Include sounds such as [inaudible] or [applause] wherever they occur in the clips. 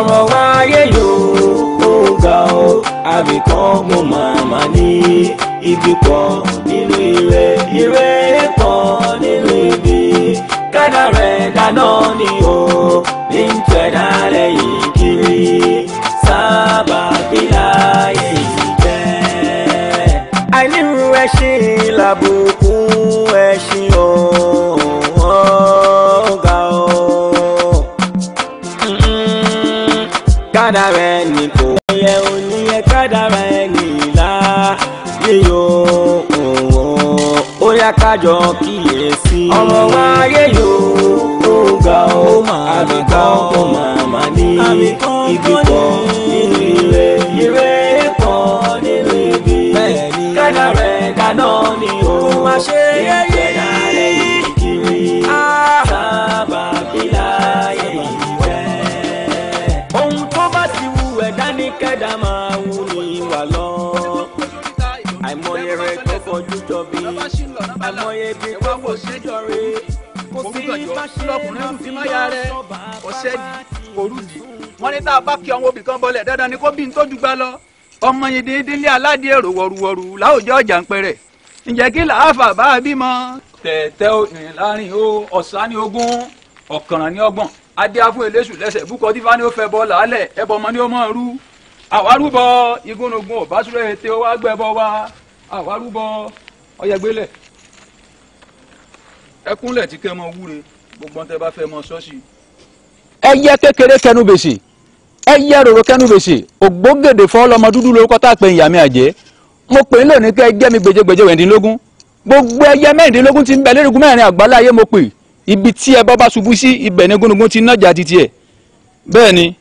ọ̀rọ̀ wáyé yòó ó ga ọ́ àbíkọ́ mo màmá ní ibi pọ̀ nínú ire ire pọ̀ nínú ibi kádà rẹ̀ dáná ni o ní ń tẹ̀ dálẹ̀ yìí kiri sábà bí láyé yìí jẹ́. àìnírú ẹ làbùkù. kádàrá ẹni kò yẹ oníyẹ kádàrá ẹni là yíyọ ó yá kájọ kíyèsí. ọmọ wa yẹ yóò ga o àmì kan kò màmá ní ibi kan nínú ire ire kan nínú ibi kádàrá ẹ̀dá náà ni o ìṣẹ̀dá. ebi tó kò sí jọre kò sí fáṣẹ lọkùnrin ń fi máyà rẹ ọ̀sẹ̀ òrùdì wọ́n ní tá a bá kí ọmọ obì kan bọ́lẹ̀ dandan ni kó bí n tó ju gbá lọ ọmọ yìí déédéé lé aládìẹ èrò wọ̀rùwọ̀rù láwùjọ ọjà ń pẹrẹ ǹjẹ́ kí làáfà bá a bímọ. tẹ̀tẹ̀ láàrin o ọ̀sán ní ogún ọ̀kànràn ní ọgbọ̀n adíá fún eléṣù lẹ́sẹ̀ búkọ tífá àwárúbọ igúnnugún òbásúrẹ́ ètè ó wá gbẹ́bọ àwárúbọ ọyẹgbélẹ̀ ẹkúnlẹ̀ tí kẹ́ mọ wúre gbogbo tẹ bá fẹ́ mọ ṣọ́ọ̀ṣì. ẹyẹ kékeré kẹnu bèsè ẹyẹ ròrò kẹnu bèsè ògbógèdè fọ́ lọmọ dúdú lórúkọ tá a pè ìyàmí àjẹ́ mo pè é lónìí kẹ́ jẹ́ mi gbèjégbèjé wẹ̀ndínlógún gbogbo ẹyẹ mẹ́rìndínlógún ti ń bẹ lérìgún mẹ́rin àgbálá ayé mo pè ibi tí ẹ bọ́ bá ṣubú sí ibẹ̀ ni gúnugún ti nájà titi ẹ̀ bẹ́ẹ̀ ni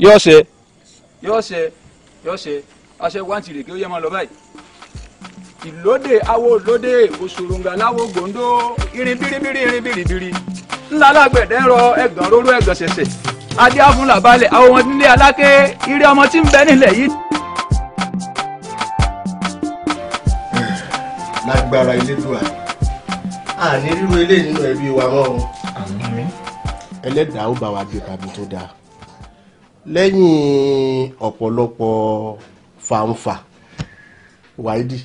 yọ̀ọ̀ṣẹ́ yọ̀ọ̀ṣẹ́ yọ̀ọ̀ṣẹ́ aṣẹ́ wáǹtì rè ìlóde awo lóde òṣòròǹgà láwo gbòǹdó irin biribiri irin biribiri ńlá lágbẹ̀dẹ̀ rọ ẹ̀gàn róró ẹ̀gàn ṣẹ̀ṣẹ̀ adé afúnlà balẹ̀ àwọn ọmọ nílé aláké ire ọmọ tí ń bẹ nílẹ̀ yìí. lágbára elédùà àní ríru eléyìí nínú ẹbí wa mọ́ o. ẹlẹ́dàá ó bá wa gbé tàbí tó dáa lẹ́yìn ọ̀pọ̀lọpọ̀ fàǹfà wáìdì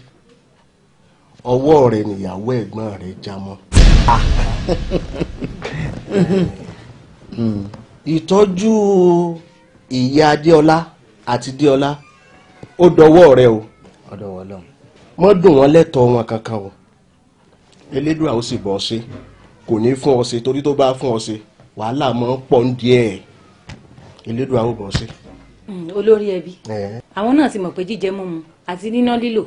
ọwọ́ rẹ nìyàwó ẹ̀gbọ́n rẹ já mọ́. Ah. ìtọ́jú ìyá adéọlá àti déọlá ó dọwọ́ rẹ o mọ́ dùn wọ́n lẹ́tọ̀ọ́ wọn kankan o elédùn àwọn sì bọ̀ ọ́ sí kò ní fún ọ ṣe torí tó bá fún ọ ṣe wàhálà mọ́ pọ̀ ń díẹ̀ elédùn àwọn bọ̀ ọ́ sí. Hmm, olórí ẹbí àwọn náà ti mọ̀ pé jíjẹ mímu àti níná lílò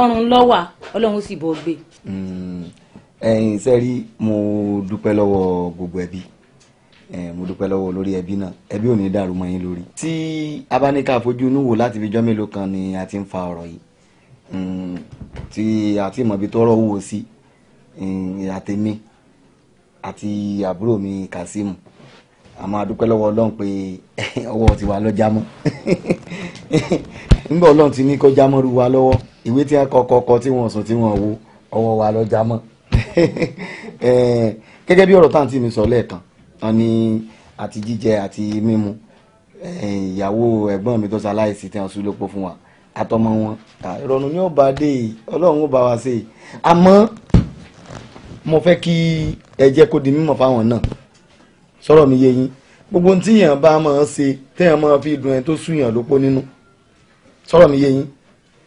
ọrùn lọ́wà ọlọ́run sì bọ́ gbé. Hmm, ẹ̀yin sẹ́rí mo dúpẹ́ lọ́wọ́ gbogbo ẹbí mo dúpẹ́ lọ́wọ́ olórí ẹbí náà ẹbí ò ní dàrú mọ́ yín lórí. tí a bá ní ká fojú inú wò láti fi jọ́ mélòó kan ni a ti ń fa ọ̀rọ̀ yìí hmm, tí a ti mọ̀ bí tọ́rọ̀ wò sí hmm, àtẹ̀mí àti àbúrò mi Kazeem a máa dúpẹ́ lọ́wọ́ ọlọ́run pé [laughs] ọwọ́ tiwa ló já [laughs] nígbà ọlọ́run ti ní kó mọ́rú wa lọ́wọ́ ìwé tí wọ́n kọ́kọ́ kọ tí wọ́n sùn tí wọ́n wo ọwọ́ wa lọ́jà mọ́ [laughs] gẹ́gẹ́ bí ọ̀rọ̀ táǹtì mi sọ lẹ́ẹ̀kan wọ́n ní àti jíjẹ àti mímu ìyàwó ẹ̀gbọ́n mi tó ṣaláìsí tí wọ́n sùn lópo fún wa àtọmọ wọn ìrọ̀rùn ni ó bá dé ọlọ́run ó bá wa ṣe àmọ́ mo fẹ́ kí ẹ jẹ́ di mímọ̀ fáwọn náà sọ̀rọ̀ mi yé yín gbogbo tíyàn bá máa ń ṣe téèyàn máa fi dùn ẹ tó súyàn lópo nínú sọ̀rọ̀ mi yé yín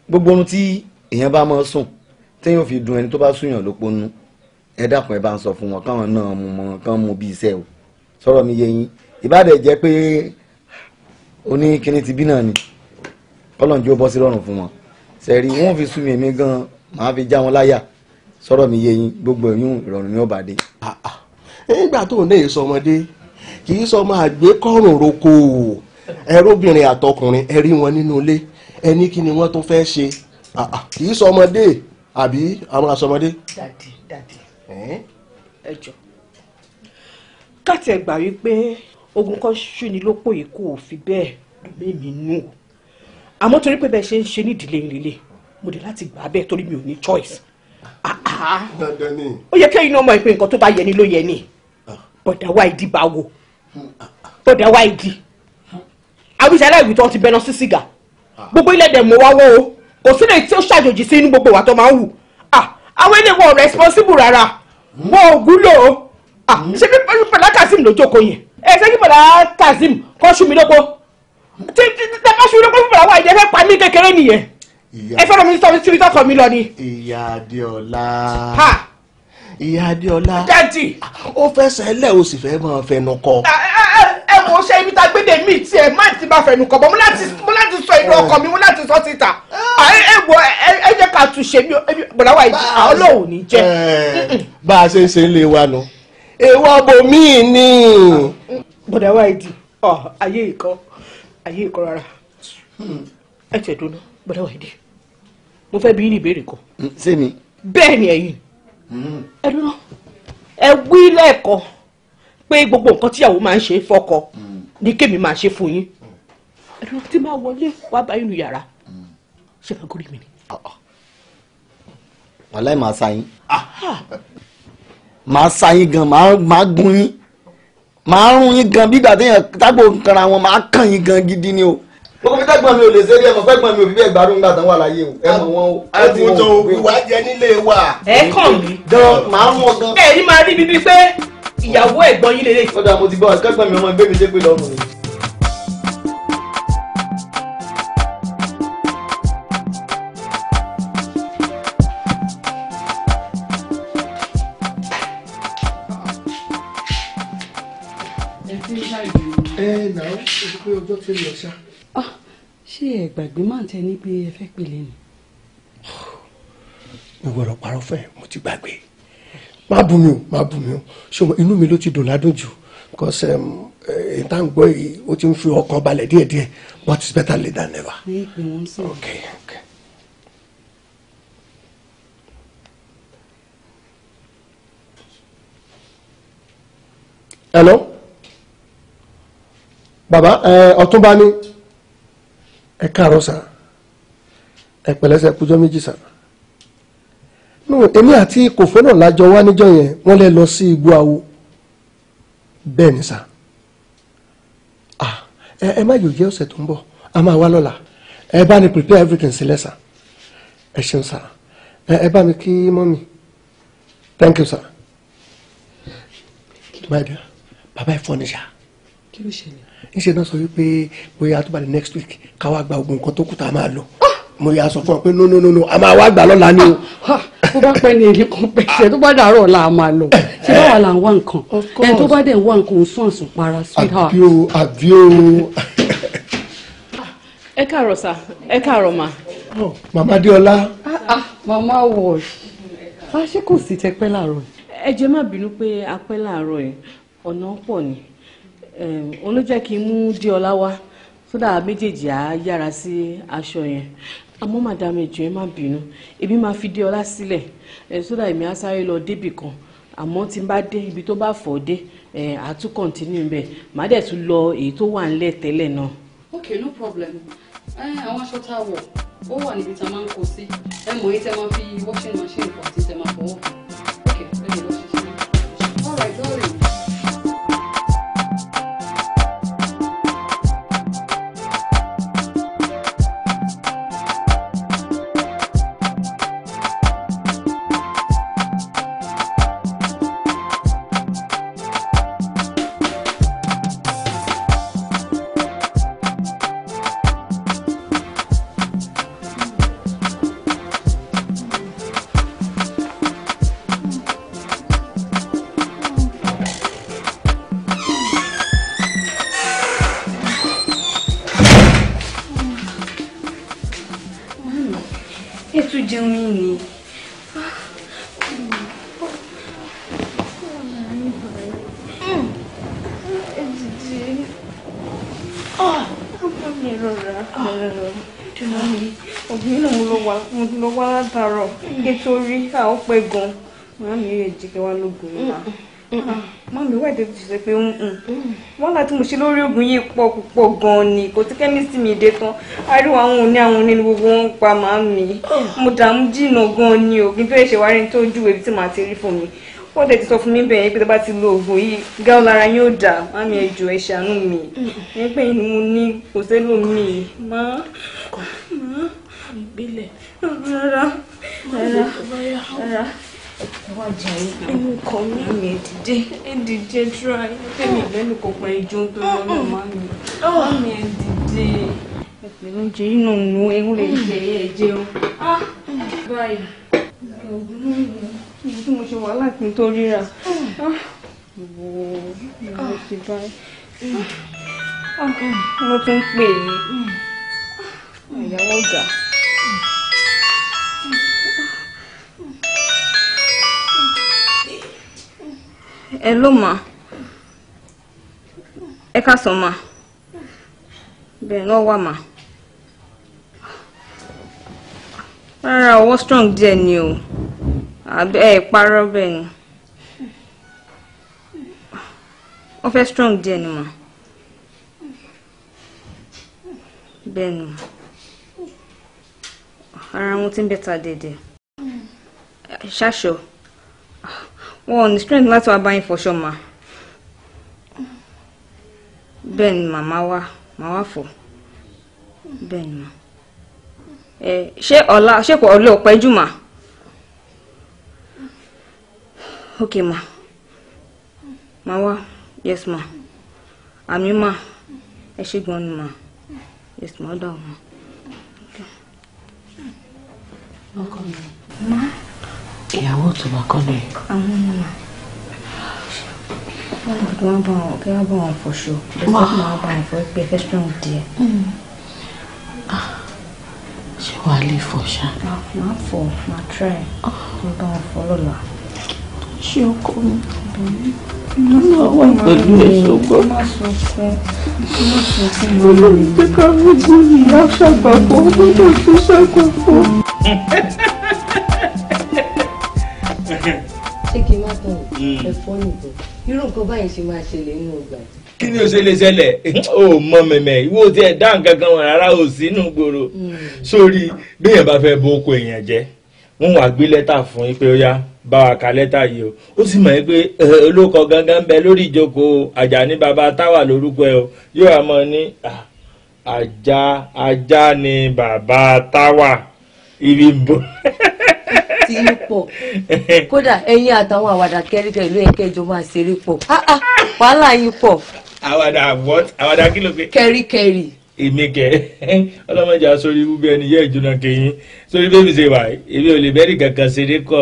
gbogbo ohun tí èèyàn bá mọ sùn téèyàn ò fi dun ẹni tó bá súnyàn lópo nú ẹ dákun ẹ bá ń sọ fún wọn káwọn náà mú wọn kán mú bí iṣẹ́ o sọ̀rọ̀ mi yé yín ìbádẹ jẹ́ pé oní kíní ti bí náà ni kọlọ̀ ní ó bọ́ sí rọrùn fún wọn sẹ̀rí wọn fi súnmi èmi gan màá fi já wọn láyà sọ̀rọ̀ mi yé yín gbogbo ẹ̀yún ìrọ̀rùn ni ó bá dé. Ah, ah. nígbà tó ń déyìí sọmọdé kì í sọ máa gbé kọrùn roko ẹrúbìnrin àtọkùnrin ẹ rí wọn nínú ilé ẹni kí ni wọ́n tún fẹ́ ṣe kì í sọ ọmọdé àbí àwọn àsọmọdé. dàdí dàdí ẹ jọ káàtì ẹ gbà wípé ogun kan ṣú ni lópò yìí kò fi bẹ́ẹ̀ lómi mi nù o àmọ́ torí pé bẹ́ẹ̀ ṣe ń ṣe ní ìdílé ìrìlẹ̀ mo dé láti gbà bẹ́ẹ̀ torí mi ò ní choice ó yẹ kẹ́yìn náà mọ̀ pé nǹkan tó bá yẹ ni ló yẹ ni ah. bọ̀dà wa ìdí bá wo hmm. bọ̀dà wa ìdí àwùjọ aláìwí tó ti bẹnu sí sìgá gbogbo ilẹ̀ dẹ̀ mọ́ wá wọ́ o kò sí lè tí ó ṣàjòjì sí inú gbogbo wa tó máa ń wù àwọn ilé wọn responsible rárá wọn ò gúlò o ṣé kí bàlá kazeem ló jókòó yẹn ẹ ṣé kí bàlá kazeem kọ́ ṣú mi lóko tí tí tí bá ṣú mi lóko fún wa ìyẹn fẹ́ pa mí kékeré nìyẹn ẹ fẹ́ràn mi sọ mi síbi tọkọ mi lọ ni. ìyá adéọlá. ha ìyá adéọlá dáàdì ó fẹsẹ̀ ẹlẹ́ o sì fẹ́ máa fẹnu kọ. ẹ wo ṣe ibi tá a gbé dé mí tí ẹ má ti bá fẹnu kọ bọ mo láti sọ inú ọkọ mi mo láti sọ síta ẹ wo ẹ jẹ́ ká túnṣe mi bọ̀dá wa ìjì ọlọ́run ní jẹ́. Eh, bá a ṣe ń ṣe ń lè wa nu èèwọ̀ bò míì ni. bọ̀dá wa ìjì ayé ìkọ ayé ìkọ rárá hmm. ẹ tẹ̀ dúró bọ̀dá wa ìjì mo fẹ́ bi ní ìbéèrè kan. sẹ́mi. bẹ́ẹ̀ ni ẹ̀yin ẹ dúró ẹ wí lẹ́ẹ̀kan pé gbogbo nǹkan tíyàwó máa ń ṣe fọ́kọ ni kémi máa ṣe fún yín ẹ dúró tí máa wọlé wá bá inú yàrá ṣe fẹ́ gorí mi ni. Ah, ah. wàláì máa sa yín máa sa yín gan máa gún yín máa rún yín gan bí ìgbà téèyàn tágbò kanra wọn máa kàn yín gan gidi ni o mo kò fi tẹ́gbọ̀n mi ò lè ṣe rí ẹ̀mọ̀ fẹ́gbọ̀n mi ò fi bẹ́ẹ̀ gbádùn nígbà wà láyé o ẹ̀mọ̀ wọn o. àgùntàn òwúwa jẹ nílé wa. ẹ kàn mí. gan màá mú ọ gan. máa rí bíbí pé ìyàwó ẹ̀gbọ́n yín lélẹ̀. ọ̀dà mo ti gbọ́ ẹ̀kẹ́gbọ̀n mi ọmọ ẹgbẹ́ mi ṣe pé mi. ẹ náà ó ti pé ọjọ́ tí ó lọ Ah, ṣé ẹ gbàgbé máa ń tẹ ní pé ẹ fẹ́ pèlè ni. mi gbọ́dọ̀ parọ́ fẹ́ mo ti gbàgbé má bù mí o má bù mí o ṣùgbọ́n inú mi ló ti dùn ládùn jù because èyí tá à gbọ́ yìí ó ti ń fi ọkàn balẹ̀ díẹ̀díẹ̀ but it's better late than never. okay okay. hello baba eh, ọ̀túnba ni ẹ káàárọ̀ sà ẹ pẹ̀lẹ́sẹ̀ kújọ́ méjì sà nù èmi àti kòfó náà lájọ wá níjọ́ yẹn wọ́n lè lọ sí igbó awo bẹ́ẹ̀ ni sà ẹ ẹ má yóò jẹ́ ọ̀sẹ̀ tó ń bọ̀ a máa wá lọ́la ẹ bá ní prepare everything sílẹ̀ sà ẹ ṣeun sà ẹ ẹ bá mi kí mọ́mì thank you sir my dear bàbá ẹ fọ́ ni sà. kí ló ṣẹlẹ̀ níṣẹ́ náà sọ wípé bóyá tó bá di next week ká wá gba oògùn nǹkan tó kù tá a máa lò ah! mo yà sọ fún ọ pé no no no no a máa wá gbà lọ́la ni o. Ah! Ah! tó bá pẹ́ ní èyí kan pẹ̀sẹ̀ tó bá dàárọ̀ ọ̀la a máa lọ ṣé báwa là ń wá nǹkan ẹni tó bá dẹ̀ ń wá nǹkan ń sún àsùn para sweetheart. àbí o àbí o. ẹ káàárọ̀ sà ẹ káàárọ̀ mà. Oh, màmá diola. màmá wọ̀ ṣé kò sí tẹpẹ́ láàárọ̀. ẹ jẹ́ má bínú pé a pẹ́ láàárọ̀ ẹ̀ ọ̀nà pọ̀ ni òun ló jẹ́ kí n mú díọlá wá sódà méjèèjì á yára sí aṣọ yẹn àmọ́ màdàmú ẹ̀jọ̀ ẹ má bínú èmi máa fi díọlá sílẹ̀ sódà èmi á sáré lọ débì kan àmọ́ tí n bá dé ibi tó bá fọ̀ dé a tún kọ̀ǹtínú bẹ̀ màá dẹ̀ tún lọ èyí tó wà ńlẹ̀ tẹ́lẹ̀ náà. ok no problem àwọn aṣọ tá a wọ̀ ó wà níbi tá a máa ń kó sí ẹ mọ̀ èyí tẹ́ máa fi washing machine pọ̀ àti tẹ́ máa fọwọ́ ok ẹ lè lọ ṣiṣẹ́ all right ó pẹ́ gan màmí yẹ jíkẹ́ wá lóògùn yìí ah, wá màmí wáyé tètè ṣe pé ń ń wọ́n láti mo ṣe lórí oògùn yìí pọ̀ púpọ̀ gan ni kò tí kẹ́míìsì mi dé tán ariwo àwọn òní àwọn òní ni gbogbo wọn ń pa màmí mo dààmú jìnnà gan ni o kí n tó ṣe wárí tó júwe ibi tí màá ti rí fún mi wọ́n tẹ̀ ti sọ fún mi bẹ́ẹ̀ pé tó bá ti lo oògùn yìí gáwó lára yóò dà màmí ẹ jọ̀ọ́ ẹ ṣàánú mi ẹ pé ni mo ní kò sẹ́lòmíì má má ìgbélẹ̀ rárá rárá rárá wá jà yín ẹnu kọ mí mi ẹdìdẹ ẹdìdẹ tura fẹmi ìlẹnu kò pa ìjọ tó lọ náà má mi má mi ẹdìdẹ ẹpẹ oúnjẹ yìí náà nù ẹhún lè jẹ ẹ jẹun báyìí ibi tí mo ṣe wàhálà kí n tó ríra wò ó ti báyìí mo tún pè é ìyàwó ọgá. elo ma eka so ma ben owa ma rara owo strong di eni o agbe iparo benu ofe strong di eni ma benu ma ara amotin beta dey dey wọn ò ní strength láti wá bá yín fọṣọ mà bẹ́ẹ̀ ni màmá wa màá wá fọ bẹ́ẹ̀ ni mà ẹ ṣé ọ̀la ṣé kò ọ̀lẹ́ ò pẹ́jù mà ma màá yes ma Ami ma ẹ ṣé gan ma yes ma ó dà ọ́ ma. ọkọ mi. ma ìyàwó tó máa kọ́ lè. àwọn ọmọ wọn kò tó wọn bá wọn kí wọn bá wọn fọṣọ bí wọn bá wọn bá wọn fọ pé fẹ strong díẹ̀. ṣé wàá lè fọ ṣá. màá fọ màá try mo bá wọn fọ lọ́la. ṣé ọkọ mi lọ́nà wà pẹ̀lú ẹ̀ṣọ́gbọ́n. má sọ fún má sọ fún mi. olórí jẹ́ ká gbogbo ìyá ṣàgbàgbọ́ ó gbọ́dọ̀ [laughs] kàn ẹ̀fọ́ nìkan irú nǹkan báyìí ṣe máa ṣẹlẹ̀ nínú ọgbà yìí kí ni o ṣe lè ṣẹlẹ̀ o hmm. [laughs] mọ mẹ̀mẹ̀ ìwọ tí ẹ dá nǹkan kan wọn rárá o sínú gbòòrò hmm. sórí béèyàn bá fẹ́ bo oko èèyàn jẹ́ wọ́n wàá gbé lẹ́tà fún yín pé ó yá bá wa ka lẹ́tà yìí o ó sì mọ̀ pé olóko gangan bẹ lórí ìjókòó Àjàní baba táwà lórúkọ ẹ o yóò wá mọ ní ajá ajá ni bàbá táwà ibi bò [laughs] ti yín pọ̀ kódà ẹ̀yin àtàwọn àwàdà kẹ́ríkẹ́ ló yẹ kẹjọ máa ṣeré pọ̀ ah, ah, wàhálà yín pọ̀. àwàdà what àwàdà kí ló pé. kẹ́ríkẹ́rì. èmi kẹ [laughs] ọlọmọdé sórí wúbẹ ẹni yẹ ìjọba kẹyìn sórí bẹbí ṣe wà èmi ò lè bẹ́ẹ̀rì kankan ṣeré kọ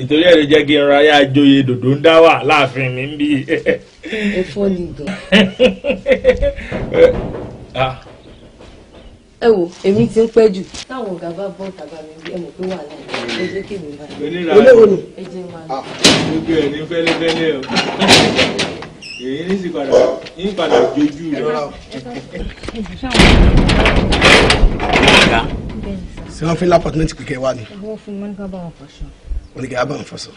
ìtòrí ẹ̀rọ jẹ́ kí n ra ayé àjòyè dòdò ń dá wà láàfin mi ń bí. ẹ fọ́ ni gan. [laughs] Ah ẹ wo èmi ti ń pẹ́ jù. táwọn ọ̀gá bá bọ́ tàbá mi bí ẹ mọ̀ pé wà láì ẹ jẹ́ kí èmi máa. olówó ni. ẹ jẹ́ máa. Ah, gbogbo ẹ̀ ní fẹ́lẹ́fẹ́lẹ́ o èyí ní sì padà yín padà jojú lọ́la. ọ̀gá ṣé wọ́n fi lápọ̀tmẹ́ntì pípẹ́ wá ni. wọ́n fún mi ní ká bá wọn fọṣọ. oníkẹ́ abá wọn fọṣọ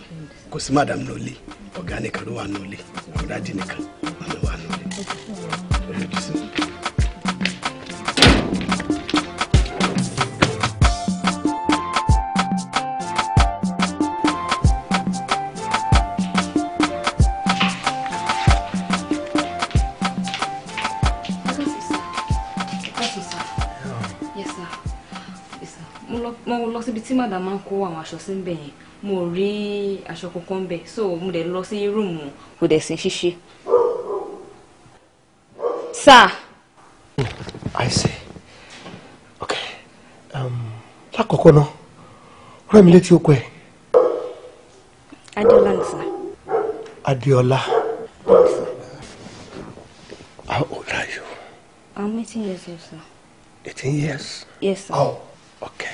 kò sí mádàmú lọ́lé ọ̀gá nìkan ló wà nù lé ọ̀dà dì nìkan ló wà nù. mo lọ síbi tí màdà máa ń kó àwọn aṣọ sí bẹ̀ yẹn mo rí aṣọ kankan bẹ̀ so mo dẹ̀ lọ sí rúùmù kò dẹ̀ sí ṣíṣe. sir. Hmm, I see okay um, lákọ̀ọ́kọ́ náà rẹ́ mi létí okùn ẹ̀. Adiola. ni sir. Adéọlá. How old are you? I'm 18 years old, sir. 18 years? Yes, sir. Oh, okay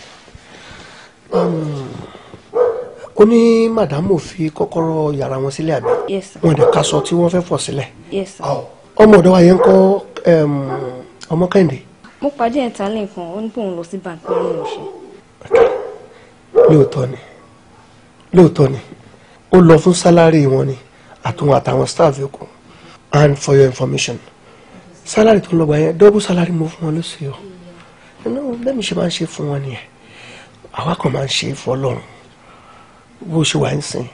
ó ní màdámù fi kọ́kọ́rọ́ yàrá wọn sílẹ̀ àbí wọn dẹ̀ kaṣọ tí wọ́n fẹ́ fọ̀ sílẹ̀ ọmọ ọ̀dọ́ wa yẹn ń kọ́ ọmọ kẹ́hìndé. mo pàdé ẹ̀ tán lẹ́ẹ̀kan ó ní kí òun lọ sí báńkì ní òṣè. lóòótọ́ ni lóòótọ́ ni ó lọ fún sálárì wọn ni àtúnwò àtàwọn staff yòókù and for your information sálárì tó ń lọ gbà yẹn double sálárì mo fún wọn lóṣù yọ bẹ́ẹ̀ mi ṣe máa ń ṣe fún wọn nìyẹn àwa kan máa ń ṣe é fọlọ́run bó ṣe wà ń sìn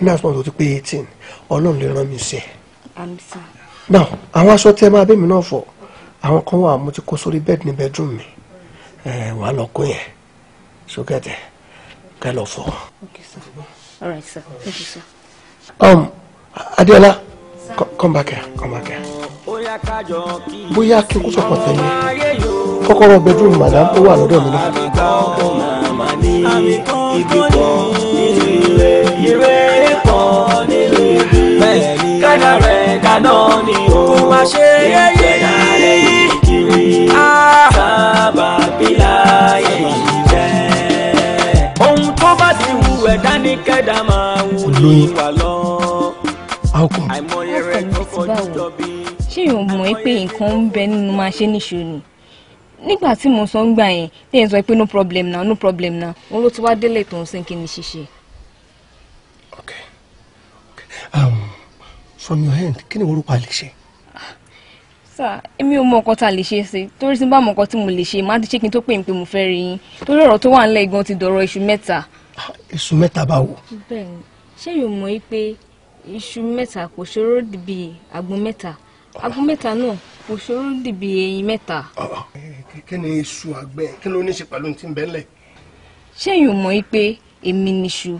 nínú àsopọ̀ tó ti pé eighteen ọlọ́run lè rán mi sí ẹ̀. now àwọn aṣọ tí ẹ máa bẹ́ẹ̀ mi náà fọ àwọn kan wà mo ti kó sórí bẹ́ẹ̀dì ní bedroom mi wàá lọ kó yẹn sókètè kẹ lọ fọ. okay sir all right sir thank you sir. Um, Adéọlá come back here come back here bóyá kí n kó sọ̀kan tẹ̀lé kọ́kọ́rọ́ bedroom madam ó wà lọ́dọ̀ mi náà. kádàrẹ̀ kaná ni o kò má ṣe yẹ yìí kiri sábà bílà yìí jẹ́. ohun tó bá ti wù ẹ̀ dání kẹ́dà máa wù ní wà lọ. àìmọye rẹ̀ tó fojú jọ bí. ṣé ìwọ̀n mọ̀ pé nǹkan ń bẹ nínú máa ṣe níṣó ni nígbà tí mo sọ ń gbà yẹn ní ẹ̀ sọ pé no problem na no problem na wọn ló ti wá délé tó ń sìn kí ni ṣíṣe. ok ok um, from your hand kí ni orúkọ àlè ṣe. sà èmi ò mọ nǹkan tá a lè ṣe sí torí tí n bá mọ nǹkan tí mo lè ṣe má ti ṣe kí n tó pè ń pé mo fẹ́ rí yín torí ọ̀rọ̀ tó wà ńlẹ̀ gan ti dọ̀rọ̀ iṣu mẹ́ta. iṣu mẹ́ta báwo. bẹ́ẹ̀ni ṣé yóò mọ̀ yí pé iṣu mẹ́ta kò ṣòro bíi àgbo mẹ́ta aago mẹ́ta náà òṣèré dìbì ẹyin mẹ́ta. Ah, ah. kí ni iṣu àgbẹ̀ kí ló ní í ṣe pẹ̀lú ti ń bẹ́ lẹ̀. mọ̀ yí pé èmi níṣu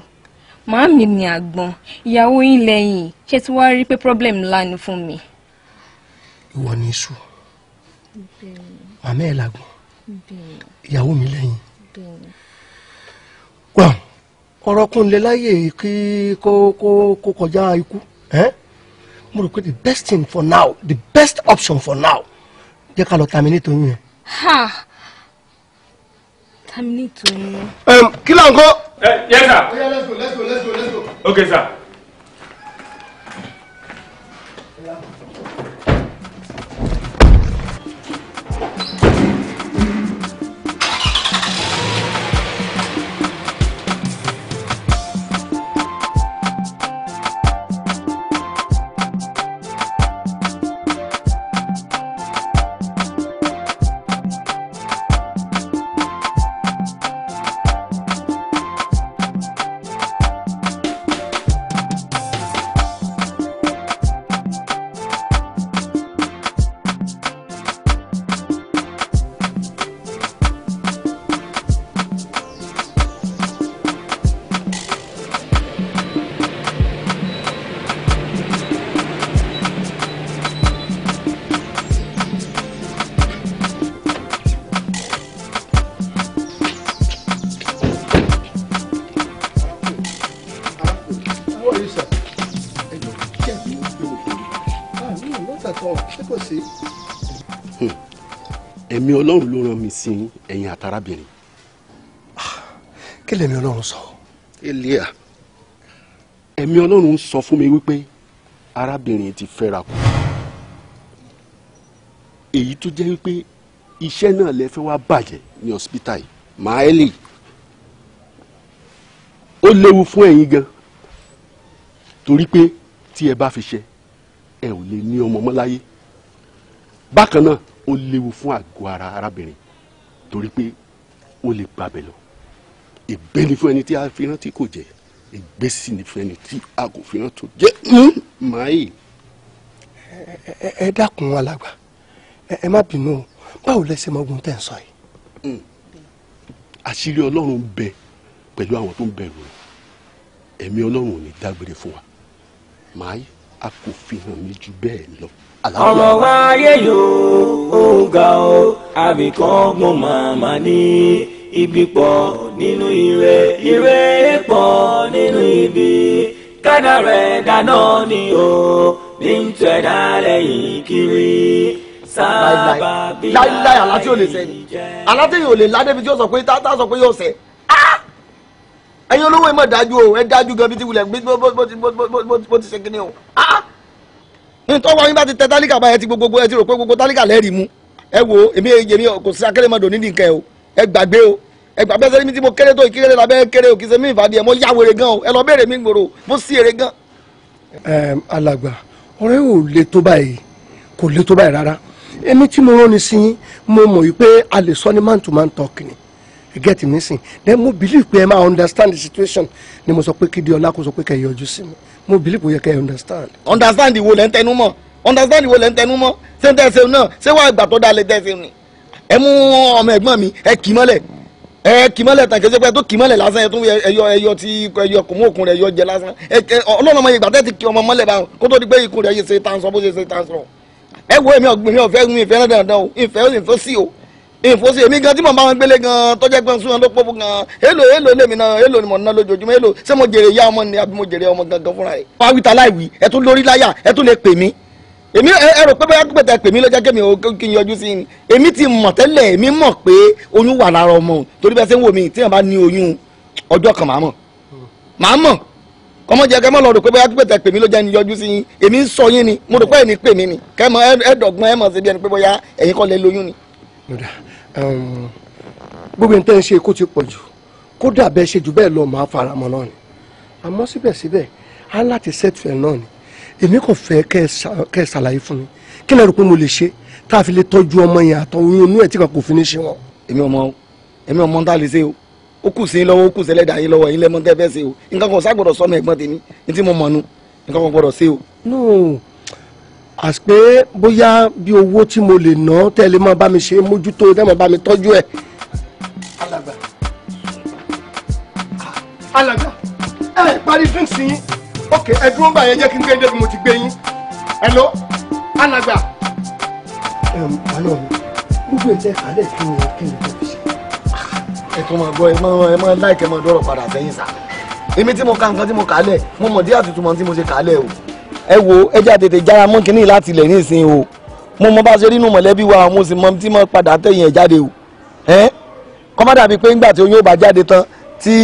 màámi ni àgbọn ìyàwó yín lẹ́yìn ṣé tí wàá rí pé problem ńlá ni fún mi. ìwọ ni iṣu màmá ẹ̀ làgbọn ìyàwó mi lẹ́yìn wà ọ̀rọ̀ kún lè láyè kí kó kọjá ikú. Eh? mo rò pé the best thing for now the best option for now jẹ́ ká lọ terminate oyún yẹn. ha terminate oyún. kí ló ń kọ́. Eh, yes sir. Oh, yeah, let's go, let's go, let's go, let's go. okay sir. ọlọ́run ló rán mi sí ẹ̀yin àtàrábìnrin. kí lèmi ọlọ́run sọ. eléyà ẹ̀mí ọlọ́run ń sọ fún mi wípé arábìnrin ti fẹ́ra kù èyí tó jẹ́ wípé iṣẹ́ náà lè fẹ́ wá bàjẹ́ ní hospital yìí maeli ó léwu fún ẹ̀yin gan torí pé tí ẹ bá fi ṣe ẹ ò lè ní ọmọ mọ́ láyé bákan náà ó léwu fún àgọ́ ara arábìnrin torí pé ó lè gbàbẹ̀ lọ ègbé ni fún ẹni tí a fi rántí kò jẹ ègbé sì ni fún ẹni tí a kò fi rántí kò jẹ máyì. Hmm, ẹ dákun alàgbà ẹ má bínú o báwo lẹ ṣe mọ̀gùn tẹ̀ ń sọ yìí. Hmm. àṣírí ọlọ́run bẹ pẹ̀lú àwọn tó ń bẹ̀rù rẹ̀ ẹ̀mí ọlọ́run ò ní dágbére fún wa máyì a kò fi hàn mí ju bẹ́ẹ̀ lọ ọmọ wáyé yóò ó ga ó àbíkan gbọ́n màmá ní ibi pọ̀ nínú ire ire pọ̀ nínú ibi kádàrá ẹ̀dá náà ni o ní ń tọ́ ẹ̀dá lẹ́yìn kiri sábà bí láyé aláti ò lè sẹ́ aláti ò lè ládé bí tí ó sọ pé tá sọ pé yóò sẹ́ ah! ẹ̀yin olówó ẹ̀ mọ̀ dájú o ẹ̀ dájú gan bí ti wulẹ̀ gbé bó ti ṣe kíní o. Ah! nítorí wọn yín bá ti tẹ tálíkà báyẹn ti gbogbo ẹ ti rò pé gbogbo tálíkà lẹ́rìí mu ẹ wo èmi èmi kò sí akérèmọdò nídìí nǹkan ẹ o ẹ gbàgbé o ẹ gbàgbé sẹ́ni mi tí mo kéré tó ìkéré labẹ́ kéré o kì í ṣe mí ìfàdí ẹ mo yá wèrè gan o ẹ lọ béèrè mi gbòòrò mo sí èrè gan. ẹ alàgbà ọ̀rẹ́ ò le tó báyìí kò le tó báyìí rárá èmi tí mo rán ni sí yín mo mọ̀ yìí pé a lè sọ ní man to man talk ni ẹ get me sin then mo believe pé ẹ máa understand the situation ni mo sọ pé kí di ọlá kó sọ pé kẹ́ yọjú sí mi mo believe kò yẹ kẹ́ understand. understand ìwo lẹ́ ń tẹnu mọ́ understand ìwo lẹ́ ń tẹnu mọ́ ṣé ń tẹ̀sẹ̀ náà ṣé wàá gbà tó dalẹ̀ tẹ̀sẹ̀ ni. ẹ mú ọmọ ẹ̀gbọ́n mi ẹ kì í mọ́lẹ̀ ẹ kì í mọ́lẹ̀ tàn kẹsẹ́ pé tó kì í mọ́lẹ̀ lásán ẹ tún ẹyọ ẹyọ tí ẹyọ kò mú òkun rẹ̀ ẹyọ jẹ lásán ọlọ́run ọmọ ìgbà tẹ́ ti kí ọmọ mọ́lẹ̀ báwọn kó tó di pé ikùn rẹ̀ yìí ṣe tán sọ bó ṣe ṣe tán sọ. ẹ wo èmi ọ̀gbìn mi ò fẹ́ mi ìfẹ́ náà dandan o ìfẹ́ o ìfọsí èmi gan tí mo bá wọn gbélé gan tọ́jà gbọ́n sún ló pọ́pọ́ gan èlò èlò lèmi náà èlò ni mo ná lójoojúmọ́ èlò ṣé mo jèrè ya ọmọ ni àbí mo jèrè ọmọ gangan fúnra rẹ̀. wá wíta láìwí ẹ tún lórí láyà ẹ tún lè pè mí èmi ẹ rò pé bóyá pẹ̀tẹ́ pè mí lọ́jà kí n yọjú sí i èmi ti mọ̀ tẹ́lẹ̀ èmi mọ̀ pé oyún wà lára ọmọ torí bẹ́ẹ̀ ṣe ń wò mí kẹmọ lọ rò pé bóyá pẹtẹ pèmí ló jẹ ní yọjú sí yín èmi ń sọ yín ni mo rò pé ẹni pèmí ni kẹmọ ẹdọgbọn ẹmọ síbi ẹni pé bóyá ẹ̀yin kọ́ lẹ lóyún ni gbogbo nǹkan ṣe kó ti pọ̀ jù kódà bẹ́ẹ̀ ṣe jù bẹ́ẹ̀ lọ màá fara mọ́ náà ni àmọ́ síbẹ̀síbẹ̀ á láti sẹ́tìfẹ̀ náà ni èmi kò fẹ́ kẹ́ ẹ ṣàlàyé fún mi kí lẹ́rù pé mo lè ṣe tá a fi lè tọ́jú ọmọ yẹn àtọ̀wé onú ẹ̀ tí kan kò fi ní ṣe wọn. èmi ọmọ èmi ọmọ ń tà lè ṣe o ó kù sí lọ́wọ́ ó kù sẹ́lẹ̀ dàáyé lọ́wọ́ yín lẹ́mọ́ tẹ́ fẹ́ ṣe o nǹkan kan ṣàgbọ́dọ̀ sọnù ẹ̀gbọ́n tèmi ní tí mo mọ̀ nu nǹkan kan gbọ́dọ̀ ṣe o àti pé bóyá bí owó tí mo lè ná tẹ́lẹ̀ máa bá mi ṣe mójútó tẹ́lẹ̀ máa bá mi tọ́jú ẹ̀. alàgbà alàgbà ẹ parí drinks yín ok ẹ dúró bá yẹn jẹ́ kí n gbé yín débi mo ti gbé yín hello alàgbà. ẹ ǹ àná mi gbogbo ìtẹ́ kálẹ̀ kí ni kí ni tó fi ṣe. ẹ tún máa gbọ́ ẹ máa ẹ máa láìkẹ́ máa dọ́rọ̀ padà sẹ́yìn sá èmi tí mo ka nǹkan tí mo kà á lẹ̀ mo mọ̀ díẹ̀ àtútù mọ́ tí mo ṣe kà á lẹ̀ o ẹ wo ẹ jẹ́ àtètè jára mọ́ kínní láti ilẹ̀ ní ìsìn o mo mọ bá ṣe rí inú mọ̀lẹ́bí wa mo sì mọ tí mo padà tẹ̀yìn ẹ̀ jáde o ẹ kọ́má dàbí pé ńgbà tí oyún ò bá jáde tán tí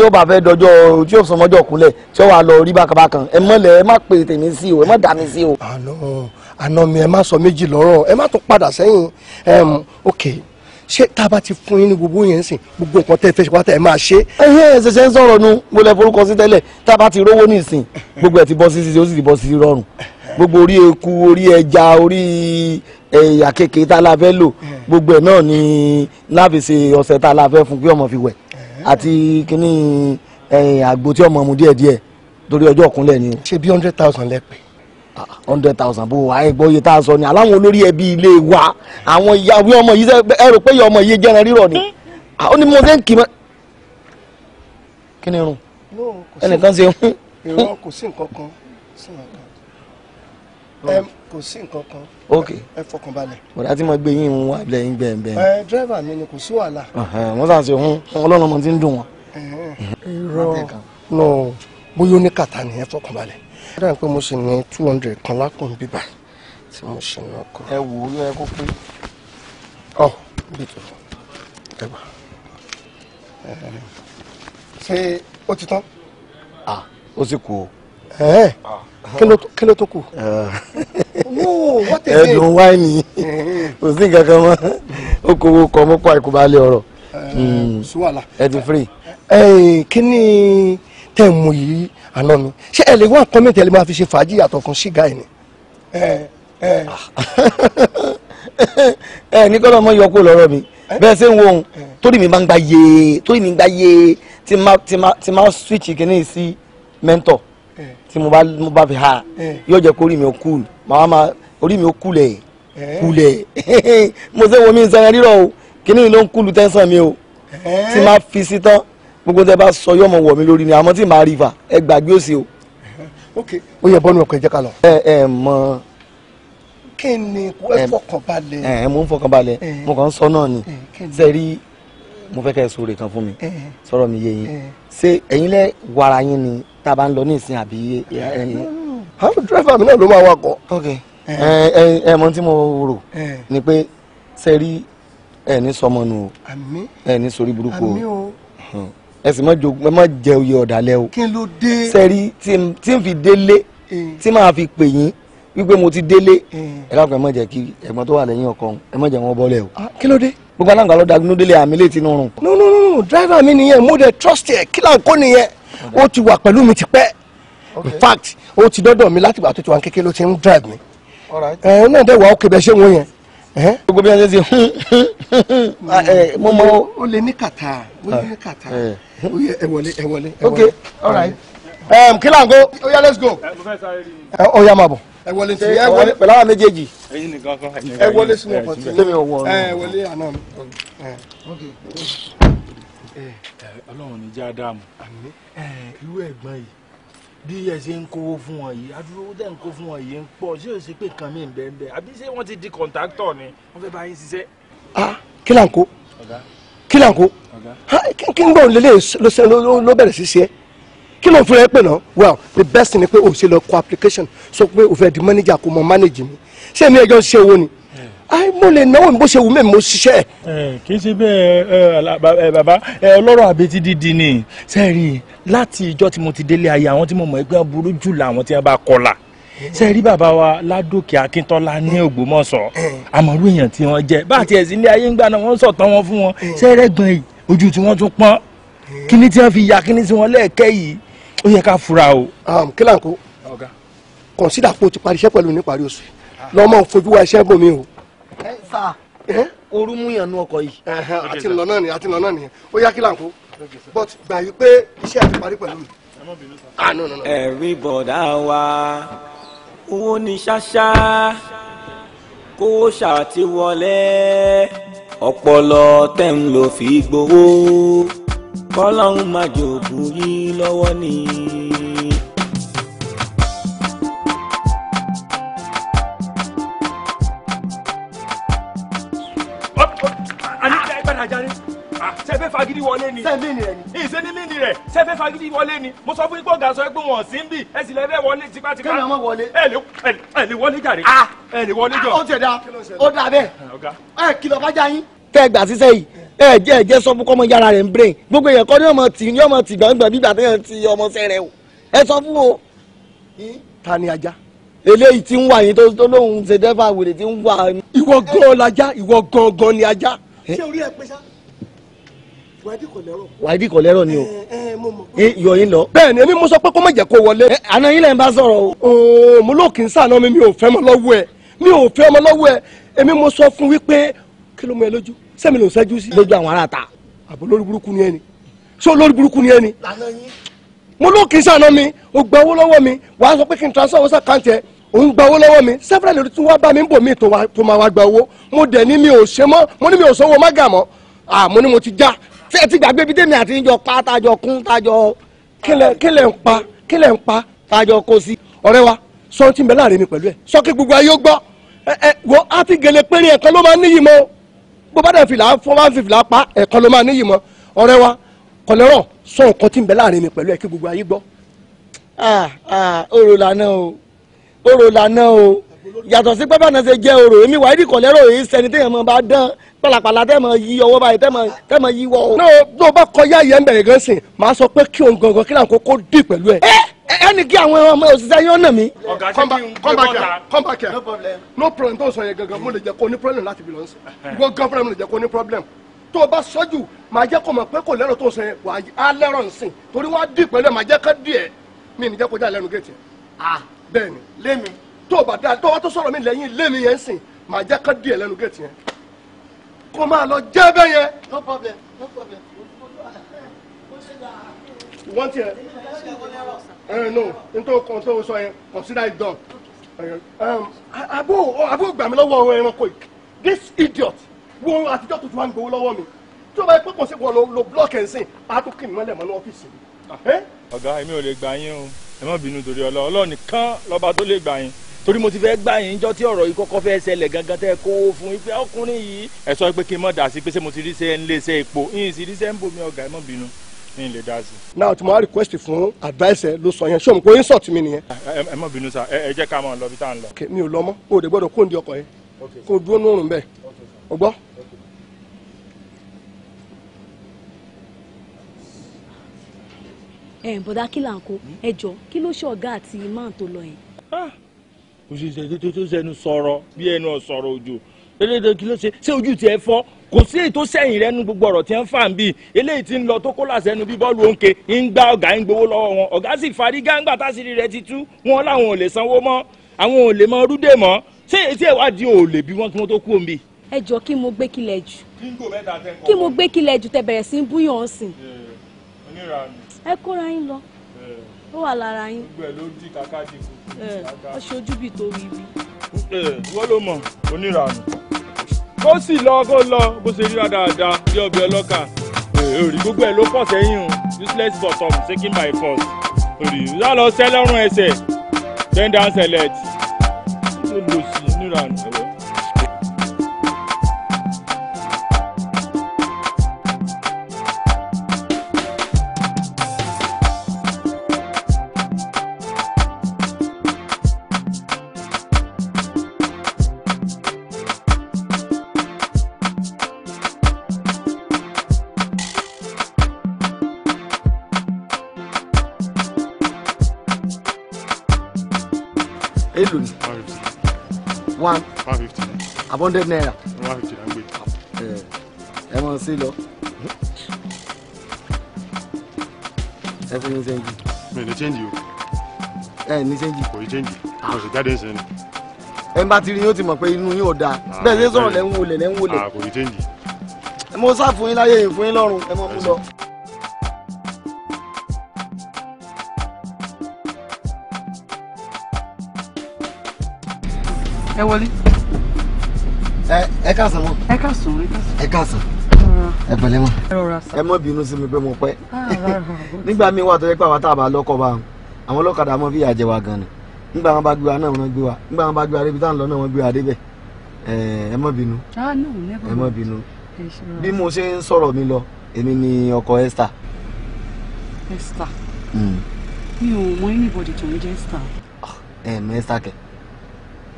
ó bá fẹ́ dọjọ́ tí ó sọmọjọ́ kúnlẹ̀ tí ó wà lọ rí bákàbákan ẹ mọ̀lẹ́ ẹ má pè tèmi sí o ẹ má dà mí sí o. àná àná mi ẹ má sọ méjì lọ́rọ̀ ẹ má tún padà sẹ́yìn ok ṣé tá a bá ti fún yín ní gbogbo yẹn sìn gbogbo nǹkan tẹ́ fẹ́ ṣe pátá ẹ máa ṣe. ẹyẹ ṣẹ̀ṣẹ̀ ń sọ̀rọ̀ nu mo lẹ forúkọ sí tẹ́lẹ̀ tá a bá ti rówó nísìn gbogbo ẹ ti bọ́ sí sísè ó sì ti bọ́ sí rọrùn gbogbo orí eku orí ẹja orí ẹyà kékeré tá a la fẹ́ lò gbogbo ẹ náà ni láfiṣe ọ̀sẹ̀ tá a la fẹ́ fún kí ọmọ fi wẹ̀ àti kínní àgbo tí ọmọ mu díẹ̀díẹ̀ torí ọjọ́ ọ̀kúnlẹ̀ ni. ṣe bí hundred thousand lẹ́pẹ̀ẹ́ hundred thousand bó wàá gbọ́ iye tá a sọ ni aláwọn olórí ẹbí ilé wa àwọn ìyàwó ọmọ yìí ẹ rò pé ìyá ọmọ yìí jẹ́ran rírọ̀ ni eh? ó ní mo ṣe ń kì í mọ́. kí ni irun ẹnìkan ṣe hún. irun kò sí nǹkan kan sí nǹkan kò sí nǹkan kan ẹ fọkàn balẹ̀. bọ̀dá tí mo gbé yín ń wá lẹ́yìn gbẹ̀ngbẹ̀. ẹ dírẹ́fà mi ni kò sí wàhálà. wọ́n sàn ṣe hún ọlọ́run ọmọ ti ń dùn wọn. irọ́ bóyá ó ní kàtà nìyẹn fọkàn balẹ̀ ó dà pé mo sì ní two hundred kan lápò ń bíbà tí mo sì ná kọ. ẹ wò ó yọ ẹ kó pé. ọ bí tó dẹgbà ṣé ó ti tán. ah ó sì kú o. kí ló tó kù. ẹ̀dùn wáìnì kò sí nǹkan kan mọ́ ó kó owó kọ́ mọ́pọ̀ àìkúbalẹ̀ ọ̀rọ̀ ẹ̀dùn hmm. free. kí ni tẹ̀ mú yìí àná mi ṣé ẹ lè wá nǹkan mẹ́tẹ̀ẹ́ lè máa fi ṣe fàájì yàtọ̀ ṣìgá ẹ̀ ni. ẹ [laughs] ní kọ́lọ́ mọ́ yọkó lọ́rọ́ mi bẹ́ẹ̀ ṣe ń wo ohun torí mi máa ń gba yee torí mi ń gba yee tí máa switch kìíní sí mentor tí mo bá mo bá fi ha yóò jẹ́ kó orí mi ò cool màá ma orí mi ò coolẹ̀ coolẹ̀ [laughs] mo ṣe wo mi ń sẹ́yìn rírọ̀ o kìíní ló ń cool tẹ́sán mi o tí máa fi sí tán gbogbo tẹ bá sọ yọmọ wọ mi lórí ni àmọ́ tí màá rí fà ẹ gbàgbé òsì o. ok ó yẹ bọ́nu ọkọ̀ ẹ jẹ́ ká lọ. ẹ ẹ mọ. kí ni ẹ fọkànbalẹ̀. ẹ mo ń fọkànbalẹ̀ mo kàn ń sọ náà ni sẹ́rí mo fẹ́ kẹ́ ẹ sóore kan fún mi sọ̀rọ̀ mi yé yín ṣé ẹ̀yin lẹ́ wàrà yín ni tá a bá ń lọ ní ìsìn àbí ẹ̀yin. àwọn dírẹ́fà mi náà ló máa wakọ̀. ok ẹ ẹ mọ tí mo rò ni pé sẹ́rí ẹ̀ ní sọmọnù o ẹ̀ ní sorí burúkú o ẹ sì má jẹ oyè ọ̀dàlẹ̀ o kí ló dé sẹ́rí tí n fi délé tí màá fi pè yín wípé mo ti délé ẹ dákun ẹ má jẹ́ kí ẹ̀gbọ́n tó wà lẹ́yìn ọkọ ẹ má jẹ́ wọn bọ́lẹ̀ o. kí ló dé. gbogbo aláǹgá ló dagunú délé àmì létí nù no no no driver mi nìyẹn mo dẹ trust ẹ kí là ń kó nìyẹn ó ti wà pẹ̀lú mi tipẹ́ in fact ó ti dọ́dọ̀ mi látìgbà tó ti wà ń kékeré ló ti ń drive mi. ẹ náà dẹ̀ wà ó kébẹ̀ ṣé wọ́n yẹn gbogbo bí wọn ṣe ṣe mo mọ. o lè ní kàtà o lè ní kàtà ẹ wọlé all right um, kilango oya oh, let's go. oya ma bọ. ẹ wọlé sí ẹ wọlé pẹ̀lú àwọn méjèèjì. ẹ wọlé sí wọn kọtí. lèmi ò wọ ọ. ẹ wọlé àná mi. ọlọ́run ní jẹ́ ádámù. irú ẹ̀gbọ́n yìí bí ẹ ṣe ń kówó fún wọn yìí adúlówó tẹ̀ ń kó fún wọn yìí ń pọ̀ ṣé o ṣe pé nǹkan mi ń bẹ́ẹ̀ bẹ́ẹ̀ àbí ṣé wọ́n ti di kọ̀ǹtáktọ̀ ni wọ́n fẹ́ bá yín ṣiṣẹ́. ah kí là kí là ń kó kí n gbọ́n lélẹ̀ ló bẹ̀rẹ̀ sí ṣe é kí ló ń fúnra ẹ pè náà well the best thing ni pé o ṣe lọ kọ application sọ pé o fẹ́ di manager kò mọ manage mi ṣé mi ẹjọ́ ṣe owó ni eh. mo lè náwó mi bó ṣe wù mí mo ṣiṣẹ́. Eh, kì í ṣe bẹ́ẹ̀ eh, bàbá ọlọ́rọ̀ àbẹ́tí dídì ni sẹ́ẹ̀rì láti ìjọ́ tí mo ti délé ayé àwọn tí mo mọ̀ ẹgbẹ́ burú jù làwọn tí wọ́n bá kọlà ṣe rí bàbá wa ládòkè akíntọ́lá ní ògbómọ̀ṣọ́ eh. àmọ́rú èèyàn tí wọ́n jẹ́ bá àti ẹ̀sìn ilé ayé ń gbà náà wọ́n sọ̀tàn wọn fún wọn eh. ṣe rẹ́gbọ̀n yìí ojú tí wọ́n tún pọ́n eh. kíní tí wọ́n fi ya kíní tí wọ́n lẹ́ẹ̀kẹ́ yìí ó yẹ ká fura o. Um, kílànkó kọ̀nsídà kó ti parí iṣẹ́ pẹ̀lú ní parí oṣù lọ́mọ fojú wa iṣẹ́ bòmí o. ẹ sà nú ọkọ̀ yìí. àti ńlọ náà àti ńlọ náà ó yá kílànkó owó ní ṣáṣá kówó ṣàti wọlé ọpọlọ tẹ̀ ń lò fi gbowó kọ́lọ́hún máa jòkó yín lọ́wọ́ ni. fagidi wọlé ni mo sọ fún yín pé ọ̀gá sọ pé wọn ò sí ń bì ẹ sì lẹ́fẹ̀ẹ́ wọlé tipátipá. kéèyàn máa wọlé. ẹ lè ẹ lè wọlé jàre. Ah! ẹ lè wọlé jọ. Ah, ó tẹ̀ da ó da bẹ́ẹ̀ ah, ẹ kìlọ̀ bá já yín. tẹ́ ẹ gbà síṣẹ́ yìí ẹ jẹ́ ẹ jẹ́ sọ fún kọ́mọ yàrá rẹ̀ ń brain gbogbo èèyàn kọ́ ni ọmọ tì ni ọmọ tì gbàngbà bígbà tẹ́yàn ti ọmọ sẹ́ rẹ̀ o ẹ sọ fún o. ta ni ajá. eléyìí ti ń wà yín tó lóun ṣe dẹ́fà wèrè ti ń wà. ìwọ gan-an lajá ìwọ gan-an gan ni ajá. ṣé orí ẹ pé sá wàídì kò lẹ́rọ̀ ni o iyọ̀ eh, eh, yín lọ. bẹ́ẹ̀ni èmi mo sọ pé kó má jẹ́ kó wọlé. àná yín lẹ ń bá sọ̀rọ̀ o. ooo mo lóòkì ń sàánà mi mi ò fẹ́ ọmọ lọ́wọ́ ẹ mi ò fẹ́ ọmọ lọ́wọ́ ẹ èmi mo sọ fún wípé kí ló mọ ẹ lójú sẹ́mi ló ń ṣẹ́jú sí. lójú àwọn ará ta. àbò lórí burúkú ni ẹ ni ṣé olórí burúkú ni ẹ ni. mo lóòkì ń sàánà mi o gba owó lọ́wọ́ mi wàá sọ pé kí n transfer owó sàkáǹtì ẹ òun gba owó lọ́wọ́ mi several lórí tí wọ́n bá mi ń bò mí tó máa wá gba owó mo dẹ̀ ní mi ò ṣe mọ́ mo ní mi ò sanwó má gà mọ́ àmọ́ ni mo ti já ṣé ẹ ti gbàgbé ibi tèmi àti ìjọ pa tájọ kún tájọ kílẹ̀ ń pa kílẹ̀ ń pa tájọ kó sí ọ̀rẹ́ wa sọ ti ń bẹ láàrin mi pẹ̀lú ẹ̀ sọ kí gbogbo ayé gbọ́ ẹ wo á ti gèlè péré ẹ̀kan ló máa níyì mọ́ bó bá dẹ̀ fìlà fún bá fìlà pa ẹ̀kan ló máa níyì mọ́ ọ̀rẹ́ wa kọ̀lẹ́rọ̀ sọ nǹkan ti ń bẹ láàrin mi pẹ̀lú ẹ̀ kí gbogbo ayé gbọ́. ah ah oro lana o oro lana o yàtọ̀ sí pápá náà ṣe jẹ́ orò èmi wà ìdí kọ̀lẹ́rọ̀ yìí sẹni téèyàn máa bá dán pàlàpàlà tẹ́ máa yí ọwọ́ báyìí tẹ́ máa tẹ́ yí wọ́. náà tó o bá kọjá yẹn ń bẹ̀rẹ̀ gan sìn máa sọ pé kí òun gangan kí làǹkó kó dì pẹ̀lú ẹ̀. ẹ ẹni kí àwọn ọmọ òṣìṣẹ́ yóò nà mí. ọ̀gá ṣé kí n gbé bọ́ta come back here no problem no problem tó sọ yẹn gangan mo lè jẹ́ kó ní problem láti bí lọ́sìn problem tó o bá sọ́jù máa jẹ́ kó mọ̀ pé kò lẹ́rọ̀ tó sọ yẹn wà á lẹ́rọ̀ nsìn torí wọ́n á dì pẹ̀lú ẹ̀ máa jẹ́ ah bẹ́ẹ̀ ni. lémi tó o bá dáa tó tó sọ̀rọ̀ mi lẹ́yìn ilé yẹn sìn màá jẹ́ kán díẹ̀ lẹ́nu géètì yẹn kó máa lọ jẹ́ bẹ́ẹ̀ yẹn. no problem no problem. wọ́n tiẹ̀ ẹ̀ no nítorí kan tó o sọ yẹn consider it done. àbó um, àbó gbà mí lọ́wọ́ ọ̀rọ̀ ẹranko yìí this idiot wo àtijọ́ tuntun wa ń gbowó lọ́wọ́ mi tí o bá yẹ pé kò sí wọn lo block ẹ̀ ń sìn àtúkì mímọ́lẹ̀ mọ́ ní ọ́fíìsì mi. Ah, ọ̀gá èmi ò lè gbà yín o ẹ má bínú torí ọlọ́ọ̀ ọlọ́ọ̀ nìkan lọ́ba tó lè gbà yín torí mo ti fẹ́ gbà yín jọ tí ọ̀rọ̀ yìí kọ́kọ́ fẹ́ ṣẹlẹ̀ gangan tẹ́ kó fún ife ọkùnrin yìí ẹ sọ pé kí n mọ̀ dà sí pé ṣé mo ti rí sẹ́ ń lé sẹ́ epo yín sì rí sẹ́ ń bomi ọ̀gá ẹ̀ mọ̀ bínú yín lè dá sí. náà tí mo á request fún advice ẹ ló sọ yẹn ṣé òun kò insult mi nìyẹn. ẹ mọ̀ bínú sa ẹ jẹ́ ká máa lọ bí tá à ń lọ. mi ò lọ mọ́ o ò dé gbọ́dọ̀ kó ń di ọkọ̀ yẹn kó dúró nùrùn bẹ́ẹ̀ o gbọ́. ẹ̀ eh, kí là ń kó hmm? ẹ jọ kí ló ṣe ọ̀gá àti imán tó lọ yẹn. Ah! òṣìṣẹ́ tó tó sẹ́nu sọ̀rọ̀ bí ẹnu ọ̀sọ̀rọ̀ òjò eléyìí kí ló ṣe ṣé ojú tiẹ̀ fọ́ kò sí èyí tó sẹ́yìn rẹ nu gbogbo ọ̀rọ̀ tí wọ́n fà ń bì eléyìí ti ń lọ tó kó làṣẹnu bí bọ́ọ̀lù òǹkè ń gbá ọ̀gá ń gbowó lọ́wọ́ wọn ọ̀gá sì farigá ńgbà táṣìírí rẹ ti tú wọn láwọn ò lè sanwó mọ́ àwọn ò lè mọ rúdè mọ́ ṣé èyí tí ìwádìí ò lè bí wọn kí wọn tó kú òǹbì. ẹ jọ kí mo gbé kílẹ̀ jù kí mo gbé kílẹ̀ jù tẹ bẹ̀rẹ̀ sí búyàn ọ̀sìn. ẹ kóra yín lọ ó wà lára yín. gbogbo ẹ ló di kàkà di kùkù. ẹ ọ ṣojú bíi tó wí wí. wọ́n ló mọ̀ oníranù kó sì lọ kó lọ bó ṣe ríra dáadáa bí ọbẹ̀ ọlọ́kà òrì gbogbo ẹ̀ ló pọ̀ sẹ́yìn o useless bottom, taking taken by force òrì yá lọ sẹ́ lọ́rùn ẹsẹ̀ then down select ló lò sí níranù ẹ̀wọ̀n. hundred naira. Eh, ẹ mọ̀ sí lọ. ẹ fún mi sẹ́ńjì. mi ò ní sẹ́ńjì o. ẹ ní sẹ́ńjì. kò ní sẹ́ńjì kò sì jáde ńsẹ̀ ni. ẹ bá ti rí yóò ti mọ̀ pé inú yóò dáa ah, bẹ́ẹ̀ ṣe sọ̀rọ̀ lẹ́ ń wọlé lẹ́ ah, kò ní sẹ́ńjì. mo sá fún yín láyé yìí fún yín lọ́rùn ẹ mọ̀ mú lọ. ẹ wọlé káàsán mọ. ẹ káàsán ẹ káàsán. ẹ káàsán ẹ pẹ̀lẹ́ mọ. ẹ mọ bínú sí mi pé mo pẹ́. Ah, [laughs] nígbà míì wà tó yẹ pé àwa tá a bá lọ́kọ̀ bá wọn àwọn ọlọ́kadà mọ fìyà jẹ wa gan ni nígbà wọn bá gbé wa náà wọn gbé wa nígbà wọn bá gbé wa débi táwọn lọ náà wọn gbé wa débẹ̀ ẹ mọ ah, bínú ẹ mọ bínú bí mo ṣe ń sọ̀rọ̀ mi lọ èmi ni ọkọ Esther. Esther hmm. mi ò mọ anybody tó ń jẹ Esther. Ah, ẹ mọ Esther kẹ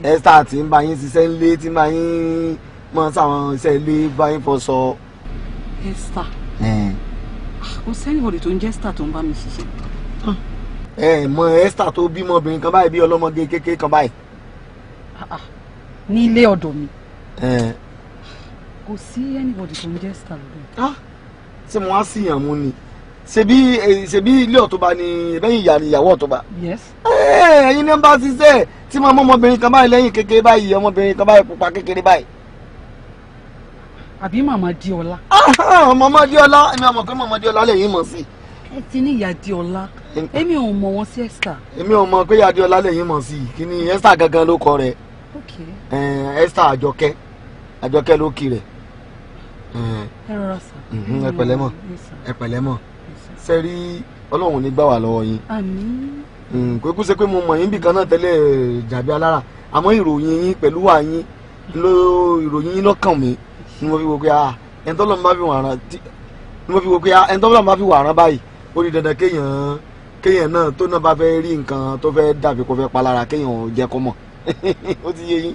Esther tí ń bá yín ṣiṣẹ́ ń lé tí ń bá yín máa sáwọn iṣẹ́ ilé báyìí fọ sọ. Esther ah, kò sẹ́nìbọ̀dì tó ń jẹ́ Esther tó ń bá mi ṣiṣẹ́. Ah. ẹ mọ Esther tó bímọ obìnrin kan báyìí bí ọlọ́mọge kékeré kan báyìí. Ah, ní ilé ọ̀dọ̀ mi kò sí ẹnìbọ̀dì tó ń jẹ́ Esther lọ́dọ̀. ṣé mo á sì yàn ni ṣebí ṣebí ilé ọ̀túnba ni lẹ́yìn ìyá ni ìyàwó ọ̀túnba. ẹ̀yin ní bá ṣiṣẹ́ tí mo mọ ọmọbìnrin kan báyìí lẹ́yìn kékeré báyìí ọmọbìnrin kan báyìí pupa kékeré báyìí àbí màmá diola. màmá diola èmi àmọ̀ pé màmá diola lè yín mọ̀ sí. ẹ ti ní ìyá diola èmi ò mọ̀ wọn sí esther. èmi ò mọ̀ pé ìyá diola lè yín mọ̀ sí kí ni esther gangan ló kọ rẹ̀ esther àjọkẹ́ àjọkẹ́ ló kí rẹ̀. ẹ rọra sà. Mhm, ẹ pẹ̀lẹ́ mọ̀ ẹ pẹ̀lẹ́ mọ̀ ṣe rí ọlọ́run ní gbà wá lọ́wọ́ yín. àmín. Hmm, kókó ṣe pé mo mọ̀ yín bìkan náà tẹ́lẹ̀ jàbí alára àmọ́ ìròyìn yín pẹ̀lú wà yín ló ìròyìn yín lọ́kàn mi. Mm ni mo fi wo pé ah ẹni tó lọ́n bá fi wàràn tí ni mo fi wo pé ah ẹni tó lọ́n bá fi wàràn báyìí ó di dandan kéèyàn kéèyàn náà tó náà bá fẹ́ rí nǹkan tó fẹ́ dàbí kó fẹ́ palára kéèyàn ò jẹ́ kó mọ̀ [laughs] ó ti yé yín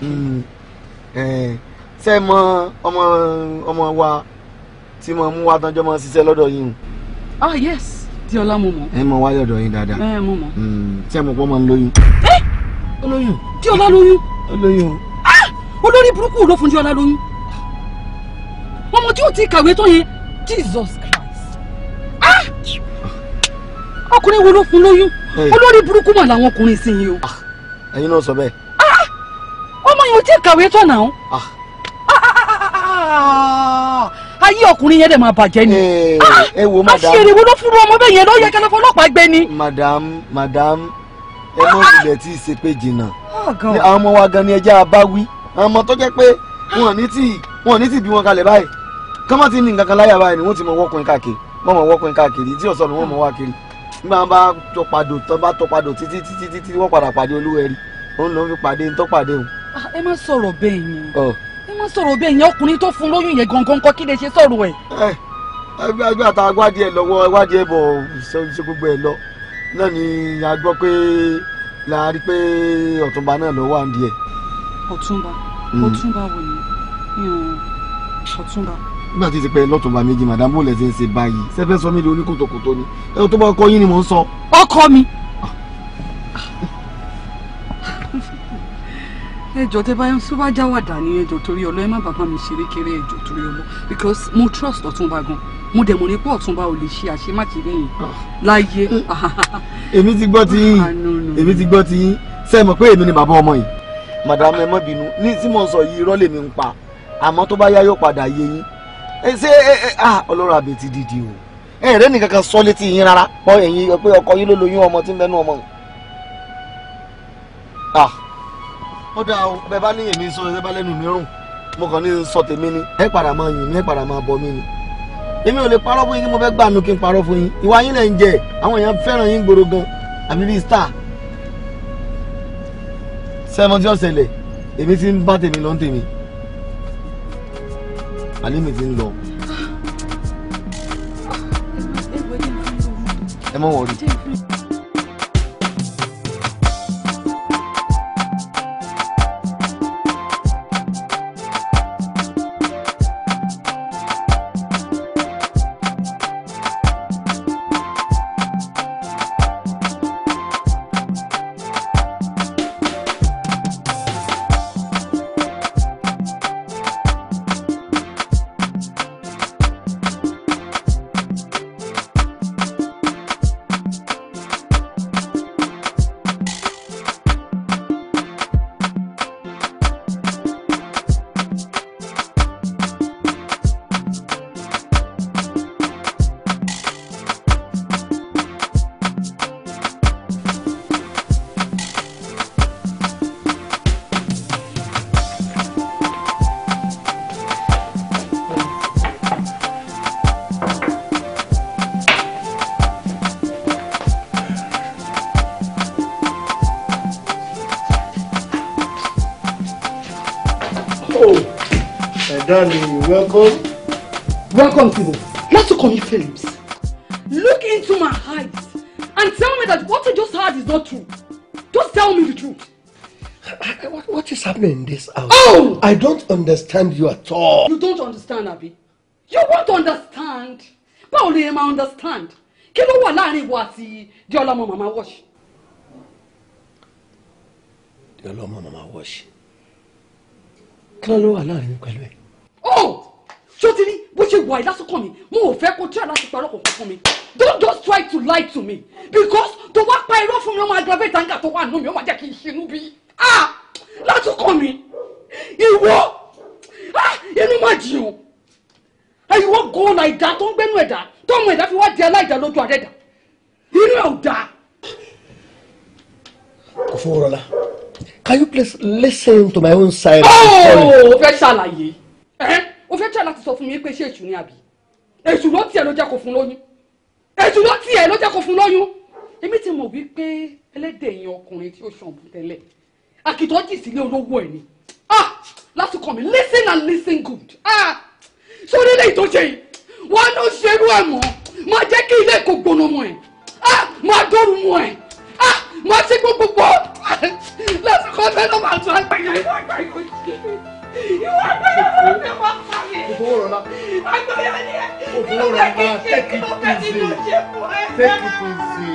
hmm. ṣé ẹ mọ ọmọ ọmọ wa tí mo mú wa tánjọ́ mọ́ ṣiṣẹ́ lọ́dọ̀ yín o. ah yes tí ọlá mo mọ. ẹ mọ wá lọ́dọ̀ yín dáadáa. ẹ eh, mo mọ. Hmm. ṣé ẹ mọ̀ pé ó máa ń lóyún. Eh! ó lóyún. tí ọlá lóyún. ó lóyún. Ah! olórí burúkú ló fún tí ọlá lóyún ọmọ tí ó ti kàwé tó yẹn Jesus Christ ah ọkùnrin wo ló fún lóyún olórí burúkú mà làwọn ọkùnrin sí yìí o. Ah, ẹ̀yin náà sọ bẹ́ẹ̀. ah ọmọ yẹn ò tí ì kàwé tán náà. ah, ah, ah ayé ọkùnrin yẹn dẹ̀ máa bàjẹ́ ni. Eh, ẹ wo madam àṣírí wo ló fún ọmọ bẹ́ẹ̀ yẹn ló yẹ kẹlẹ́ fọlọ́pàá gbé ni. madam madam ẹ mọ ìrìlẹ̀ tí ì ṣe pé jìnnà oh, àwọn ọmọ wa gan ni ẹja abáwí àwọn ọmọ tó jẹ́ pé wọn ní tí wọn ní tí bí wọn kalẹ̀ báyìí kọ́mọ́ ti ní nǹkan kan láyà báyìí ni wọ́n ti mọ wọ́kùnrin káàkiri wọ́n mọ wọ́kùnrin káàkiri tí ọ̀sán ni wọ́n mọ wá kiri nígbà bá tọpadò tán bá tọpadò títí títí títí wọ́n padà pàdé olúwẹ̀rí òun ló ń fi pàdé ń tọ́pàdé òun. Ah, ẹ má sọ̀rọ̀ bẹ́ẹ̀ yẹn ẹ má sọ̀rọ̀ bẹ́ẹ̀ yẹn ọkùnrin tó fún lóyún yẹn gangan kọ́ kí lè ṣe sọ̀rọ̀ ẹ̀. ẹ eh, ẹgbẹ́ àti agbádìí ẹ lọ́wọ́ agbádìí ẹ bọ̀ ṣe gbogbo ẹ lọ náà ni a gbọ́ pé la rí pé ọ̀túnba náà lọ́wọ́ à ń di ẹ̀. ọ̀túnba hmm. ọ̀túnba wò ni ọ̀túnba. nígbà tí ti pẹ́ lọ́tùnba méjì madam bó lẹ́sẹ̀ ń ṣe báyìí sẹ́fẹ́ sọ mí di oníkòtòkòtò ni ẹ̀rọ tó bá ọkọ yín ni mò ń sọ. ọkọ mi. Ah. ẹjọ tẹ báyọ tó bá já wàdà ní ẹjọ torí ọlọ ẹ má bàbá mi ṣeré kéré ẹjọ torí ọlọ because mo trust ọ̀túnba gan mo dẹ̀ mọ̀ ní pé ọ̀túnba ò lè ṣe àṣemáṣe lẹ́yìn ah. láyé. Eh. Ah, èmi ti gbọ́ ti yín èmi ti gbọ́ ti yín sẹ́ẹ̀ mọ̀ pé èmi ni bàbá ọmọ yìí madam ẹ má bínú ní tí mo sọ yìí irọ́ lèmi ń pa àmọ́ tó bá yá yóò padà yé yín ẹ ṣe ẹ ẹ ah ọlọ́run àbètì dìdì o ẹ rẹ nìkan kan sọ létí yín rárá pọ ẹ̀yin pé ọkọ yín ló lóyún ọmọ tí ń bẹnu ọmọ ah ó dáa o bẹ́ẹ̀ bá níyèmí sọ ẹ bá lẹ́nu mìíràn mo kàn ní sọ tèmi ni ẹ padà máa yìn mí ẹ padà máa bọ mí ni èmi ò lè parọ́ fún yín kí mo fẹ́ gbàánu kí n parọ́ fún yín ìwà yín lẹ̀ ń jẹ àwọn èèyàn fẹ́ràn yín gbòòrò gan àbí bíi star sẹ́wọ́n tí ó ṣẹlẹ̀ èmi ti ń bá tèmi lọ́n tèmi alẹ́ mi ti ń lọ. Ah. ẹ má I don't understand you at all. You don't understand, Abi. You won't understand. but only ẹ understand? Kilo wa wà láàrin ìwọ àti Diolamo Mama Wash? Diolamo Mama Wash. Kilo wa wà láàrin mi Oh! Ṣé o ti rí bó ṣe wà lásìkò mi? Mo ò fẹ́ kó tíra láti parọ́ kọ̀ọ̀kan fún Don't just try to lie to me. listen to my own side. Oh, o fẹ́ ṣàlàyé o fẹ́ tẹ̀ láti sọ fún mi pé ṣé èṣù ni àbí èṣù ló tiẹ̀ ló jẹ́ kó fún lóyún èṣù ló tiẹ̀ ló jẹ́ kó fún lóyún èmi ti mọ̀ wípé ẹlẹ́dẹ̀ yẹn ọkùnrin tí ó ṣàǹbù tẹ́lẹ̀ àkìtọ́ jì sílé olówó ẹ̀ ni ah, lásìkò mi listen and listen good ah, sórí ilé ìtọ́jẹ́ yìí wọ́n ló ṣerú ẹ̀ mọ́ máa jẹ́ kí ilé kò gbóná mọ́ ẹ̀ ah, máa dọ́rùn mọ́ ẹ̀ mo ti kú púpọ̀ lásìkò ọ̀fẹ́ ló máa tún àgbàyàn ìwà àgbàyàn ìwà àgbàyàn ló wá pa mi. àgbàyàn ni ẹ kí ló fẹ́ kí n ṣe ló fẹ́ kí n ṣe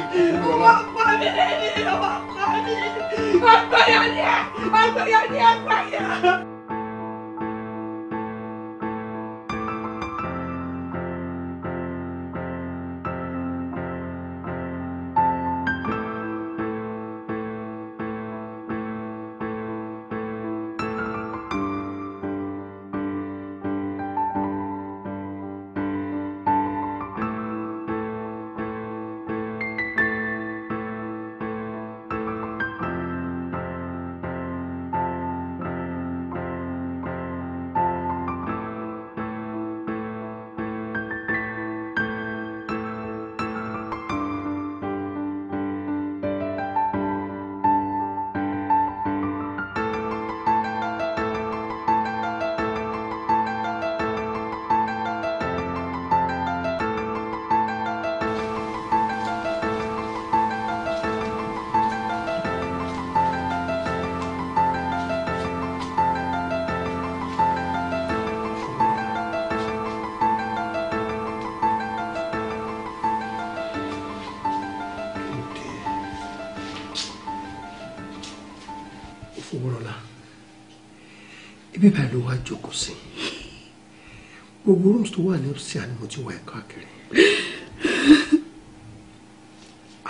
tó wà ní ọ́fíìsì ti wà ẹ̀ káàkiri.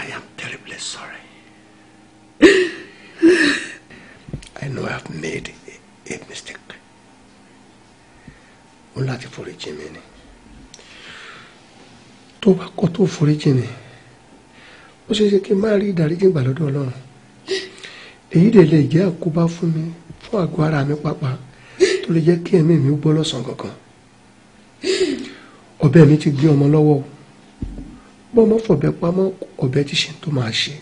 I am terribly sorry. I know I have made a, a mistake. Mo láti foríjì mi ni. Tó bá kọ́ tó foríjì mi, ó ṣeé ṣe kí n má rí ìdáríjì gbà lọ́dọ̀ Ọlọ́run. Èyí lè lè jẹ́ àkóbá fún mi fún àgọ́ ara mi pàápàá tó lè jẹ́ kí ẹ̀mí mi gbọ́ lọ́sàn-án kankan ọ̀bẹ mi ti gbé ọmọ lọ́wọ́ bọ́mọ fọ̀bẹ pamọ́ ọ̀bẹ ti ṣe tó máa ṣe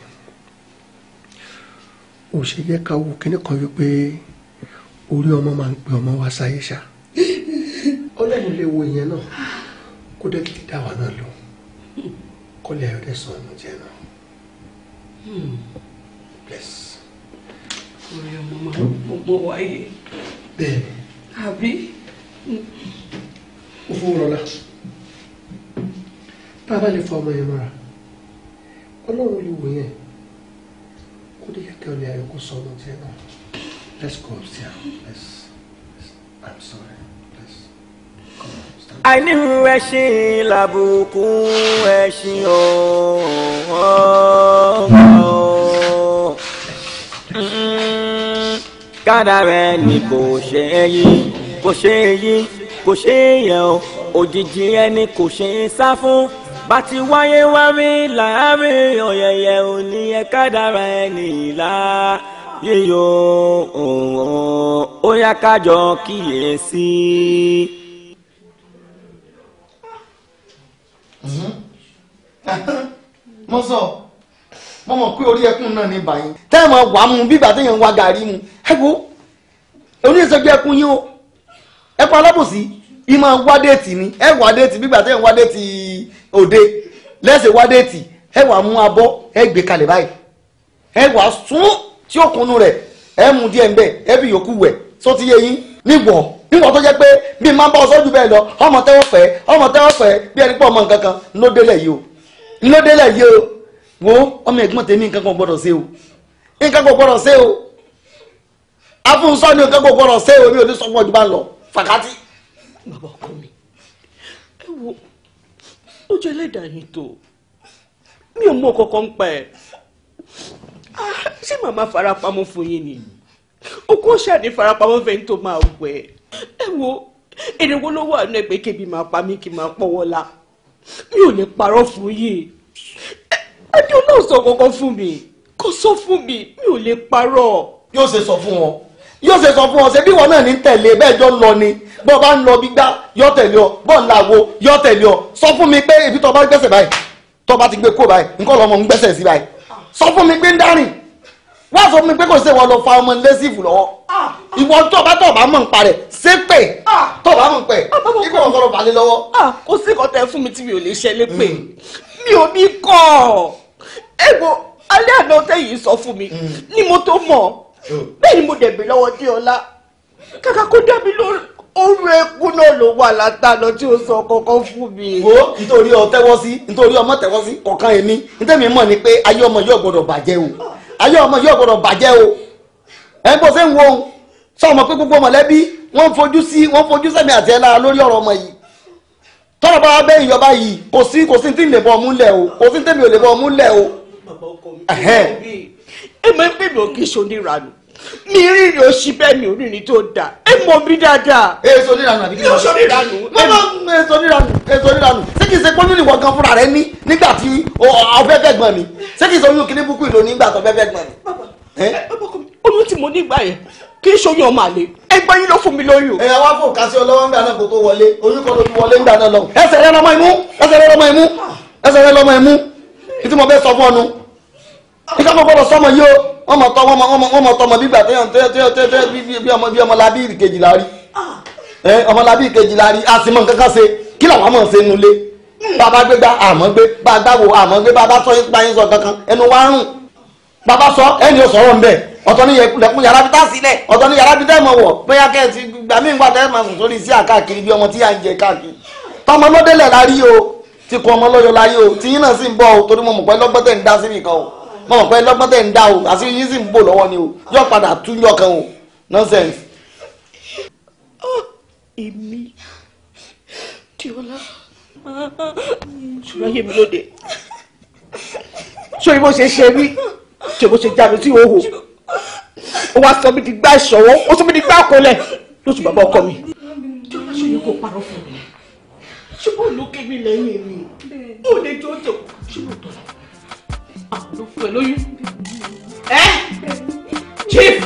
ò ṣe yẹ ká wo kíní kan wípé orí ọmọ máa ń pe ọmọ wa sáyé ṣá ọlọ́run lè wo ìyẹn náà kó dé kí dá wa náà lò kọ́lé ayọ̀dẹ̀ sàn ọmọ jẹ náà hmm. bless. orí ọmọ máa ń gbogbo wáyé. bẹ́ẹ̀ni. àbí. ó fún rọlá tá a bá lè fa ọmọ yẹn mọ́ra ọlọ́run lè wò yẹn kó dé yẹ kí ọlẹ́ ayọ̀ kó sọ ọmọ tiẹ̀ náà let's go upstairs let's i'm sorry let's go upstairs. àìníhun ẹṣin làbùkù ẹṣin ọ̀ọ́ kádàrá ẹni kò ṣe yí kò ṣe yí kò ṣe yẹ ọ́ òjijì ẹni kò ṣe é sá fún bàtí wáyé wá mi làámi ọ̀yẹ̀yẹ̀ ò ní ẹ̀ka dára ẹni ìlà yíyọ òun ó yá kájọ kíyèsí. [laughs] mo sọ mo mọ̀ pé orí ẹkún náà ní báyìí tẹ́ẹ̀mọ̀ wàá mu bí bàtẹ́ yẹn ń wá gàrí mu ẹ oníṣègbè ẹkún yín o ẹkún alábòsí ìmọ̀ wá ni ẹ wá déètì bí bàtẹ́ yẹn ń wá òde lẹ́sẹ̀ wá déètì ẹ wàá mú abọ́ ẹ gbé kalẹ̀ báyìí ẹ wàá sún tí ó kunu rẹ̀ ẹ mú díẹ̀ ń bẹ̀ ẹ bí yòókù wẹ̀ só ti yé yín níwọ̀ níwọ̀ tó jẹ́ pé bí máa ń bá ọ sọ́jú bẹ́ẹ̀ lọ ọmọ tẹ́wọ́ fẹ́ ọmọ tẹ́wọ́ fẹ́ bí ẹni pọ̀ ọmọ nǹkan kan ló délẹ̀ yìí o ló délẹ̀ yìí o wo ọmọ ẹ̀gbọ́n tèmi nǹkan kan gbọ́dọ̀ ṣe o nǹkan kan gbọ́dọ̀ ṣe o afúnṣọ́ ni nǹkan kan gbọ́dọ̀ ṣe o mi ò ní sọ fún ọjọ́ bá ń lọ fàkátì. bàbá ọkọ mi ẹ wo ó jẹ́ ẹlẹ́dàá yìí tó mi ò mọ kankan pa ẹ̀ ah, ṣé màmá farapamọ́ fún yín ni òkú ṣàdé farapamọ́ fẹ́ tó máa wẹ̀ ẹ wo èrè wo ló wà nínú ẹ pé kébi máa pa mí kí máa pọ́wọ́ la mi ò lè parọ́ fún yìí ẹni ò náà sọ kankan fún mi kò sọ fún mi mi ò lè parọ́. yóò ṣe sọ fún wọn yóò ṣe sọ fún ọ ṣe bí wọn náà ní tẹ̀lé bẹ́ẹ̀ jọ lọ ni bọ́ọ̀ bá ń lọ gbígbá yọ tẹ̀lé ọ bọ́ọ̀ ń la wo yọ tẹ̀lé ọ sọ fún mi pé ibi tó bá gbẹ́sẹ̀ báyìí tó bá ti gbé kó báyìí nǹkan lọ́mọ ń gbẹ́sẹ̀ sí báyìí sọ fún mi pé ń dárìn wá sọ fún mi pé kò ṣe wọn lọ fa ọmọ lẹ́sìfù lọ́wọ́ ah. ìwọ tó bá tó bá mọ̀ ń parẹ̀ ṣé pé ah. tó bá mọ̀ ń pẹ̀ ah, ikú wọn sọ̀rọ̀ balẹ̀ lọ́wọ́. bẹ́ẹ̀ ni mo dẹ̀ bí lọ́wọ́ Déọlá kàkà kó dá mi lórí náà ló wà látàná tí sọ kankan fún mi. wo nítorí ọ sí nítorí ọmọ tẹwọ sí kọ̀ọ̀kan èmi nítorí mọ ni pé ayé ọmọ yóò o ayé ọmọ yóò o ẹ̀ ń bọ́ ń wo ohun pé gbogbo fojú sí fojú àti o kò sí o. èmi ń bèbè òkè ṣoníranu mi o oṣù bẹ́ẹ̀ mi ò rírì tó da ẹ mọ mi dáadáa. èso níranu àbí kí ló sọ níranu. mọ́mọ́ èso níranu èso níranu ṣé kìí ṣe pé ní ìwọ gan fúnra rẹ ní nígbà tí ọ̀fẹ́fẹ́ gbọ́n mi ṣé kìí ṣe oyún kìíní búkú ìlò nígbà tó fẹ́fẹ́ gbọ́n mi. oyún tí mo nígbà yẹn kì í ṣoyún ọmọ àlè ẹgbẹ́ yín ló fún mi lóyún. ẹ̀yà wá fò kásí ọlọ́wọ́ ńgbà náà kó tó wọlé oyún kan ló fi wọlé ńgbà náà ìjọ kò gbọdọ̀ sọmọ yìí o wọ́n mọ̀ tọ́ wọ́n mọ̀ tọmọ bígbà tẹ́yàn tẹ́yàn bí ọmọ labí kejìlá rí ọmọ labí kejìlá rí a sì mọ nǹkan kan ṣe kí làwọn mọ̀ ṣe nulẹ̀ bàbá gbégbá àmọ́ gbé bàbá wo àmọ́ gbé bàbá sọ yín gbayín sọ kankan ẹnu wa rùn bàbá sọ ẹni o sọ̀rọ̀ nbẹ ọ̀tọ̀ ni lẹ̀kùn yàrá bíi tásílẹ̀ ọ̀tọ̀ ni yàrá bíi tẹ́ẹ̀mọ̀ wọ̀ bóyá kẹ́ẹ̀sì gbàmí ìgbà tẹ́ẹ̀mọ̀ sùn sórí sí àkáàkiri bí ọmọ tí à ń jẹ káàkiri tọmọ ló la rí o ti kọ ọmọ lọ́yọ̀ láyé o tìyín náà sì ń bọ̀ o torí mo mọ̀ pé lọ́gbọ́tẹ̀ ń dá síbi kan o mo mọ̀ pé lọ́gbọ́n tẹ̀ ń dá o àti yín sì ń bò lọ́wọ́ ni o yóò padà tún yọ̀ kan o nonsense. Ah, èmi diola ṣùgbọ́n yé mi lóde sórí bó ṣe ṣe mí tí bó ṣe já mi sí ìhòhò ó wá sọ mi di gbá ìṣọwọ́ ó sọ mi di gbá àkọlẹ̀ lóṣù bàbá ọkọ mi. diola ṣe yẹ kó parọ́ fún mi ṣùgbọ́n olókè mi lẹ́yìn mi ò lè jọ́jọ́ ṣùgbọ́n tó lọ ló fún ẹ lóyún ẹ chief.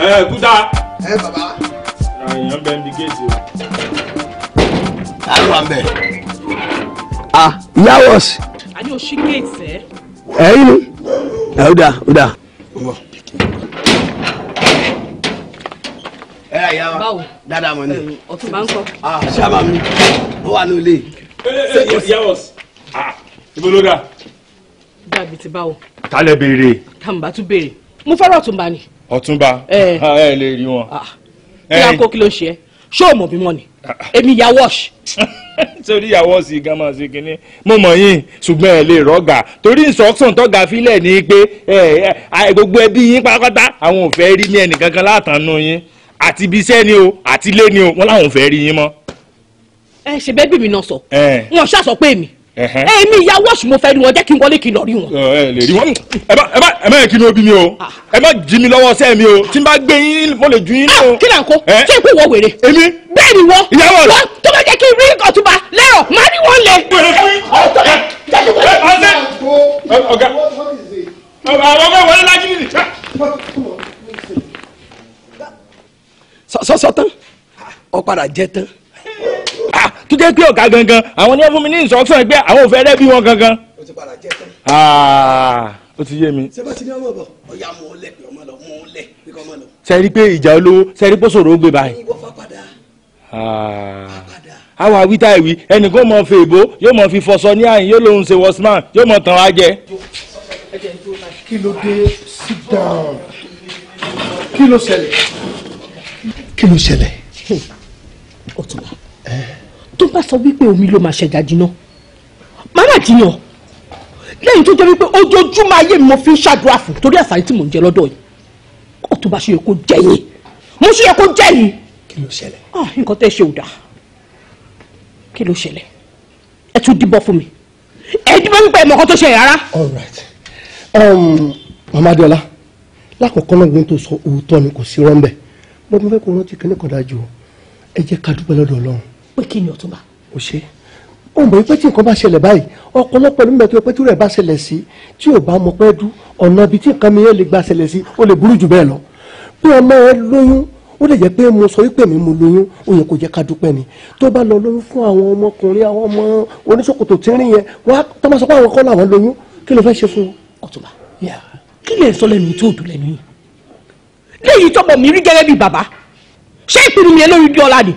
ẹ kúta. ẹ bàbá. àyàn bẹ ń di géètì o. àlọ́ àmbẹ̀. ah yawọ sí. a ní o ṣí géètì ẹ. ẹ yín ni ẹ ó dáa Dada mọ ni. ọtún bá ń kọ. Ah, ṣáàmà mi ó wà lóde. ṣé kò sí yàwọ̀s ibo ló dà. dàbí ti báwo. tálẹ̀ béèrè. tàǹbà tún béèrè mo fẹ́ràn ọ̀túnba ni. ọ̀túnba ẹ ah, ẹ lè rí wọn. Ah, kí ló ń kó kí ló ń ṣe ẹ ṣé o mọ̀ bí mọ́ ni èmi yàwọ̀s. [laughs] torí yàwọ̀s yìí gan máa ṣe kinní mo mọ̀ yín ṣùgbọ́n ẹ lè rọ́gà torí ìsọ̀kùsàn tọ́gà fílẹ̀ ni pé gbogbo ẹbí yín pátápátá àwọn ò fẹ́ rí ní ẹnìkankan látàánú yín àti ibi iṣẹ́ ni o àti ilé ni o wọ́n láwọn ò fẹ́ rí yín mọ́. ẹ ṣe bẹ́ẹ̀ mi náà sọ wọn ṣáà sọ pé èmi èmi ìyá wọ́ọ̀ṣù mo fẹ́ rí wọn jẹ́ kí n wọlé kí n lọ rí wọn. ẹ lè rí wọn ẹ bá ẹ bá ẹ má yẹ kí n mi o ah. ẹ má jí mi lọ́wọ́ sẹ́ẹ̀ mi o tí n bá gbé yín mo lè ju yín lọ. Ah, kí là ń kó ṣé ìpè wọ wèrè. èmi bẹ́ẹ̀ ni wọ́n ìyàwó rẹ̀ tó bá jẹ́ kí n rí ọ̀túnba lẹ́rọ̀ máa rí wọn lẹ̀. ọ̀gá ọ̀gá wọlé lájú nìyí sọ́sọ́ tán ọ̀padà jẹ tán tó jẹ́ pé ọ̀gá gangan àwọn ní ẹ̀fún mi ní ìsọ̀ọ́sọ̀ ẹgbẹ́ àwọn ò fẹ́ bí wọn gangan. o ti padà jẹ tán. ó ti yé mi. sẹ́bàtì ni ọmọ bọ̀ ọ̀yà mọ̀ ọ́ lẹ̀ pé ọmọ lọ mọ̀ ọ́ lẹ̀ pé ọmọ lọ. sẹ́rí pé ìjà olówó sẹ́rí pé sòrò ó gbé báyìí. ìwọ fapádà. àwa wíta ìwí ẹnìkan mọ̀ fẹ́ èbó yóò mọ̀ fi fọṣọ ní àyìn yóò lóun ṣe wọ́símà yóò mọ̀ tàn wá jẹ. kí ló dé sit down kí ló ṣẹlẹ̀ kí ló ṣẹlẹ̀. ọ̀túnba tó bá sọ wípé omi ló máa ṣẹ̀dá jiná má má jiyàn lẹ́yìn tó jẹ́ wípé ojoojúmọ́ ayé mi mo fi ń ṣàdúrà fún torí àṣàyàn tí mò ń jẹ lọ́dọ̀ yìí ọ̀túnba ṣe yẹ kó jẹ́ yìí mo ṣe yẹ kó jẹ́ yìí. kí ló ṣẹlẹ̀. Ah, nǹkan tẹ́ ṣe ò dáa kí ló ṣẹlẹ̀ ẹ tún díbọ́ fún mi ẹ díbọ́ nípa ìmọ̀ kan tó ṣe rárá. all right um, mama adiola lákòókò náà gbọ́n tó sọ òótọ́ ni kò sí rọ́ńbẹ́ bọ́n mo fẹ́ kó rántí kíní kan dájú ẹ jẹ́ ká dúpẹ́ lọ́dọ̀ ọlọ́run. pé kí ni ọ̀túnba. o ṣe o mọ̀ pé tí nǹkan bá ṣẹlẹ̀ báyìí ọ̀pọ̀lọpọ̀ ló ń bẹ̀ tó pé tí rẹ̀ bá ṣẹlẹ̀ sí tí ò bá mọ pẹ́ dú ọ̀nà ibi tí nǹkan mi yẹn lè gba ṣẹlẹ̀ sí ó lè burú jù bẹ́ẹ̀ lọ pé ọmọ ẹ lóyún ó lè jẹ́ pé mo sọ wípé mi mo lóyún ó yẹ kó jẹ́ ká dúpẹ́ ni tó bá lọ lóyún fún àwọn ọmọkùnrin àwọn ọmọ oníṣòkòtò tínrín yẹn wá tó máa sọ pé àwọn kọ́ làwọn lóyún kí ló fẹ́ ṣe fún ọ̀túnba kí lè sọ lẹ́nu tí ò dùn lẹ́nu yìí léyìí tọ́pọ̀ mi rí gẹ́gẹ́ bí bàbá ṣé ìpinnu mi lórí bí ọlá ni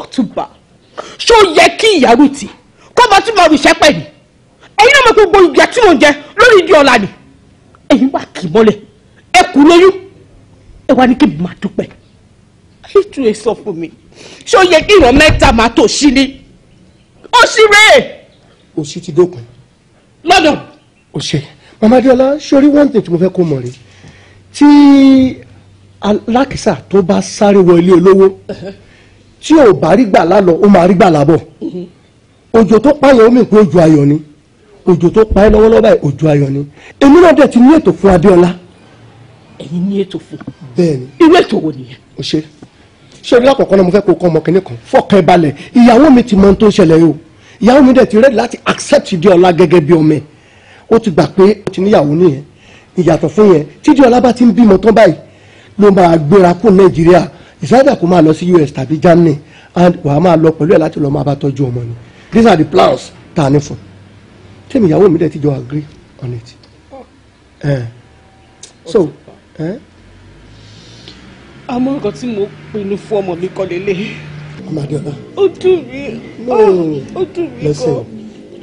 ọ̀túnba ah, ṣó yẹ kí ìyàwó ti kó bá túbọ̀ rù sẹ́pẹ̀ ni ẹ̀yin náà mọ̀ pé gbogbo ìyà tí mò ń jẹ lórí bí ọlá ni ẹ̀yin wà kì í mọ́lẹ̀ ẹ kú lóyún ẹ wá ní kí màá dúpẹ́ ètò ẹ sọ fún mi ṣó yẹ kí ìran mẹ́ta máa tó sí ni ó sì rèé. òṣì ti dókun. lọ́dọ̀. òṣì mama adiola sori one thing tí mo fẹ́ kó mọ̀ rẹ̀ tí alákìsà tó bá sáré wọ ilé olówó tí ò bá rí gbà lálọ ó máa rí gbà lábọ̀ òjò tó pààyàn omi pé òjò ayọ̀ ni òjò tó pa ẹ́ lọ́wọ́lọ́wọ́ báyìí òjò ayọ̀ ni èmi náà dẹ̀ ti ní ètò fún adéọlá. ẹ̀yin ní ètò fún. bẹ́ẹ̀ni. irú ètò wo nìyẹn. o ṣe ṣé orí àkọ́kọ́ náà mo fẹ́ kó kọ́ ọmọ kìnní kan fọkàn balẹ̀ ìyàwó mi ti mọ ohun tó ń ṣẹlẹ̀ yìí o ìyàwó mi dẹ̀ ti rẹ́ẹ̀dì láti accept dé ọlá gẹ́gẹ́ bí ọmọ ẹ̀ ó ti gbà pé ó ti níyàwó nìyẹn ìyàtọ̀ fún yẹn tíjú ọlá bá ti ń bímọ tán báyìí ló máa gbéra kó nàìjíríà ìsáàdà kó máa lọ sí US tàbí Germany and wàá máa lọ pẹ̀lú ẹ̀ láti lọ́ọ́ máa bá tọ́jú ọmọ ni these are the plans tá a ní fún tèmi ìyàwó mi dẹ̀ ti jọ agree on it. Oh. Eh. so eh? àmọ́ nǹkan tí mo pinnu fún ọmọ mi kọ́ lélẹ̀. amadiola ó dùn mí ó dùn mí kọ́.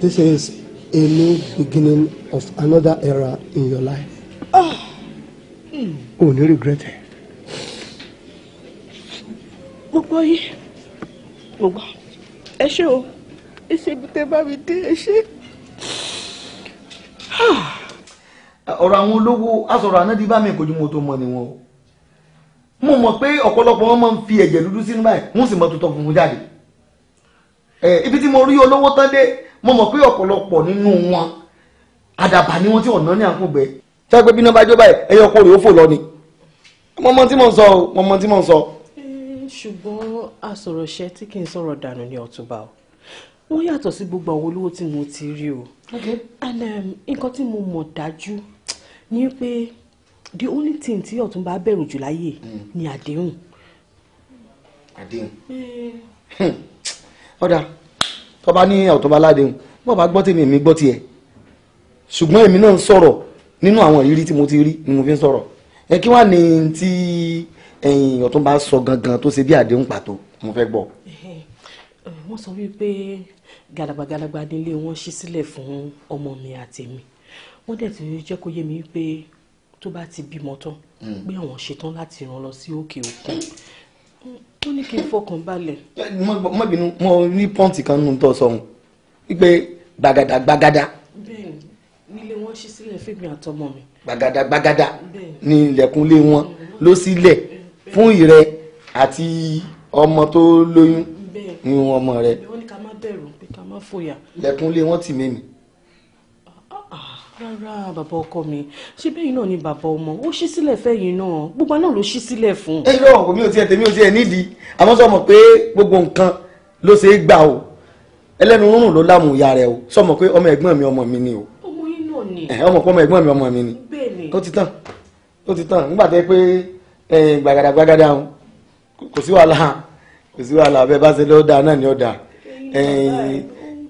this is a new beginning of another era in your life. Oh, mm. Oh, o regret ẹ̀. Mo gbọ́ yìí, mo gbọ́. Ẹ ṣé o, iṣẹ́ ibi tẹ́ bá mi dé ẹ ṣé. Ọ̀rọ̀ àwọn olówó asọ̀rọ̀ àná bá mi kò ju mo tó mọ ni wọn o. Mo mọ̀ pé ọ̀pọ̀lọpọ̀ wọn máa ń fi ẹ̀jẹ̀ dúdú sínú báyìí, wọ́n sì mọ tuntun funfun jáde. Ibi tí mo rí olówó tán dé mo mọ̀ pé ọ̀pọ̀lọpọ̀ nínú wọn àdàbà ni wọ́n tí ọ̀nà ní àkùngbẹ́ tẹ́gbẹ́ bí iná bá jó báyìí ẹyọ kó rèé ó fò lọ ni mọmọ tí mò ń sọ o mọmọ tí mò ń sọ. Eh, ṣùgbọ́n àsọ̀rọ̀ṣẹ́ tí kì í sọ̀rọ̀ dànù ni ọ̀túnba o wọ́n yàtọ̀ sí gbogbo àwọn olówó tí mo ti rí o and um, nǹkan tí mo mọ̀ dájú ni pé the only thing tí ọ̀túnba bẹ̀rù jù láyé hmm. ni àdéhùn. àdéhùn ọ̀dà eh. hmm tọ́ba ní ọ̀tọ́ba aládéhùn bọ́ọ̀ bá gbọ́ tèmi èmi gbọ́ tiẹ̀ ṣùgbọ́n èmi náà ń sọ̀rọ̀ nínú àwọn ìrírí tí mo ti rí ni mo fi ń sọ̀rọ̀ ẹ kí wàá ní tí ẹ̀yin ọ̀túnba sọ gangan tó ṣe bí àdéhùn pàtó mo fẹ́ gbọ́. wọ́n sọ wípé gàdàgbàgàdàgbà nílé wọn ṣí sílẹ̀ fún ọmọ mi àti èmi wọ́n dẹ̀ ti jẹ́ kó yé mi pé tó bá ti bímọ tán hmm. pé àwọn ṣetán láti ràn lọ sí òkè òkun ó ní kí n fọkàn balẹ̀. má bínú mo rí pọ́ǹtì kan nínú tó sọ̀hún wípé gbàgàdà gbàgàdà. bẹ́ẹ̀ni nílé wọn ṣí sílẹ̀ fèmí àtọmọ mi. gbàgàdà gbàgàdà ní ilẹ̀kùnlé wọn ló sílẹ̀ fún ìrẹ àti ọmọ tó lóyún ní ọmọ rẹ. wọ́n ní ká má bẹ̀rù pé ká má fòyà. ilẹ̀kùnlé wọn tì mí mi rárá bàbá ọkọ mi ṣé bẹ́ẹ̀ náà ni bàbá ọmọ ó ṣí sílẹ̀ fẹ́yìn náà gbogbo náà ló ṣí sílẹ̀ fún. ẹ lọ́wọ́ kò mí ò tiẹ̀ tèmi ò tiẹ̀ nídìí àmọ́ sọ mọ̀ pé gbogbo nǹkan ló ṣe é gbà o ẹlẹ́nu rúrùn ló láàmú ìyá rẹ o sọ mọ̀ pé ọmọ ẹ̀gbọ́n mi ọmọ mi ni o. ọmọ yín náà ni. ọmọ pọ́nmọ ẹ̀gbọ́n mi ọmọ mi ni. bẹ́ẹ̀ni. ó ti tán ó ti tán nígbà tẹ́ pé gbàgàdà gbàgàdà kò sí wàhálà kò sí wàhálà bẹ́ẹ̀ bá ṣe lọ́ọ́ dáa náà ni ó dáa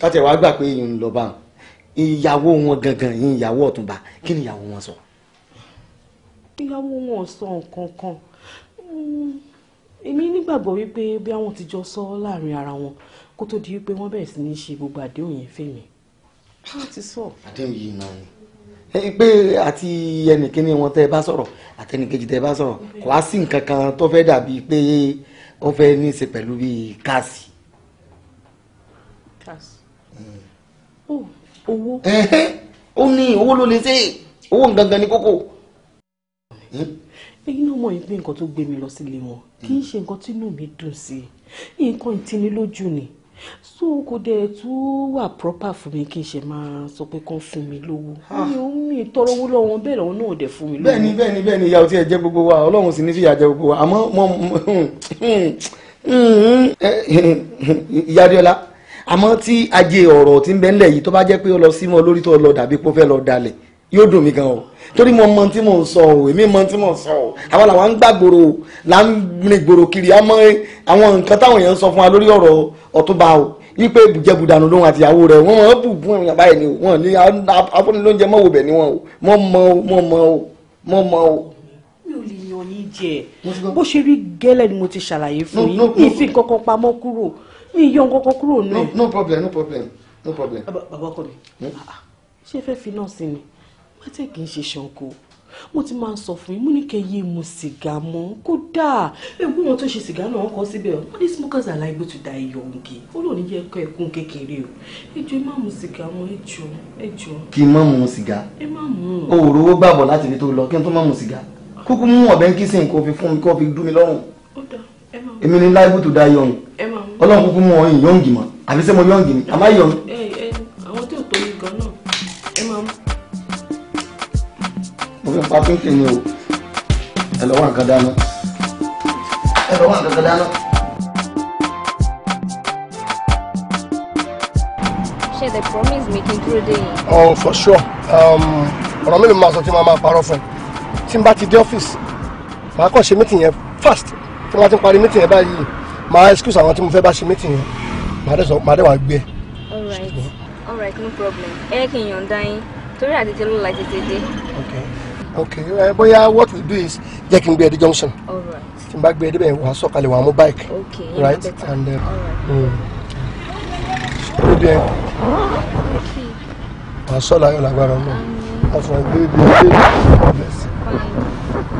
kátẹ̀ wàá gbà pé ìyún lọ́ọ́ bá wọn ìyàwó wọn gangan yìí ìyàwó ọ̀túnba kí ni ìyàwó wọn sọ. ìyàwó wọn sọ nǹkan kan èmi nígbàgbọ́ wípé bí àwọn ti jọ sọ láàrin ara wọn kó tó di wípé wọ́n bẹ̀rẹ̀ sí ní ṣe gbogbo àdéhùn yẹn fèmí wọ́n ti sọ. àdéhùn yìí náà ni pé àti ẹnìkíní wọn tẹ́ ẹ bá sọ̀rọ̀ àti ẹnìkejì tẹ́ ẹ bá sọ̀rọ̀ kò wá sí nǹkan kan tó fẹ́ dàbí pé ó fẹ́ ní í ṣe pẹ̀lú bíi káàsì. káàsì. Hmm. Oh owó. ó ní owó ló lè ṣe owó gangan ní kókó. ẹ̀yin náà mọ̀ yín pé nǹkan tó gbé mi lọ sílé wọn kì í ṣe nǹkan tí inú mi dùn sí nǹkan ìtinilójú ni so kò dẹ̀ tún wà proper fún mi kí n ṣe máa sọ pé kán fún mi lówó mi ò mi tọrọ owó lọ́wọ́ bẹ́ẹ̀ lọ́wọ́ náà dẹ̀ fún mi lówó. bẹ́ẹ̀ni bẹ́ẹ̀ni bẹ́ẹ̀ni ìyàwó tí ẹ jẹ gbogbo wa Ọlọ́run sì ní fìyà jẹ gbogbo wa àmọ́ mọ ìyá Adéọlá àmọ́ tí ajé ọ̀rọ̀ tí ń bẹ ńlẹ̀ yìí tó bá jẹ́ pé ó lọ sí mọ́ lórí tó lọ dàbí pé fẹ́ lọ dalẹ̀ yóò dùn mí gan o torí mo mọ tí mò ń sọ o èmi mọ tí mò ń sọ o àwa làwa ń gbàgbòrò là ń rìn gbòrò kiri àmọ́ àwọn nǹkan táwọn èèyàn ń sọ fún wa lórí ọ̀rọ̀ ọ̀túnba o wípé jẹbùdànù lòun àtìyàwó rẹ̀ wọ́n máa ń bù fún ìyàbá ẹ̀ ni o wọ́n ní afúnilóúnjẹ mọ́wò bẹ̀ ni wọ́n o mọ́ mọ́ o mọ́ mọ́ o mọ́ mọ́ o mi ò lè yàn yín jẹ bó ṣe rí gẹ́lẹ́ ni mo ti ṣàlàyé fún yín ìfi kankan pamọ́ kúrò mi yọ nǹkan kúrò nù. no problem no problem no problem. bàbá ọkọ mi hmm? ah, ṣé fẹ́ fi náà sí ni mọ́tẹ́ kì í ṣe ṣanko mo ti máa ń sọ fún yín mo ní kẹ́ yé mu sìgá mọ́ kódà ewu wọn tó ṣe sìgá náà wọ́n kọ síbẹ̀ o wọ́n ní smokers are liable to die young ó lò ní yẹ ẹ̀kọ́ ẹ̀kún kékeré o ẹjọ́ ẹ má mu sìgá mọ́ ẹjọ́ ẹjọ́. kí n má mu sìgá ẹ má mu. o ò rówó gbàgbọ́ láti ibi tó lọ kí n tó má mu sìgá kúkú mú ọ̀bẹ ń kí sìn kó fi fún mi kó fi dú mi lọ́rùn. ó dáa èmi ni láìpẹ́ tó dá yọ̀hún ọlọ́run kúkú mú ọyìn yọ̀ǹgì mọ́ àbí sẹ́mo yọ̀ǹgì ni àmá yọ̀hún. àwọn tí ò tó yìí gan náà ẹ máa mú. mo fi ń pa pínpín ni o ẹ lọ́wọ́ nǹkan dáná ẹ lọ́wọ́ nǹkan dáná. ṣe the promise making through the day. oh for sure um, ọ̀rọ̀ mélòó máa sọ tí màá máa parọ́ fún ẹ tí n bá ti dé ọ́fíìsì màá kàn ṣe mítìn fast tí wọ́n ti parí mítìn yẹn báyìí máa excuse àwọn tí mo fẹ́ bá ṣe mítìn yẹn máa dẹ̀ sọ gbé. all right all right no problem ẹ kì í yọ̀ǹda yín torí àtètè ló la tètè dé. okay okay uh, bóyá what we do is jẹ́ kí n gbé ẹ dé junction. all right tí n bá gbé ẹ débẹ̀ wàá sọ̀kalẹ̀ wàá mú bike. okay yẹn right better. and. Uh, all right. Mm ó bí ẹ wà sọ́la yóò lágbára náà wọ́n fún ẹ bí ó bí ẹ bí ó bí ẹ.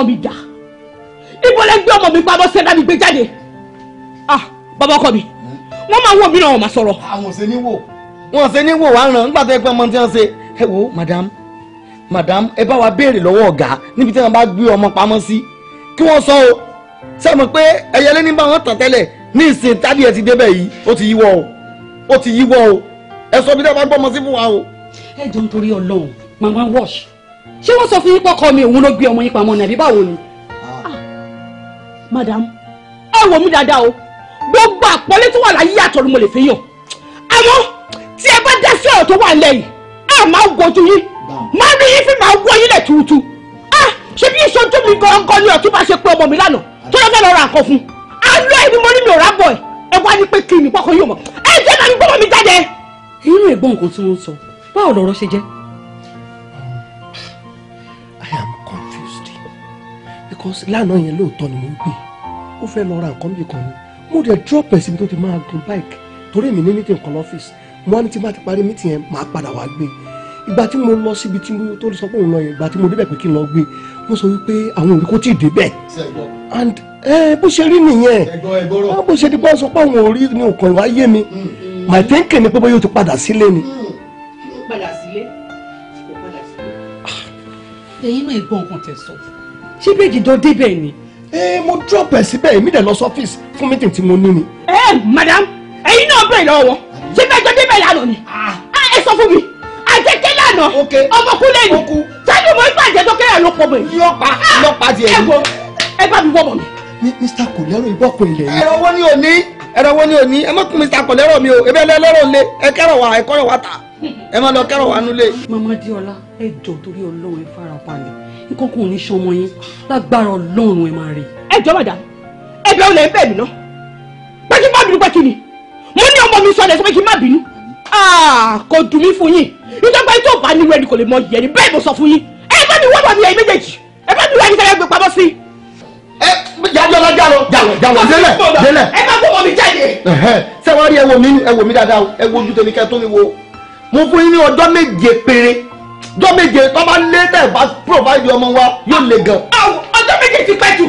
ọmọ mi dà ibo lẹ gbé ọmọ mi pamọ́ sí ẹ̀dá mi gbé jáde ah bàbá ọkọ mi wọ́n máa wọ̀ mí náà wọ́n máa sọ̀rọ̀. àwọn ṣe ní wò wọn ṣe ní wò wá ràn nígbà tó yẹ pé ọmọ tí wọ́n ṣe ẹ wo madam madam ẹ bá wa béèrè lọ́wọ́ ọ̀gá níbi tí wọ́n bá gbé ọmọ pamọ́ sí kí wọ́n sọ o ṣe mọ̀ pé ẹyẹlé ní bá wọn tàn tẹ́lẹ̀ ní ìsìn tádìí ẹ ti débẹ̀ yìí ó ti yíwọ́ o ó ti yíwọ́ o ẹ sọ bí dábàá gbọ́mọ sí fún wa o. ẹ jọ nítorí Ọlọ́run màmá wash ṣé wọ́n sọ fún yín pọ́kọ mi òun ló gbé ọmọ yín pamọ́ ní àbí báwo ni. Ah. Ah. madam ẹ wò mí dáadáa o gbogbo àpọ́nlé tó wà láyé àtọ̀ ni mo lè fi yàn àmọ́ tí ẹ bá dá sí ọ̀rọ̀ tó wà lẹ́yìn ẹ máa gojú yín máa rí yín fi máa wọ yín lẹ̀ tuutu ah, ṣé bí ìṣojú mi gangan ni ọ̀tún bá ṣe pé ọmọ mi lánàá tó lọ́fẹ́ lọ́ọ́ ra nǹkan fún un àlọ́ ẹni mo ní mi ò rábọ̀ ẹ̀ ẹ wá ní pé kí ni pọ́kọ yóò mọ̀ ẹ jẹ́ náà ní gbọ́mọ mi jáde. inú ẹ̀gbọ́n nǹkan tí wọ́n sọ báwo lọ̀rọ̀ ṣe jẹ́ because lánàá yẹn lóòótọ́ ni mo ń pè ó fẹ́ lọ ra nǹkan bí kan ni mo dẹ̀ drop ẹ̀ síbi tó ti máa gun bike torí èmi ní meeting kan lọ́fíìsì mo wá ní tí bá ti parí meeting yẹn màá padà wá gbé ìgbà tí mo lọ síbi tí mo tó sọ pé òun lọ yẹn ìgbà tí mo débẹ̀ pé kí n lọ gbé mo sọ wípé àwọn òrí tí ì débẹ̀ and bó ṣe rí nìyẹn bó ṣe di pé sọ pé àwọn òrí ni òkàn ìwà yé mi mm, mm. my thinking ni pé bóyá o ti padà sílé ni. èyí mm. ah, náà gbọ́ nǹkan tẹ̀ sọ ṣé bèjì tó débẹ̀ ni. ẹ mo drop ẹ síbẹ̀ èmi dẹ̀ lọ sọ́fíìsì fún meeting tí mo ní ni. ẹ madam ẹyin náà bẹ̀rẹ̀ lọ́wọ́ wọn ṣé bẹ́ẹ̀ jọ débẹ̀ lánàá ni ah. Ah, ẹ sọ fún mi àjẹkẹ́ lánàá ọmọkúnlẹ̀ ni sábì mo gbà jẹ́ dókẹ́rẹ́ ló pọ̀ bẹ́ẹ̀. yọpa yọpa di ẹyin. ẹ wo ẹ bá mi wọ́mọ̀ mi. mr kòlẹ́rọ̀ ìbọ̀kùn ilẹ̀ yìí. ẹ̀rọ wo ni o ní ẹ̀rọ wo ni o ní ẹ má kún mr kòlẹ́rọ̀ mi o ebi ẹlẹ́rọ̀ le ẹ kẹ́rọ̀ wa ẹ kọ́rọ̀ wa ta ẹ má lọ kẹ́rọ̀ wa nulẹ̀. mama diola ẹ jọ torí Ọlọ́run ẹ fara balẹ̀ nǹkan kò ní ṣe ọmọ yín lágbára ọlọ́run ẹ máa rí. ẹ jọ mọ̀dà ẹbẹ̀ ò lè ń bẹ̀ mí náà pé kí n má bínú pé kí ni mo ní ọmọ mi sọdẹ̀ sí pé kí n má bínú. Ah, kò dùn mí fún yín ìjọba yìí tó bá nílùú ẹni kò lè mọ yìí ẹni bẹ́ẹ̀ mo sọ fún yín ẹ bá mi wọ́n bọ̀ mi ẹ̀yin méjèèjì ẹ bá mi wọ́n ẹni sẹ́yìn gbé pamọ́ sí. ẹ jáde ọlọ jalo jalo jalo délẹ̀ délẹ̀ ẹ má gbọ́ mi jáde. sẹ́wọ́n rí ẹ wò mí dáadáa ẹ wo ojú tèmi kẹ́ tó mi wo mo fún yín ní ọjọ́ méje péré jọ́ méje tó bá lé tẹ̀ bá provide ọmọ wa yóò le gan. ọjọ́ méje ti pẹ́ jù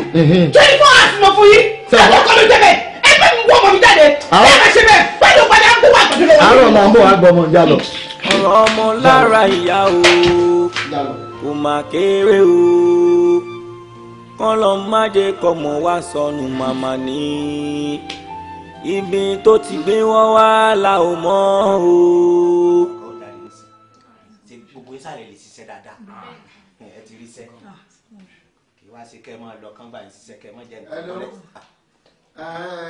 twenty four hours mo fún yín ẹ̀rọ kọ́ ló jẹ́ bẹ́ẹ̀ ẹgbẹ́ mi wọ́n mọ̀ mi jáde ẹ̀ máa ṣe bẹ́ẹ̀ pẹ̀lú padà ń gbówó àgbàdo lọ́wọ́. àárọ̀ máa ń bọ̀ wá gbọmọ ìyá lọ. ọ̀rọ̀ ọmọ lára ìyá o kò má kéré o kán lọ má jẹ kọmọ wá sọnù màmá ni ibi tó ti gbé wọn wá la ò mọ̀ o. kẹ́ mọ́ lọ kán ah, bá ń ṣiṣẹ́ kẹ́ mọ́ jẹ́ nǹkan lọ́lẹ̀.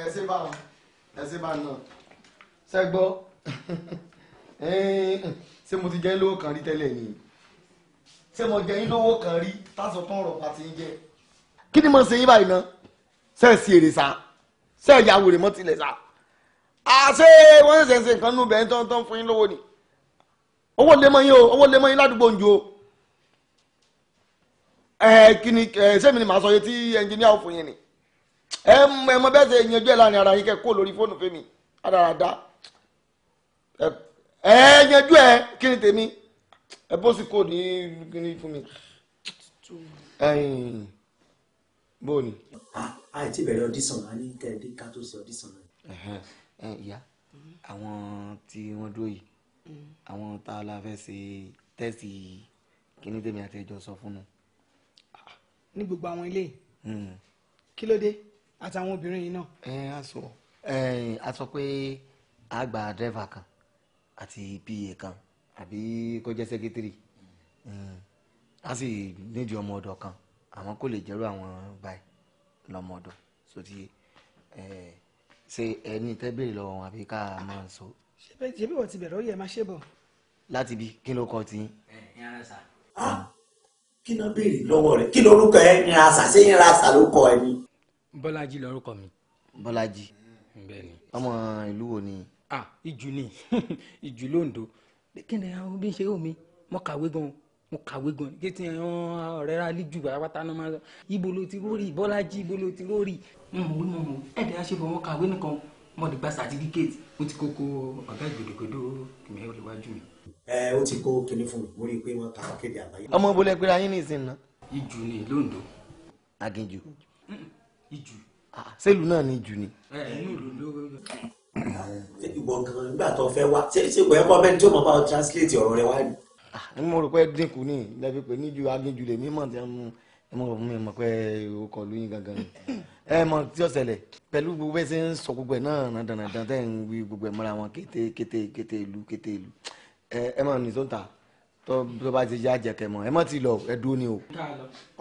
ẹ ṣe bá ẹ ṣe bá náà ṣe ṣé mo ti jẹ́ lówó kan rí tẹ́lẹ̀ ni ṣé mo jẹ́ lówó kan rí tásọ tán ọ̀rọ̀ jẹ kí ni mo ṣe yí báyìí náà ṣe é sí èrè sá ṣe é yàwó rè mọ́ tilẹ̀ sá àṣé wọ́n ṣẹ̀ṣẹ̀ nǹkan nù bẹ́ẹ̀ tán tán fún yín lówó ni owó lé mọ́ yín o owó lé mọ́ yín ládùúgbò ń ju o ẹ kini ẹ sẹ́mi ni màá sọ yẹn tí ẹnjìníà ò fún yẹn ni ẹ ẹ mọ bẹ́ẹ̀ sẹ yanjú ẹ láàrin ara yín kẹ kó lórí fóònù fẹ́mi adarada ẹ ẹ yanjú ẹ kini tèmi ẹ bó sì kó ní kini fún mi. bó ni. a ti bẹ̀rẹ̀ audition náà ní kẹ́ẹ̀dé ká tó ṣe audition náà. ìyá àwọn tí wọ́n dúró yìí mm-hmm. àwọn tá a la fẹ́ ṣe tẹ́sì kí ni tèmi àti ẹjọ́ sọ fún un ní gbogbo àwọn ilé hmm. kí ló dé àtàwọn obìnrin yìí náà. ẹ á sọ a sọ pé a gba dẹ́fà kan àti pa kan àbí kó jẹ́ sẹ́kítírì hmm. a sì nídìí ọmọ ọ̀dọ̀ kan àmọ́ kò lè jẹ́rú àwọn báyìí lọ́mọ ọ̀dọ̀ sóti ṣe ẹni tẹ́ béèrè wọn àbí ká máa sọ. ṣé bí wọ́n ti bẹ̀rẹ̀ ó yẹ máa ṣe bọ̀. láti bí kí ló kọ́ ti. ẹ ẹ ara sá kí ló béèrè lọ́wọ́ rẹ̀ kí lorúkọ ẹ ń ṣé ń ra ẹ ni. bọ́lájí lorúkọ mi. bọ́lájí bẹ́ẹ̀ni. ọmọ ìlú wo ni. ah ìjù ni [laughs] ìjù londo kí ni àwọn bí ń ṣe omi mo kàwé gan mo kàwé gan kí ti àwọn ọ̀rẹ́ ra lí jù pátápátá náà máa ń sọ ibo ló ti rórì bọ́lájí ibo ló ti rórì mo mọ̀ wí mo mọ̀ ẹ̀dẹ̀ aṣèfọ̀ mo kàwé nìkan mo lè gba sàtífíkẹ́ẹ̀tì mo ti kókó ọ̀gá ìgbòdògbòdò kìmẹ́ ẹ ó ti kó kinní fún mi mo pé wọ́n ta kéde àgbáyé. ọmọ ìbúlẹ̀ pé ayé ní ìsìn náà. ìjù ni lóńdó. aginjù. ìjù. sẹ́lù ah, náà ni ìjù ni. ìwọ gan nígbà tó fẹ́ wá ṣé ṣé kò yẹ kó ọbẹ̀ tí yóò mọ̀ bá ọ translate ọ̀rọ̀ rẹ wá ni. Ah, ní mo rò pé dínkù ní ìlẹ́bí pé níjù aginjù lè mímọ̀ tí wọ́n mú ọmọ mi mọ̀ pé o kọ̀ lóyún gangan ni ẹ mọ tí ó ṣẹlẹ̀ pẹ̀lú gbogbo ẹ ṣe ń sọ gbogbo ẹ náà dandandan tẹ́ ń wí gbogbo ẹ mọ́ra wọn kété kété kété ìlú kété ìlú ẹ máa nìtò ta tó bá ti já, jẹkẹ mọ ẹ má ti lọ ẹ dúró ni o.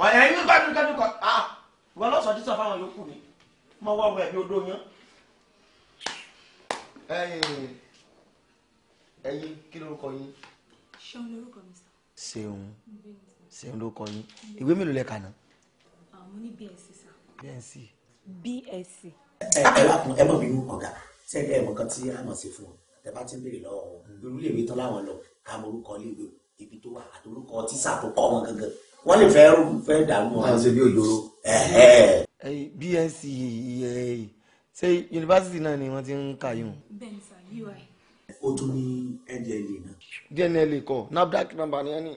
ẹ̀yin ní gbádùn kẹ́dùn kọ́ wọn lọ́sọ̀ọ́ tí sọ́fà wọn yòókù mi mọ wọ́ọ̀ wẹ̀ bí odó yán. ẹ̀yin kí lorúkọ yín. ṣeun lorúkọ mi sọ. ṣeun ṣeun lorúkọ yín ìwé mélòó lẹ kà ná. mo ní bsc sá. bsc. bsc. ẹ ẹ lákun ẹ mọ̀ bínú ọ̀gá ṣé ẹ mọ̀ kan tí a mọ̀ sí fún ọ tẹ ti ń béèrè lọ́wọ́ irú tán láwọn lọ ká mọ orúkọ ibi tó wà àti orúkọ tíṣà kọ́ wọn gangan wọ́n lè fẹ́ fẹ́ dàrú wọn. ṣe bí òjòrò. bnc ṣé yunifásitì náà ni wọ́n ti ń kà yín. bẹ́ẹ̀ni ui. ó tún ní ndla e náà. dnla e kọ nafdac number ni wọ́n ní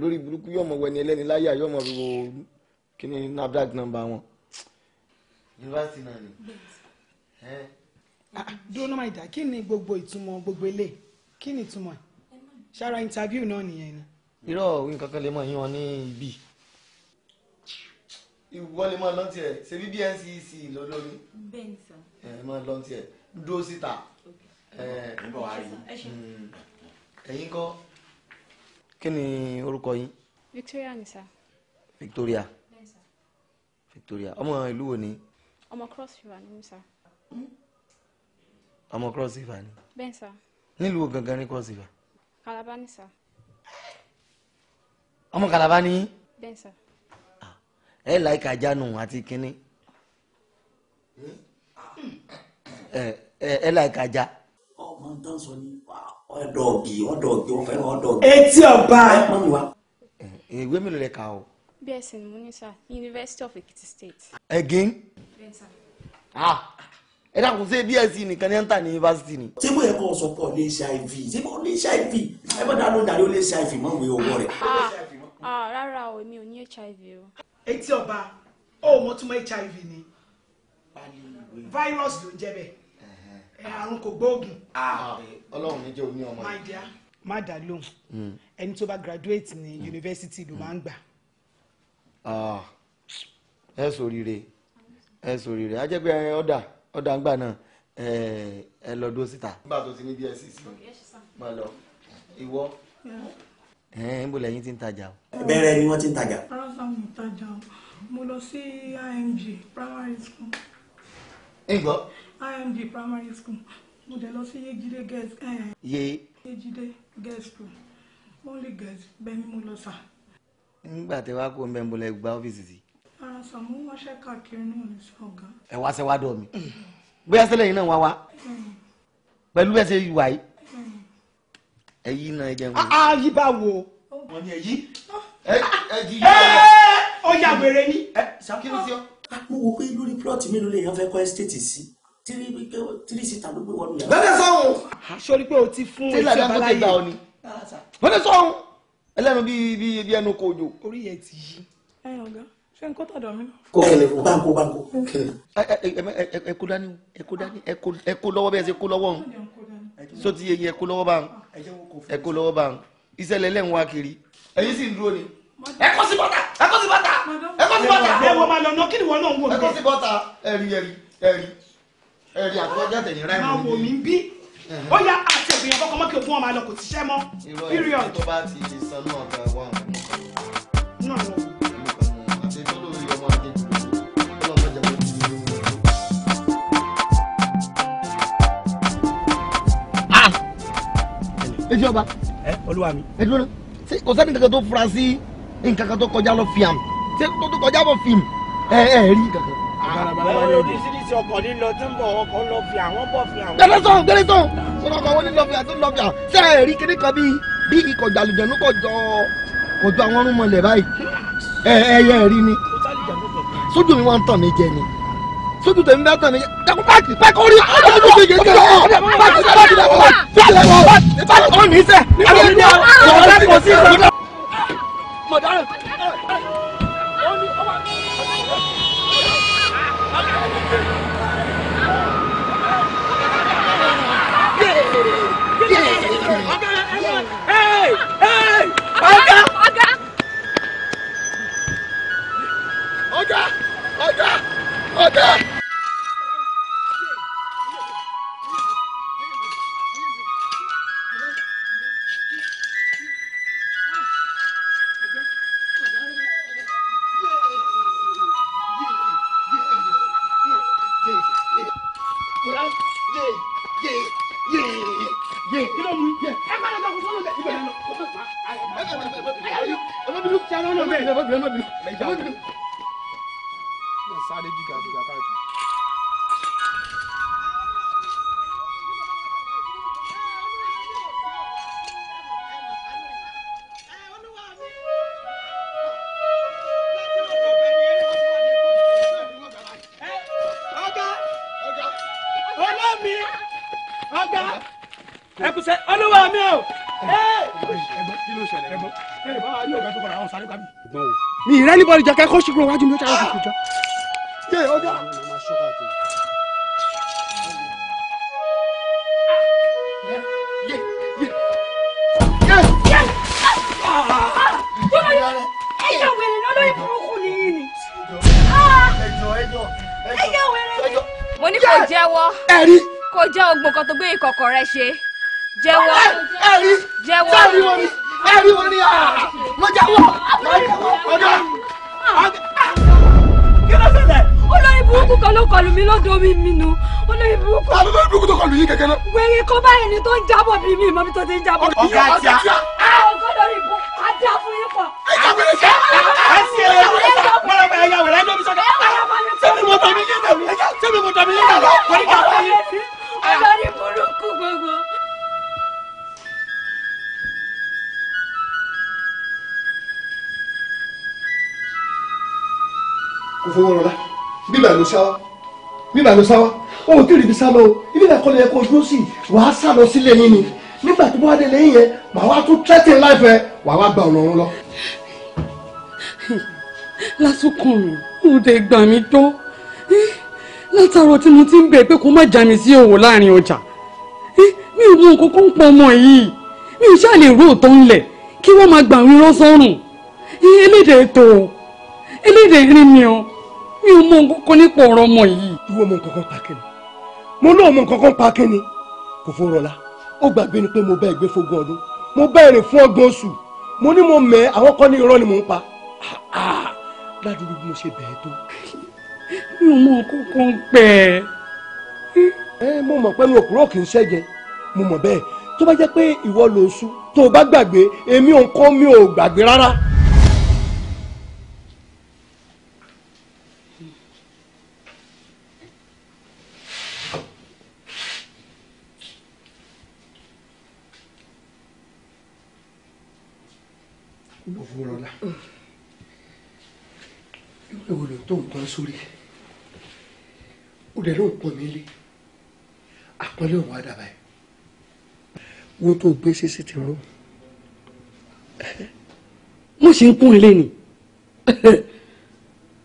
lórí burúkú yọmọ wẹni ẹlẹni láyà yọmọ fi wo kíni nafdac number wọn. yunifásitì náà ni. Ah, dúró náà máa dà kí ni gbogbo ìtumọ̀ gbogbo ilé kí ni ìtumọ̀ ẹ̀ ṣára interview náà nìyẹn ni. irọ́ òun kankan lè mọ yín wọn ní ibi. ìwọ lè máa lọ́ntì ẹ̀ ṣe bí bncc e lọ́dọ́rí. bẹ́ẹ̀ ni sọ. ẹ máa lọ́ntì ẹ̀ dúró síta. ẹ ń bọ̀ wá rí hmm. ẹ̀yin kọ́. kí ni orúkọ yín. Victoria ni sá. Victoria. Yes, Victoria ọmọ ìlú wo ni. ọmọ Cross River ni mi sá ọmọ cross river ni. bẹ́ẹ̀ sà. nílùú gangan ní cross river. Calabar ni sà. ọmọ Calabar ni. bẹ́ẹ̀ sà. ẹ láìka jánu àti kínní ẹ láìka já. ọmọ n tán sọ ni ọdọ ọgì ọdọ ọgì wọn fẹ́ràn ọdọ ọgì. etí ọba ẹ pọn mi wá. ìwé mélòó lẹ kà o. bẹ́ẹ̀ sì mo ní sà University of Ekiti State. again. bẹ́ẹ̀ sà. ah ẹ dàkún sí bsc nìkan ní ẹńtà ní yunifásitì ni. ṣé mo yẹ kó o sọ pé o lè ṣe iv ṣé mo lè ṣe iv ẹ bá dáa ló ń darí o lè ṣe iv mọ òwe owó rẹ. rárá o èmi ò ní hiv o. etí ọba ó mọ túmọ̀ hiv ni virus ló ń jẹ́ bẹ́ẹ̀ àrùn kò gbóògùn. Ah, ọlọ́run ní jẹ́ omi ọmọ yìí. má dà lóhùn hmm. ẹni tó bá graduate ní hmm. yunifásitì ló máa ń gbà. Ah, ẹ sọ rire ẹ sọ rire ajẹgbẹ ọdà ọ̀dọ̀ àgbà náà ẹ lọ dúró síta. nígbà tó ti ní díẹ̀ sí sí máa lọ ìwọ. ẹ ń bò lẹ́yìn tí ń tajà o. bẹ́ẹ̀rẹ̀ ni wọ́n ti ń tajà. rárá mi tajà o mo lọ sí IMG primary school. ń gbọ́. IMG primary school mo dẹ̀ lọ sí yegide girls. ye. yegide girls school only girls bẹ́ẹ̀ ni mo lọ sà. nígbà tí wàá kó ń bẹ́ẹ̀ mo lọ gba ọ́fíìsì sí aránṣọ mú wáṣẹ́ káàkiri náà ní ṣọ̀gá. ẹ wá sẹ́wá dọ̀ mi bóyá sẹ́lẹ̀ yìí náà wá wá pẹ̀lú bẹ́ẹ̀ ṣe wà yìí ẹ̀yí náà ẹ jẹ́ wọ́n. a ah, ah, yí bá wo. wọ́n ní ẹ̀yí eh, ẹ̀yí yí eh, bá wọ. ó yà wèrè ni. ẹ ṣàkíyèsí sí ọ. mo wò pé lórí plọ́ọ̀tì mélòó lè yan fẹ́ kọ́ ẹ́stéètì sí tírí síta ló gbé wọnú yàrá. bẹ́ẹ̀ sọ́hun. sori pé o ti fún iṣẹ́ balaye. bẹ́ẹ̀ sọ́hun ẹlẹ́nu bíi ẹnu kojú. orí yẹn ti yí. ẹ ọ̀gá ṣé n kó tọ̀dọ̀ mi náà. kó kẹlẹ kó báńkó báńkó. ẹ kó dání ẹ kó dání ẹ kó lọ́wọ́ bẹ́ẹ̀ ṣe kó lọ́wọ́ ń so ti yẹ yẹ ẹ kó lọ́wọ́ bá ń ẹ lọ́wọ́ bá ń ìṣẹ̀lẹ̀ lẹ́ ń wá kiri ẹ̀yin sì ń dúró ni. ẹ kó sí bọ́tà ẹ kó sí bọ́tà ẹ kó sí bọ́tà. ẹ wọ ma lọ ná kí ni wọn náà ń wò mí. ẹ kó sí bọ́tà ẹ̀rí ẹ̀rí ẹ̀rí ẹ̀rí àtúwọ́jà tẹ̀yìn ráì mọ́ mi ó yá àti ẹ̀gbìyànjú ọkọ̀ mọ́kì òfin ọmọ etí ọba. ẹ olúwa mi. ẹ dúró náà kò sẹ́ni kankan tó fura sí nǹkan kan tó kọjá lọ fìyàm ṣé tó tó kọjá bọ̀ fìyàm ẹ ẹ rí nǹkan kan. àwọn oríṣiríṣi ọkọ̀ ní lọ tí ń bọ̀ ọkọ̀ ń lọ fi àwọn bọ̀ fi àwọn. gbẹdẹ sọ̀n gbẹdẹ sọ̀n sọ̀rọ̀ ọkọ̀ wọn ní lọ fi àti lọ fi à ṣé ẹ rí kíní kan bí bí ikọ̀ jàlùjẹ̀nu kọjọ kọjọ àwọn ọrùn mọ̀lẹ̀ báyìí ẹ ẹ yẹ ẹ rí ni sójú mi wá ń tàn mí jẹ ni sójú tèmi bẹ́ẹ̀ tán ni dẹ́kun páàkì páàkì orí ọjọ́ tó ṣe yé ṣe páàkì páàkì páàkì páàkì páàkì ọ̀rọ̀ mi sẹ́ àbí mi ni ọ̀rọ̀ rẹ kò sí ìṣẹ́. mọ̀dáràn. ọ̀gá ọ̀gá ọ̀gá wọ́n ìjà kẹ́kọ̀ọ́ ṣì wájú mi ó ṣàlọ́ kò mo ní kò jẹ́wọ́ kò jẹ́ ogbon kan tó gbé ìkọ̀kọ̀ rẹ ṣe jẹ́wọ́ jẹ́wọ́ ẹ̀rí wọn ẹ̀rí wọn ni ah! mo jẹ́wọ́ mo jẹ́wọ́ ọjọ́ kí ló ṣẹlẹ̀. olórí burúkú kan ló kọlù mí lọ́dọ̀ mi mi nu olórí burúkú. àbí olórí burúkú tó kọlù yín kẹ̀kẹ́ náà. wèrè kọ́ báyìí ni tó ń jábọ̀ bí mi ìmọ̀ bí tó ti ń jábọ̀. ọ̀gá àti a. ọ̀gá lórí ibú adé àfúnyín pọ̀. ẹ jẹ́ àgbẹ̀rẹ̀ sẹ́. ẹ sì ẹ yà wẹ̀rẹ̀ ẹ jọ́ mi sọ́kẹ́. ló sá wa bíbà ló sá wa o ò tí ì ríbi sá lọ o ibi ìdàkọ́ lè yẹ kó o dúró sí wàá sá lọ sílé yín ni nígbà tó bá wá délé yín yẹn wàá wá tún threatening life ẹ wàá wá gba ọ̀nà ọ̀run lọ. lásìkò mi ò dé gbà mí tán látàárọ̀ tí mo ti ń bẹ̀ pé kó má já mi sí òwò láàrin ọjà mi ò mọ nǹkan kan pọ̀ ọmọ yìí mi ò ṣáà lè ró òótọ́ ńlẹ̀ kí wọ́n máa gbà mí rán sọ́rùn ètò elédè rí mi o mi ò mọ nǹkan kan nípa ọ̀rọ̀ ọmọ yìí. ìwọ mọ nǹkan kan pa kẹ́ni mo náà mọ nǹkan kan pa kẹ́ni kò fọrọ̀lá ó gbàgbé ni pé mo bá ẹgbẹ́ fógún ọdún mo bá èrè fún ọgbọ̀n oṣù mo ní mo mẹ́ àwọn kan ní irọ́ ni mo ń pa ládùúgbò bí mo ṣe bẹ̀ẹ́ tó. mi ò mọ nǹkan kan pẹ́ ẹ. ẹ mo mọ̀ pé mi ò kúrò kì í ṣẹ́jẹ mo mọ̀ bẹ́ẹ̀ tó bá jẹ́ pé ìwọ ló sú tó o bá gbàgbé èmi ò kọ́ mi ò gbàgbé rárá. Òfúrọ̀lá ìwé wo ló tó nǹkan sórí ó dẹ̀ ló pọ̀ mí lé àpọ́nlé òun àdàbà ẹ̀ wo tó gbé sísè ti rún mo sì ń kún ilé ni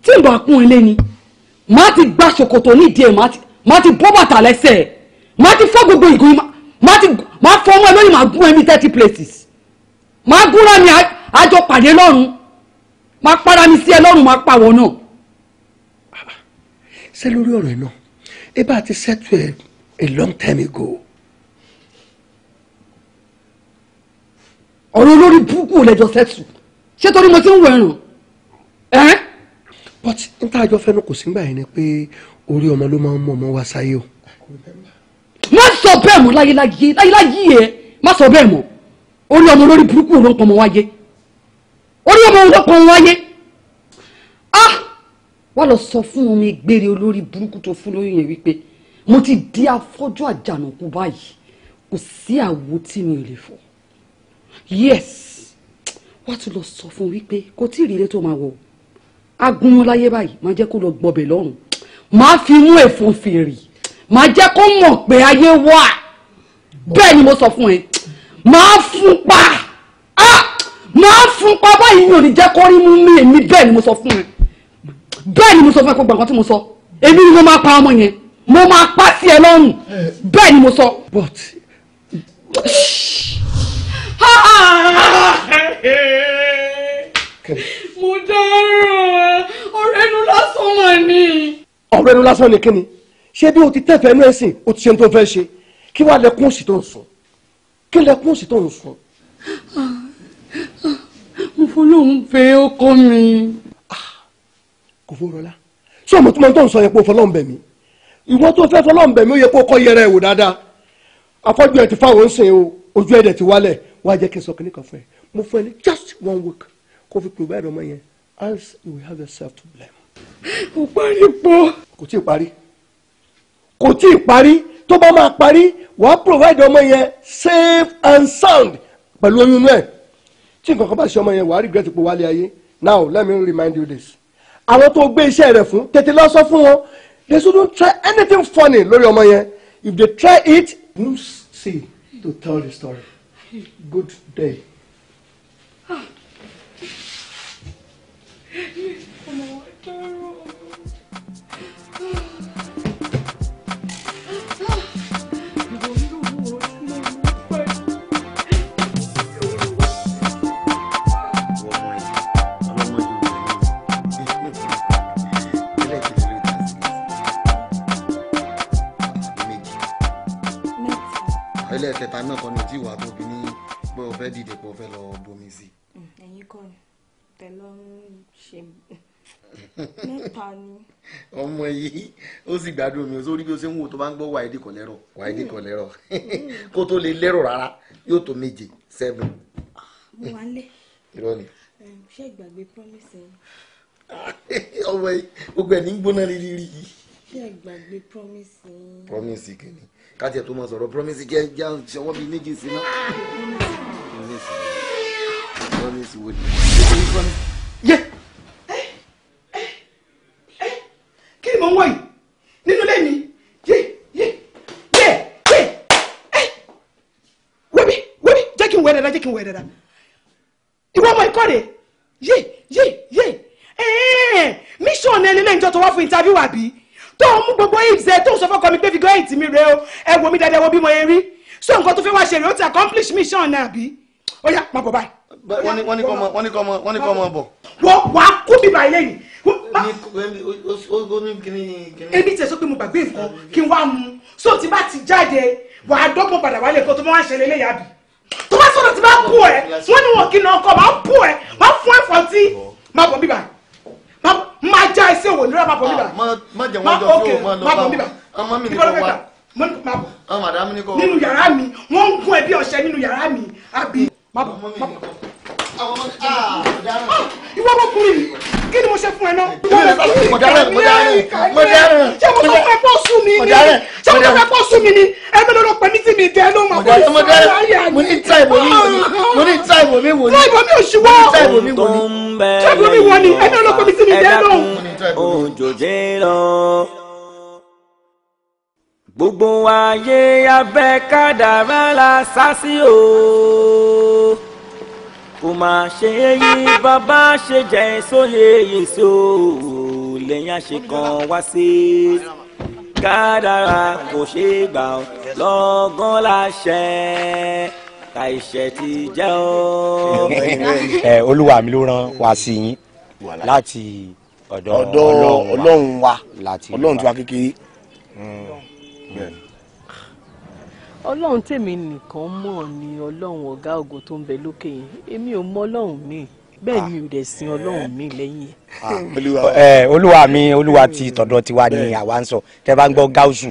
tí n bá kún ilé ni màá ti gbá ṣòkòtò nídìí ẹ̀ màá ti bọ́ bàtà lẹ́sẹ̀ ẹ̀ màá ti fọ́ gbogbo ìgò màá ti màá fọ́ ọmọ ẹ lórí màá gún ẹ ní thirty places màá gúnra ni a jọ pàdé lọ́run máa para mi sí ẹ lọ́run máa pa wọ́n náà. ṣé lórí ọ̀rọ̀ náà ẹ bá ti ṣètò ẹ a long time ago. ọ̀rọ̀ olórí burúkú lẹ́jọ́ ṣètò ṣé torí mo ti ń wọ ẹ̀rùn ẹ̀. but n ta àjọ fẹ́nu kò sígbà yẹn ni pé orí ọmọ ló máa ń mú ọmọ wá sáyé o. má sọ bẹ́ẹ̀ mọ́ láyéláyé láyéláyé ẹ má sọ bẹ́ẹ̀ mọ́ orí ọmọ olórí burúkú ló ń pọnmọ wáyé orí ọmọ òun ló kàn wáyé ah wọ́n lọ sọ fún ọmọ ìgbére olórí burúkú tó fún lóyún yẹn wípé mo ti di afọ́jú àjànàkú báyìí kò sí àwo tí mi ò lè fọ yes wọ́n tún lọ sọ fún wípé kò tí ì rí ilé tó máa wọ̀ agunmu láyé báyìí máa jẹ́ kó lọ gbọbẹ̀ lọ́rùn máa fi mú ẹ̀fọn fèrè máa jẹ́ kó mọ̀ pé ayé wà bẹ́ẹ̀ ni mo sọ fún ẹ máa fún pa ah! máa fún pa báyìí mi ò ní jẹ́ kó rí mú mi èmi bẹ́ẹ̀ ni mo sọ fún ẹ bẹ́ẹ̀ ni mo sọ fún ẹ kó gbàgbọ́n tí mo sọ èmi ni mo máa pa ọmọ yẹn mo máa pa sí ẹ lọ́rùn bẹ́ẹ̀ ni mo sọ. but mo dáràn ọ̀rẹ́ nu lásán mà ní. ọ̀rẹ́ nu lásán ni kí ni ṣé bí o ti tẹ̀fẹ̀ inú ẹ̀sìn o ti ṣe ní tó fẹ́ ṣe kí wàá lẹkùn òsì tó ń sùn kí lẹkùn òsì tó ń sùn mo fọlọ́hún bẹ ọkọ mi. Ah, kò fọlọ́lá ṣé ọmọ tí mo tó ń sọ yẹ kó fọlọ́hún bẹ̀ mí ìwọ tó fẹ́ fọlọ́hún bẹ̀ mí ó yẹ kó kọ́ yẹrẹ wò dáadáa afọ́jú ẹ̀ ti fáwọn ń sìn o ojú ẹ̀ dẹ̀ ti wálẹ̀ wá jẹ́ kí n sọ kíní kan fún ẹ mo fún ẹ ní just one week kó fi provide ọmọ yẹn else you will have yourself to blame. kò parí pọ̀. kò tí ì parí kò tí ì parí tó bá máa parí wàá provide ọmọ yẹn safe and sound pẹ̀lú oyún náà tí nǹkan kan bá ṣe ọmọ yẹn wàá regret pé wálé ayé now let me remind you this àwọn tó gbé iṣẹ́ rẹ̀ fún tètè lọ sọ fún wọn they shouldn't try anything funny lórí ọmọ yẹn if they try it you see to tell the story good day. Ah. ẹlẹ́ẹ̀kẹta náà kan ní tí ìwà tóbi ní pé o fẹ́ dìde pé o fẹ́ lọ bomi sí. Mm, ẹ̀yin kọ́ ni tẹ́lọ́rùn ṣe mẹ́ta ni. ọmọ yìí ó sì gbádùn mi sórí bí o ṣe ń wò tó bá ń gbọ́ wàídì kọ̀ lẹ́rọ̀ wàídì kọ̀ lẹ́rọ̀ mm. [laughs] kó tó lè lẹ́rọ̀ rárá yóò tó méje seven. Ah, mo wá lé. irọ́ ni. ṣé ìgbàgbé promise yẹn. [laughs] ọmọ yìí gbogbo ẹ̀ ní gbóná rírí rí. ṣé ìgbàgbé promise yẹn. promise kìíní káti ẹ̀ tó mọ sọ̀rọ̀ promise jẹ́ jẹ́ ṣọwọ́ bíi méjì sí náà. promise wo ni. yé kí ni mò ń wọ̀ yìí nínú ilé mi yé yé yé yé wébi wébi jẹ́ kí n wẹ̀ dada jẹ́ kí n wẹ̀ dada ìwọ ọmọ ikọ́ rẹ̀ yé yé yé mission ẹni lẹ́yìn tó wá fún interview àbí tó ń mú gbogbo hips ẹ tó ń sọ fọkọ mi pé figure eight mi rèé o ẹ wo mi dáadáa wo bí mo yẹn rí so nǹkan tó fẹ́ wá ṣe rèé ó ti accomplish mission náà bí ó yá má bọ̀ báyìí. wọ́n ní kọ́ mọ wọ́n ní kọ́ mọ wọ́n ní kọ́ mọ bọ̀. wọ́n wà á kú bíbá ilé yìí. ebi tẹ̀ sọ pé mo gbàgbé nǹkan kí n wá mu so tí bá ti jáde wà á dọ́gbọ̀n padà wálé nǹkan tó máa ń ṣẹlẹ̀ léyà bí. tó bá sọ̀rọ̀ tí bá bù ẹ̀ wọ́n ní wọn kì í náà kọ́ máa bù ẹ̀ máa fún ẹ̀fọ́ tí má bọ̀ bíbá má jẹ wọn jọ kí o má lọ bá wọn ọmọ mi ni kò wá ọmọ àdámi ni kò wá nínú yàrá mi wọ́n ń gún ẹbí ọ̀sẹ̀ nínú yàrá mi àbí. má bọ̀ má bọ̀. Ah, ah, ah, ìwọ ọmọkùnrin kí ni mo ṣe fún ẹ náà. mo dárẹ̀ mo dárẹ̀ mo dárẹ̀ ṣé mo kọ́ fẹ́ pọ̀ sùn mi ni ṣé mo kọ́ fẹ́ pọ̀ sùn mi ni ẹgbẹ́ ló lọ pẹ̀ mí tí mi dẹ́ ló máa fọ́ ìfọ́ láyé àná. mo ní mi wò ni mo ní tíráìbù mi ò ṣíwọ́ tíráìbù mi wò mi wò ni ẹgbẹ́ ló pẹ̀ mí tí mi dẹ́ ló. òjòjé lọ gbogbo ayé abẹ́ kádàrá la sá sí o kò máa ṣe é yí bàbá ṣe jẹ́ sóye yìí so lẹ́yìn àṣekàn wá sí kádàrá kò ṣe gbà ọ́ lọ́gán láṣẹ àìṣẹ ti jẹ́ ọ́. ẹ olúwa mi ló rán wá sí yín láti ọ̀dọ̀ ọlọ́run wa láti ọlọ́run tiwa kékeré. Hmm ọlọ́run tèmi nìkan mọ̀ ni ọlọ́run ọ̀gá ògo tó ń bẹ lókè yẹn èmi ò mọ ọlọ́run mi bẹ́ẹ̀ mi ò dẹ̀ sin ah. ọlọ́run mi lẹ́yìn ẹ̀. Ah, eh, olúwa mi olúwa ti tọ̀dọ̀ tiwa ni àwa ń sọ tẹ́ bá ń gbọ́ gáúsù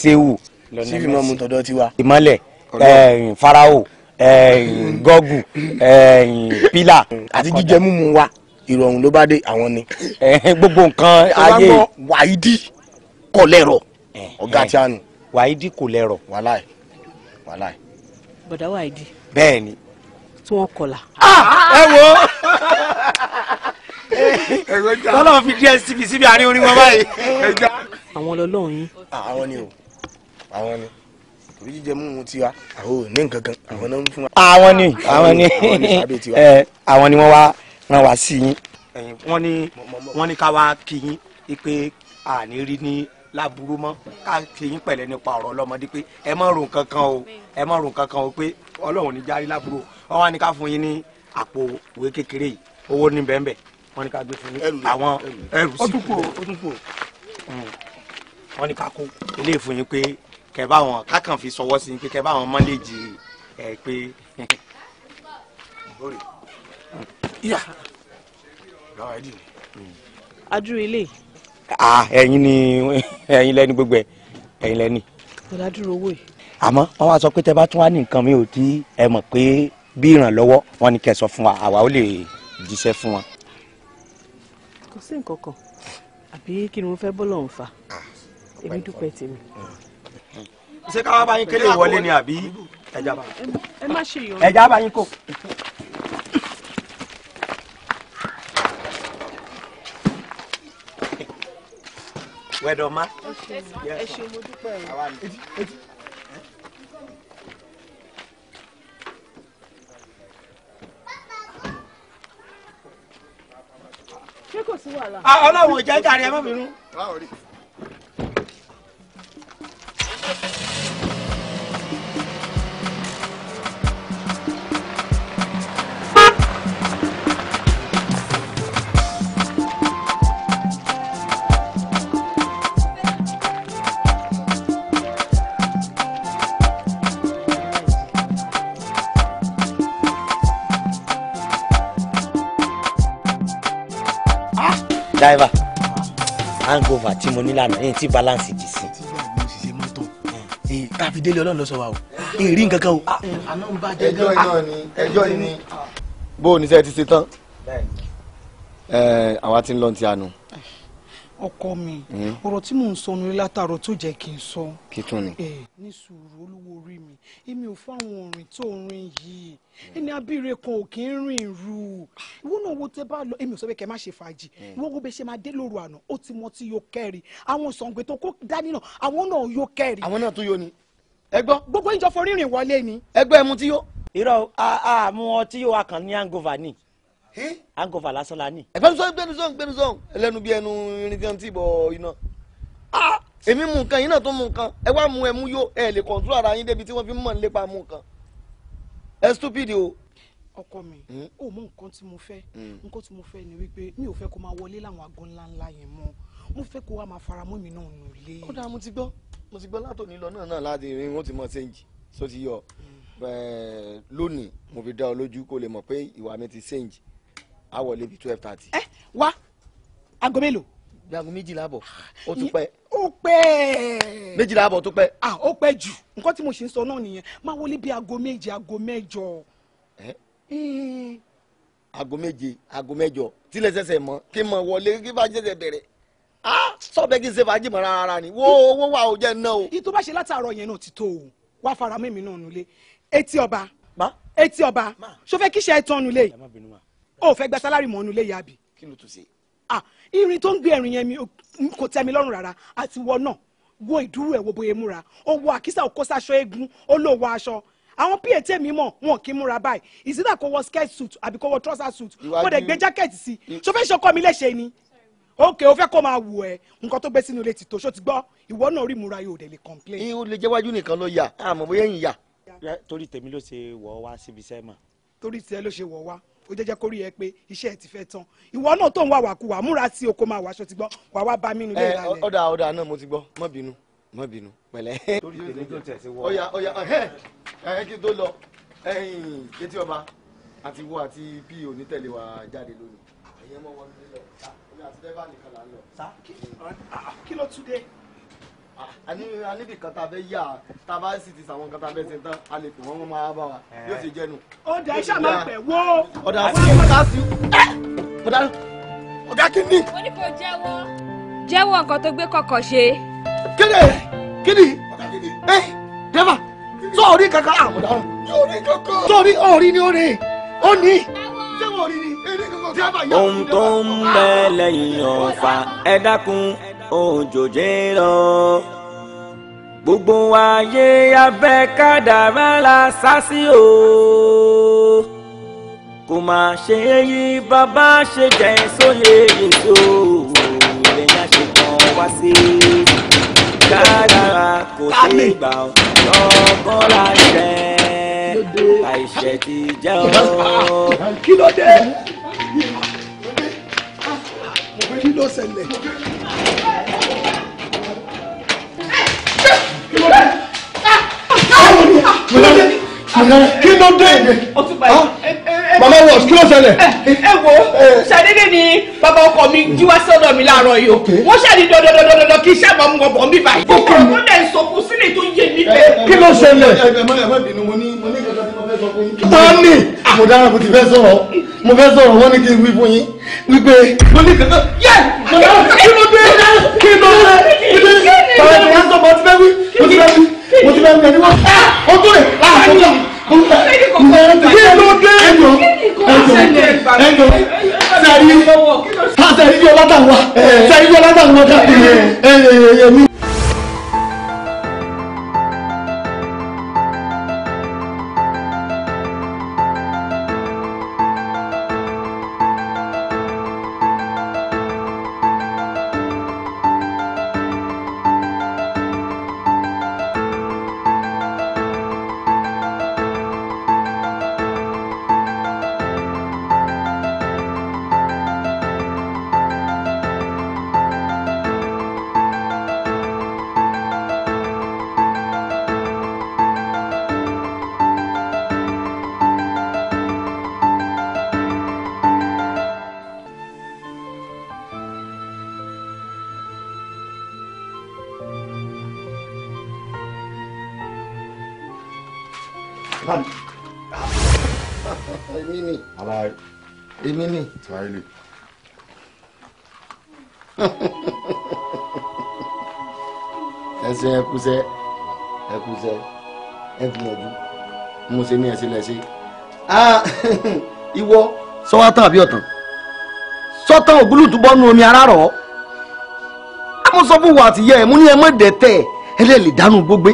séwù sífì mọ́ eh, farao eh, gọ́gù pílà àti jíjẹ mímu wa ìrọ̀rùn ló bá dé àwọn ni. gbogbo nǹkan ayé wàyídì kò lẹ́rọ̀ ọ̀gá tí a nù. wàyídì kò lẹ́rọ̀ wàláì wàhálà yìí. bọ̀dá wà ìdí. bẹ́ẹ̀ ni. tí wọ́n kọlà. Ah! Ah! ẹ wo lọ́lọ́run fi díẹ̀ síbi síbi àárín orí wọn báyìí. àwọn ọlọ́lọ́run yín. Ah, àwọn ni o àwọn ni torí jíjẹ mú un tiwa àwọn ò ní nǹkan kan àwọn náà ń fún wa. àwọn ni àwọn ni àwọn ni wọ́n wá rán wa sí yín. wọ́n ní wọ́n ní ká wá kí yín pé àní rí ní láburú mọ́ ká ṣe yín pẹ̀lẹ́ nípa ọ̀rọ̀ ọlọ́mọdé pé ẹ má rò nǹkan kan o ẹ má rò nǹkan kan o pé ọlọ́run ní járí láburú o wọ́n á ní ká fún yín ní àpò ìwé kékeré yìí owó ní bẹ́ẹ̀ bẹ́ẹ̀ wọ́n ní ká gbé fún yín àwọn ẹrù sí kú hmm. wọ́n ní ká kó eléyìí fún yín pé kẹ́ bá wọn kákan fi sọwọ́ sí pé kẹ́ bá wọn mọ́lẹ́jì ẹ̀ pé hmm. adúrú ilé ẹ̀yin ni ẹ̀yin lẹ́ni gbogbo ẹ̀ ẹ̀yin lẹ́ni. ìlàdúró owó yìí. àmọ́ wọ́n wá sọ pé tẹ́ bá tún wá ní nǹkan mi ò tí ẹ mọ̀ pé bí ìrànlọ́wọ́ wọn ni kẹ́ sọ fún wa àwa ó lè jíṣẹ́ fún wa. kò sí nǹkan kan àbí kí ni mo fẹ́ bọ́ lọ́hùn fa èmi dúpẹ́ tèmi. ṣé káwá bá kélé ìwọlé ni àbí ẹja bá yín kó. wẹ̀dọ̀ má. ẹ ṣé kò sí wàhálà. Ah, ọlọ́run ò jẹ́ jàre ẹ má bínú. driver hangover tí mo ní lánàá yìí tí balance jì sí. káfí délé ọlọ́run lọ sọ wa o èrí nǹkan kan o. Ah, ah, ẹjọ́ iná ni ẹjọ́ iná ni ah. bó o ní sẹ́ ti ṣe tán àwa ti ń lọ ti àná. ọkọ mi hmm? ọ̀rọ̀ tí mò ń sọ ní látàárọ̀ tó jẹ́ kí n sọ. kí tún ni. ní sùúrù olúwo èmi ò fún àwọn òrìn tó rìn yìí ẹni abíire kan ò kí ń rìn rú ìwọ náà wo tẹ bá lọ èmi ò sọ pé kẹ má ṣe fàájì hmm. ìwọ wo bẹ ṣe máa dé lóru àná ó ti mọ tí yóò kẹrì àwọn sọǹgbẹ tó kó dání náà àwọn náà yóò kẹrì. àwọn náà tún yóò ni. ẹ gbọ́. gbogbo ìjọ forí rìn wọlé ni. ẹgbẹ́ mu tí yó. irọ́ àmú ọtí yóò akàn ní angova ni angova lásán la ni. ẹgbẹ́ mi sọ gbẹ́nu sọ gbẹ́nu sọ ẹlẹ́nu bí ẹnu irin tí wọ́n ti bọ̀ iná. Ah! èmi mú nǹkan yìí náà tó mú nǹkan ẹ wá mú ẹ mú yó ẹ lè control ara yín débi tí wọ́n fi mọ̀ nípa mú nǹkan ẹ stupid o. ọkọ mi ò hmm? mú nǹkan tí mo fẹ́ hmm. nǹkan tí mo fẹ́ ni wípé mi ò fẹ́ kó máa wọlé láwọn aago ńláńlá yẹn mọ́ mo fẹ́ kó wá máa fara mọ́ mi náà nù lé. ó dáa mo ti gbọ́ mo ti gbọ́ látòní lọ náà náà láti rin wọn ti mọ sẹ́yìn só ti yọ hmm. eh, lónìí mo fi dá ọ lójú kó lè mọ̀ pé ìwà mi ti sẹ́yìn á wọlé twelve thirty. ẹ eh, wá aago mélòó gbàgbọ́ méjìlá bọ̀ ó tún pẹ́. ó pẹ́. méjìlá bọ̀ tó pẹ́. ah ó pẹ́ jù nǹkan tí mo ṣe ń sọ náà nìyẹn máa wọlé bí aago méje aago mẹ́jọ. aago méje aago mẹ́jọ tílẹ̀ ṣẹ̀ṣẹ̀ mọ́ kí n mọ̀ wọlé kí n bá ṣẹ̀ṣẹ̀ bẹ̀rẹ̀ ah, sọ́ọ̀bẹ kí n ṣe fàájì mọ́ rárá ni wo owó wa ò jẹ́ ná o. ìtò bá ṣe látàárọ̀ yẹn náà ti tó o wá fara mẹ́mi náà nulẹ̀ etí ọba etí ọba ṣọfẹ́ kíṣẹ́ ẹ̀ tán nulẹ̀ o fẹ́ gba Ah, irin tó ń gbé ẹ̀rìn yẹn mi kò tẹ́ mi lọ́rùn rárá àti wọ náà wo ìdúró ẹ̀ wo bóyá múra ó wọ àkísà ó kó sáṣọ eégún ó lò wọ aṣọ àwọn pa tèmi mọ̀ wọn kì í múra báyìí ìsídà kó wọ skirt suit àbí kó wọ trouser suit kó dẹ̀ gbé jacket sí mm. ṣó fẹ́ ṣọkọ mi léṣe ni ókè ó fẹ́ kó máa wù ẹ́ nǹkan tó gbé sínú ilé ti tó ṣó ti gbọ́ ìwọ náà rí múra yóò dẹ̀ lè complain. ihun lè jẹ́wájú nìkan ló yà àmọ́ bóyá ìyà. torí tèmi ló ṣe wọ̀ wá síbi iṣẹ́ mọ̀. torí tiẹ̀ ló ṣe wọ̀ wá ó jẹ́jẹ́ kórìí ẹ pé iṣẹ́ ẹ ti fẹ́ tán ìwọ náà tó ń wá wàkúwà múra sí oko máa wàṣọ ti gbọ́ wà wá bá mí nu lẹ́yìn eh, lálẹ́. ọ̀dà ọ̀dà náà mo ti gbọ́ má bínú má bínú pẹ̀lẹ́. [laughs] torí pé tó tẹ̀ sí wọ. ọ̀yà ọ̀yà ẹ̀hẹ́ kí n tó lọ etí ọba àti wo àti bí òní tẹ̀lé wa jáde lónìí. ẹ̀yẹ́ mọ́ wọn nílẹ̀ ọ̀tá aníbì kan tá a fẹ́ yà tá a bá sì ti sàwọn kan tá a fẹ́ ṣe tán a lè pè wọ́n wọ́n máa bá wa yóò ṣe jẹ́nu. ọ̀dà iṣẹ́ máa pẹ̀ wó. ọ̀dà sí ọ̀dà sí ọ̀dà ọ̀gá kìíní. ó ní kò jẹ́wọ́. jẹ́wọ́ tó gbé kọ̀kọ̀ ṣe. kíni kíni ẹ dẹ́fà sọ orí kankan àwọn ah, ọ̀daràn. yóò rí kankan. sọ orí ọ̀rí ni ó rè é ó ní. jẹ́wọ́ orí ni. ohun tó ń bẹ lẹ́yìn ọ̀fà ẹ dákun òjò jẹ́rọ. gbogbo ayé abẹ́ kádàrá la sá sí o. kò má ṣe yí bàbá ṣe jẹ́ sóye èso lẹ́yìn àṣetàn wá sí i. kádàrá kò ṣe gbà ọ́ la jẹ́ àìṣẹ́ ti jẹ́ ọ́. kí ló dé kí ló ṣẹlẹ̀. kí ló dé mama wọ kí ló ṣẹlẹ̀. ẹ wo ṣàdédé ni bàbá ọkọ mi jí wá sọ́dọ̀ mi láàárọ̀ yìí o wọ́n ṣàdí dọdọdọdọdọ kí iṣẹ́ àmọ́ mọ̀ bọ̀ mí báyìí. ọkọ dẹ̀ ń sọkún sílẹ̀ tó yé mi pé. kí ló ṣẹlẹ̀. tani mo dára mo ti fẹ́ sọ̀rọ̀ mo fẹ́ sọ̀rọ̀ wọ́n ní kí n wí fún yín wípé mo ní kankan yẹ kí ló dé kí ló dé kí ló dé tàbí mo ti fẹ́ sọ̀rọ̀ mo ti fẹ́ wí mo ti fẹ́ wí mo ti bẹ́ẹ̀ ní wọ́n ó tó lè láti tó tó kí ló sẹ́yìn sẹ́yìn bí sẹ́yìn bí ọlá tà wá eh. bámi. èmi ni. ara èmi ni. Ismaili. ẹsẹ ẹkúsẹ ẹkúsẹ ẹgbìyànjú mo ṣe ní ẹsẹ lẹsẹ ah, [laughs] ìwọ sọwọ tán àbí ọtàn sọtàn ògbólùtú bọnú omi ara rọ àmọ́ sọ fún wa àtìyẹ ẹ mú ní e mọ dẹtẹ ẹ lẹ lè dánú gbogbo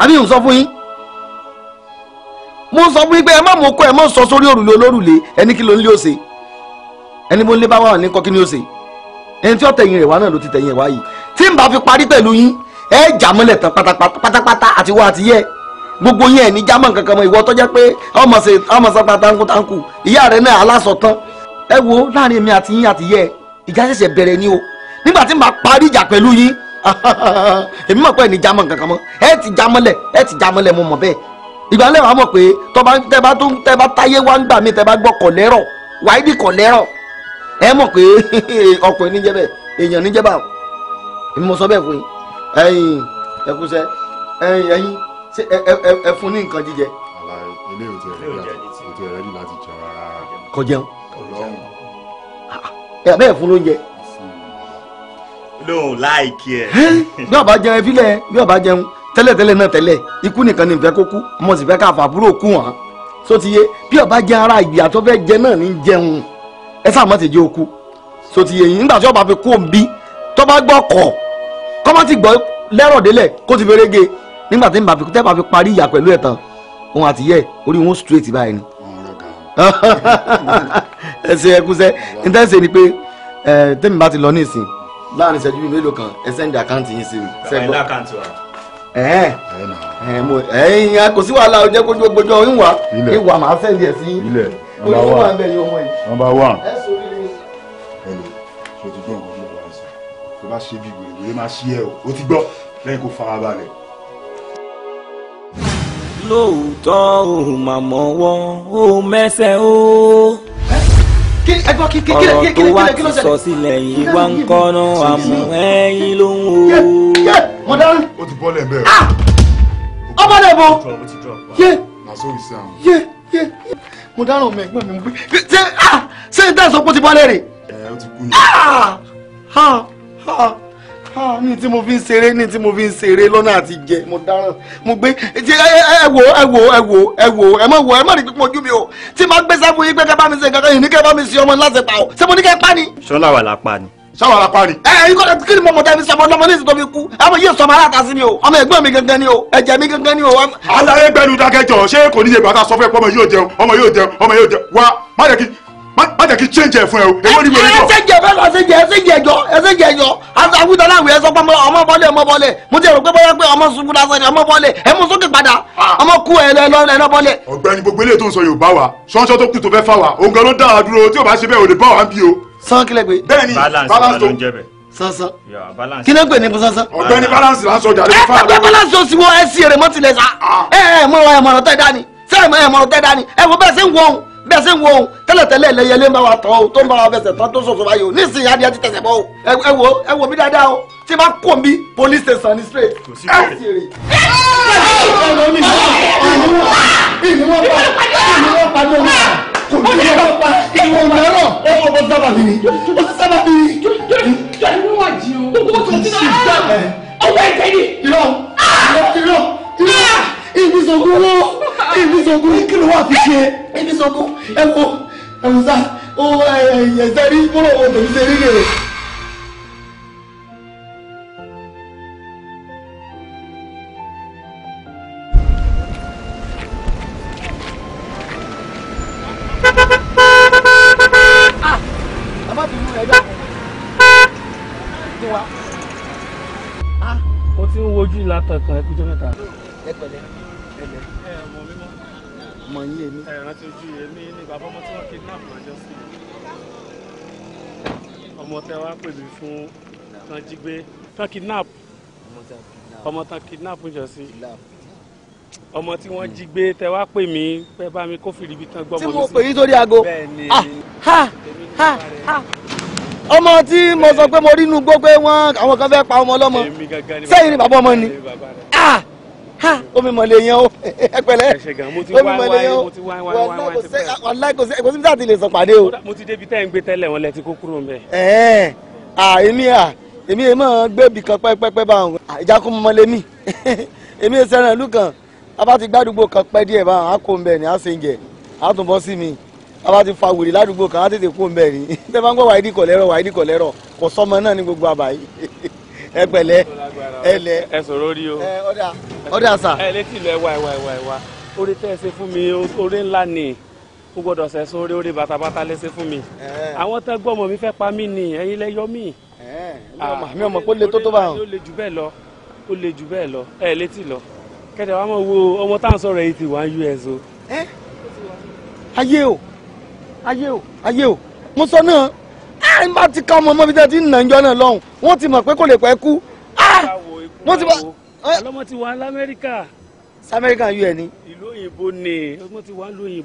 àbí òun sọ fún yín mo sọ fún yín pé ẹ má mọ kọ ẹ má sọ sórí òrùlé olórùlé ẹni kí ló ń lé òsè ẹni bó ń lé bá wà ní kọ́kí ní òsè ẹni tí ó tẹ̀yìn rẹ̀ wá náà ló ti tẹ̀yìn ẹ̀ wá yìí tí n bá fi parí pẹ̀lú yín ẹ jà mọ́lẹ̀ tán pátápátá àti wá àti yẹ gbogbo yín ẹ̀ ní jámọ̀ kankan mọ́ ìwọ tó jẹ́ pé ọmọ sápá tankutanku ìyá rẹ̀ náà aláṣọ tán ẹ wo láàrin èmi àti yín àti yẹ ìjà [laughs] mo mọ̀ ìgbà lẹ́wọ̀n mọ̀ pé tọ́ba tẹ́ba tó tẹ́ba táyé wá ń gbà mí tẹ́ba gbọ́ kọ̀lẹ́rọ̀ wáìdì kọ̀lẹ́rọ̀ ẹ mọ̀ pé [laughs] ọkùnrin níjẹ́ bẹ́ẹ̀ èèyàn níjẹ́ bá mo sọ bẹ́ẹ̀ fún yín ẹ̀yin ẹ̀kúṣẹ́ ẹ̀yin ẹ̀yin ṣé ẹ fún ní nǹkan jíjẹ. ilé òtún ẹ̀rẹ́ ní láti jẹun rárá. kò ẹ bẹ́ẹ̀ fún lóúnjẹ. lóun láìkí ẹ. bí ọba jẹun ẹ fílẹ̀ bí ọba jẹun tẹ́lẹ̀tẹ́lẹ̀ náà tẹ́lẹ̀ ikú nìkan ni ìfẹ́ kó kú ọmọ sì fẹ́ ká fàbúrò kú wọn so ti yé bí ọba jẹ ara ìgbìyà tó fẹ́ jẹ náà ní jẹun ẹ sáà mọ́ ti jẹ́ okú so ti yé yìí nígbà tí ọba fi kú òun bí tó bá gbọ́ kọ̀ kọ́ má ti gbọ́ lẹ́rọ̀ délẹ̀ kó ti fẹ́rẹ́gẹ nígbà tí tẹ́ bá fi parí ìyà pẹ̀lú ẹ̀ tán òun àti yẹ orí wọn straight báyìí ni [laughs] ẹ ṣe ẹ kúṣẹ́ ní tẹ́sí ni pé tẹ́mi bá ti lọ ní ìsìn láàrin ìṣẹ́jú bíi mélòó kan ẹ sẹ́ndì àkáǹtì yín sí mi. bàbá ilé àkáǹtì wa ẹ̀yìn kò sí wàhálà ọjọ́ kójú gbójú ìwà ìwà máa fẹ́ díẹ̀ sí ojú wà ń bẹ̀ ní ọmọ yìí. nọ́mbà wà. ẹ sọ rí mi. ẹlò ṣe ti gbọ́ nǹkan tí mo bá ń sọ tó bá ṣe bí wèrè wèrè máa ṣí ẹ o ó ti gbọ́ lẹ́yìn kó fara balẹ̀. lóòótọ́ òun mà mọ́wọ́ ó mẹ́sẹ̀ ó. ọ̀rọ̀ tó wá ti sọ sílẹ̀ yìí wá ń kọ́nà àmọ́ ẹ̀yìn ló ń wò ó mo dárí. ó ti bọ́ lẹ́ẹ̀bẹ̀ o. Ah! ọmọ náà bo yé yé yé mo dáná ọmọ ẹ̀gbọ́n mi mo gbé ṣé ah! ṣé n tẹ̀sán pé ó ti bọ́ lẹ́rè. ẹ ó ti kú yìí ah! ní tí mo fi ń ṣeré ní tí mo fi ń ṣeré lọ́nà àti jẹ mo dáràn mo gbé ẹ wò ẹ wò ẹ wò ẹ wò ẹ má wò ẹ má rí pípọ̀ ojú mi o tí máa gbé sáfù yín pé kẹ́ bá mi ṣe nǹkan kan yìí ní kẹ́ bá mi ṣe ọmọ ńlá ṣe pa o ṣé mo ní kẹ́ pa ni. sọlá wà lápá ni ṣáwọn arapa ni. ẹ ẹ ikọ̀ kí ni mo mọ̀ tẹ́ni sọmọ lọ́mọ ní ìsìn tó fi kú ọmọ yìí sọmọ aláta sí mi o ọmọ ẹ̀gbọ́n mi gangan ni o ẹ̀jẹ̀ mi gangan ni o. alaye gbẹnu dákẹ́jọ ṣé kò níye bàtà sọ fún ẹ pé ọmọ yóò jẹun ọmọ yóò jẹun ọmọ yóò jẹun wá má jẹ́ kí má jẹ́ kí change ẹ̀ fún ẹ o èwo ni mo rí bọ̀. ẹsẹ̀ jẹ fẹ́ lọ ẹsẹ̀ jẹ ẹsẹ̀ jẹ jọ ẹsẹ̀ jẹ jọ awúdọ̀ láwùjọ ẹ sọ pé ọmọ bọ́lẹ̀ ọmọ bọ́lẹ̀ mo ti rò pé bóyá pé ọmọ sunkún lásán ni ọmọ bọ́lẹ̀ ẹ mú sókè padà ọmọ kú ẹ lọ ẹ lọ bọ́lẹ̀. ọ̀gbẹ́ni san kílẹ̀ pé. balance ló ń jẹ sansan kílẹ̀ pé ní sansan. ọ̀gbẹ́ni balance la ń sọ jàre. ẹ pàpẹ balance oṣù wo ẹ sí èrè mọ́tì lẹ̀ sá. ẹ ẹ mọ ẹ mọ̀rọ̀ tẹ́ dání ṣé ẹ mọ ẹ mọ̀rọ̀ tẹ́ dání ẹ wo bẹ́ẹ̀ ṣe ń wọ ohun bẹ́ẹ̀ ṣe ń wọ ohun tẹ́lẹ̀tẹ́lẹ̀ lẹ́yẹlé ń bá wa tọ́ o tó ń bá wa fẹsẹ̀ tán tó ṣoṣo báyìí o nísìnyí adìyẹ ti tẹ̀sẹ̀ bọ́ o ẹ wo ẹ wo mi dáadáa o tí bá kó mi police station ni straight ẹ sì rè. ìlú wọn pa ìlú wọn pa ìlú wọn pa lórí kò ní ọ̀pá ìwọ mẹ́rọ̀ ẹ wọ bọ sábà bìrì ó ti sábà bìrì. jọ inú wa jí o. gbogbo tó ti náà ọwọ́ ẹ̀jẹ̀ ni. irọ́ irọ́ irọ́ ìbísọ̀gùn wo ìbísọ̀gùn kí ló wà fi ṣe ìbísọ̀gùn ẹ wo ẹ wò sá ó ẹ ẹ ẹ sẹ́rí bọ́lọ̀ wo tòun ṣe rí rèé. pè mí fún tán jí gbé tán kidnap ọmọ tán kidnap ń jọ sí ọmọ tí wọ́n jí gbé tẹ wá pè mí pẹ́ bá mi kó fìrí ibi tán gbọ́ mọ́ mi sí. tí mo pè yín torí aago ah, ọmọ tí mo sọ pé mo rí inú gbó pé àwọn kan fẹ́ pa ọmọ ọlọ́mọ sẹ́yìn ni bàbá ọmọ ni ah, omi mọ̀lẹ́ yẹn o [laughs] ẹ pẹ̀lẹ́ omi mọ̀lẹ́ yẹn o wàláì kò sí bí sáà ti lè sọ pàdé o. mo ti débi tẹ́ ń gbé tẹ́lẹ̀ wọn lẹ ti kó kúrò ń bẹ̀ èmi à èmi yẹn máa gbébì kan pẹ́pẹ́pẹ́ báwọn ìjákùn mọ́ lémi [laughs] èmi yẹn sẹ́ràn ìlú kan abá ti gbádùgbò kan pẹ́ díẹ̀ báwọn á kó ń bẹ̀ ní àṣẹjẹ á tún bọ́ sí mi abá ti fa wèrè ládùúgbò kan á tètè kó ń bẹ̀ ní. ṣé [laughs] bá ń gbọ́ wàídì kọ̀lẹ́rọ̀ wàídì kọ̀lẹ́rọ̀ kò sọ́mọ náà ní gbogbo àbá yìí [laughs] ẹ pẹ̀lẹ́ ẹ lẹ. ẹ sọ̀rọ̀ rí o ọ̀dà ọ̀dà sà. ẹ létí ilẹ̀ wá ẹ wá ẹ wá tẹ́ ẹ ṣe fún mi oore ńlá ni kò gbọ́dọ̀ sẹ̀sùn orí orí bàtàbàtà lẹ́sẹ̀ fún mi àwọn tán gbọ́mọ mi fẹ́ pa mí ni ẹ̀yin lẹ́yọ mí. mi ò mọ̀ pé tó tó bá hàn. ó le jù bẹ́ẹ̀ lọ ó le jù bẹ́ẹ̀ lọ ẹ̀ létí lọ kẹ́tẹ̀ wàá mọ̀ wo ọmọ tá à ń sọ̀rọ̀ yìí ti wà ń us o. ayé o ayé o ayé o mo sọ náà a ń bá ti ká ọmọ ọmọbi tẹ́ ti nà ń jọ náà lọ́hùn wọ́n ti mọ̀ pé kò lè pẹ́ kú. wọ́n ti wà ní amẹ́ríkà. sí amẹ́ríkà un ni. E. ìlú òyìnbó ni ọmọ ti wà ní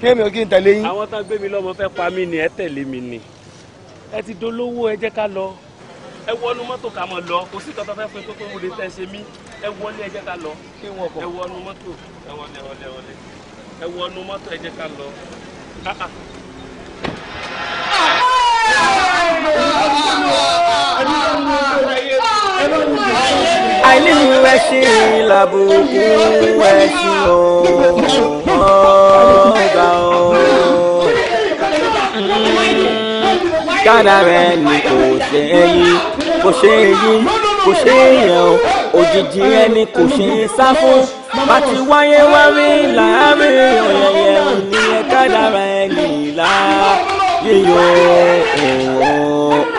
kémi ò kí n tẹ̀lé yín. àwọn tán gbé mi lọ́mọ fẹ́ pa mí ni ẹ tẹ̀lé mi ni ẹ ti dolówó ẹ jẹ́ ká lọ ẹ wọnú mọ́tò ká mọ̀ lọ kò sí kan tó fẹ́ fún kókó mo lè tẹ̀ ṣe mí ẹ wọlé ẹ jẹ́ ká lọ ẹ wọnú mọ́tò ẹ wọlé wọlé wọlé ẹ wọnú mọ́tò ẹ jẹ́ ká lọ. Ah, ah àìní mi wẹ́ sí làbùkù wẹ́ sí ọ̀gá ọ̀. kádà rẹ̀ ni kò ṣe é yí kò ṣe é yí kò ṣe é yẹ ọ́ òjijì ẹni kò ṣe é sá fún bàtí wáyé wá rí láàárín ọ̀yẹ̀yẹ̀ òní ẹ̀kádà rẹ̀ nìlá yíyọ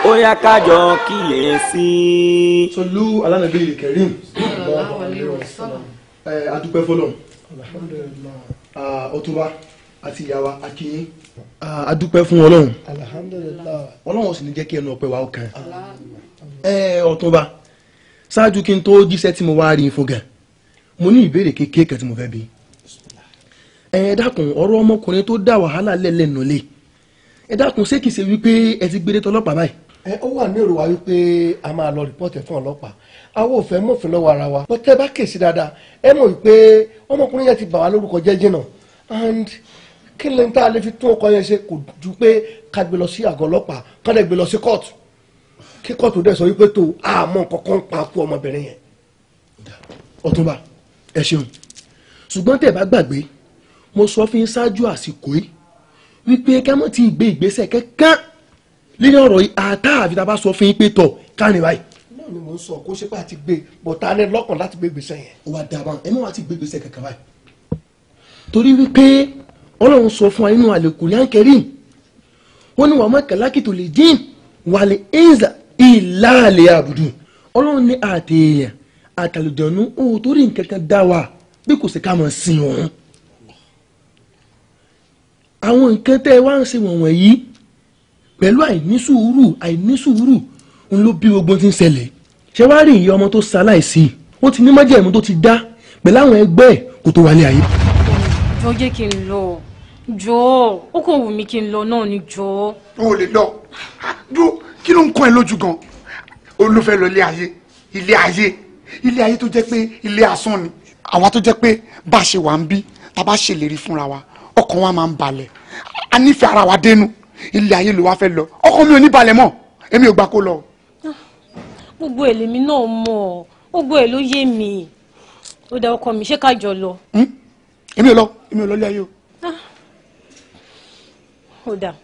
ó yá kájọ kíyè sí. tolú alánàbí ilé kẹrin adúpẹ́ fọlọ́ ọtúnba àti ìyàwó akínyín adúpẹ́ fún ọlọ́run ọlọ́run sì ní jẹ́ kí ẹnu ọpẹ́ wa ó kàn ọtúnba ṣáájú kí n tó jíṣẹ́ tí mo wá rí i fún gan mo ní ìbéèrè kékeré kan tí mo fẹ́ bí ẹ dákun ọ̀rọ̀ ọmọkùnrin tó dá wàhálà lẹ́lẹ́nu lé ẹ dákun ṣé kìí ṣe wípé ẹ ti gbére tọlọ́pàá báyìí ẹ ó wà ní èrò wípé a máa lọ rìpọ́tì fún ọlọ́pàá àwọn ò fẹ́ mọ̀fin lọ́wọ́ ara wa bọ́tẹ́ bá kèsì dáadáa ẹ mọ̀ wípé ọmọkùnrin yẹn ti bà wá lórúkọ jẹ́ and kí lẹ́yìn tá a lè fi tún ọkọ yẹn ṣe kò ju pé ká gbé lọ sí àgọ́ ọlọ́pàá ká dẹ̀ gbé lọ sí kóòtù kí kóòtù dẹ̀ sọ wípé tó àmọ́ kankan pa kú ọmọbìnrin yẹn. ọ̀túnba ẹ ṣeun ṣùgbọ́n tẹ̀ bá gbàgbé mo sọ fún yín ṣáájú àsìkò yìí wípé ká mọ̀ gbé ìgbésẹ̀ kẹ́kẹ́ lórí ọ̀rọ̀ yìí àtààfi tá a bá sọ fún yín pé tọ̀ kárìn báyìí náà ni mò ń sọ kó ṣe pé àti gbé bọ̀tà ní lọ́kàn láti gbé gbèsè yẹn. ó wá dá a bá ẹ mọ́ wá ti gbé gbèsè kankan báyìí. torí wípé ọlọ́run sọ fún wa nínú Al-Qur'an Karim wọ́n ní wàá má kàlákìtò lè dín wà lè ẹ̀ǹzà ìlàlẹ̀ àbùdù ọlọ́run ní àtẹ̀yàn àtàlùdẹ̀nu ó torí nǹkan kan dá wa bí kò sì ká mọ̀ sí wọn. àwọn nǹkan tẹ́ wá ń ṣe wọ̀n wọ̀nyí pẹ̀lú àìní sùúrù àìní sùúrù ń ló bí gbogbo ti ń ṣẹlẹ̀ ṣé wàá rí ìyá ọmọ tó ṣaláìsí ó ti ní májẹ̀mú tó ti dá pẹ̀lú àwọn ẹgbẹ́ ẹ̀ kó tó wálé ayé. jọ jẹ́ kí n lọ jọ ó kò wù mí kí n lọ náà ni jọ. o lè lọ dúró kí ló ń kọ́ ẹ lójú gan olùfẹ́ lọ ilé ayé ilé ayé ilé ayé tó jẹ́ pé ilé asán ni àwa tó jẹ́ pé bá a ṣe wà ń bí tá a bá ṣèlérí fúnra wa ọkàn wa máa ń balẹ̀ a nífẹ̀ẹ́ ara wa dénú ilé ayé ló wá fẹ́ lọ ọkọ mi ò ní balẹ̀ mọ́ èmi ò gbà kó lọ. gbogbo ẹ̀ lèmi náà mọ̀ gbogbo ẹ̀ ló yé mi ó dá ọkọ mi ṣé ká jọ lọ. Hm? èmi ò lọ èmi ò lọ ilé ayé o. Ah. ó dà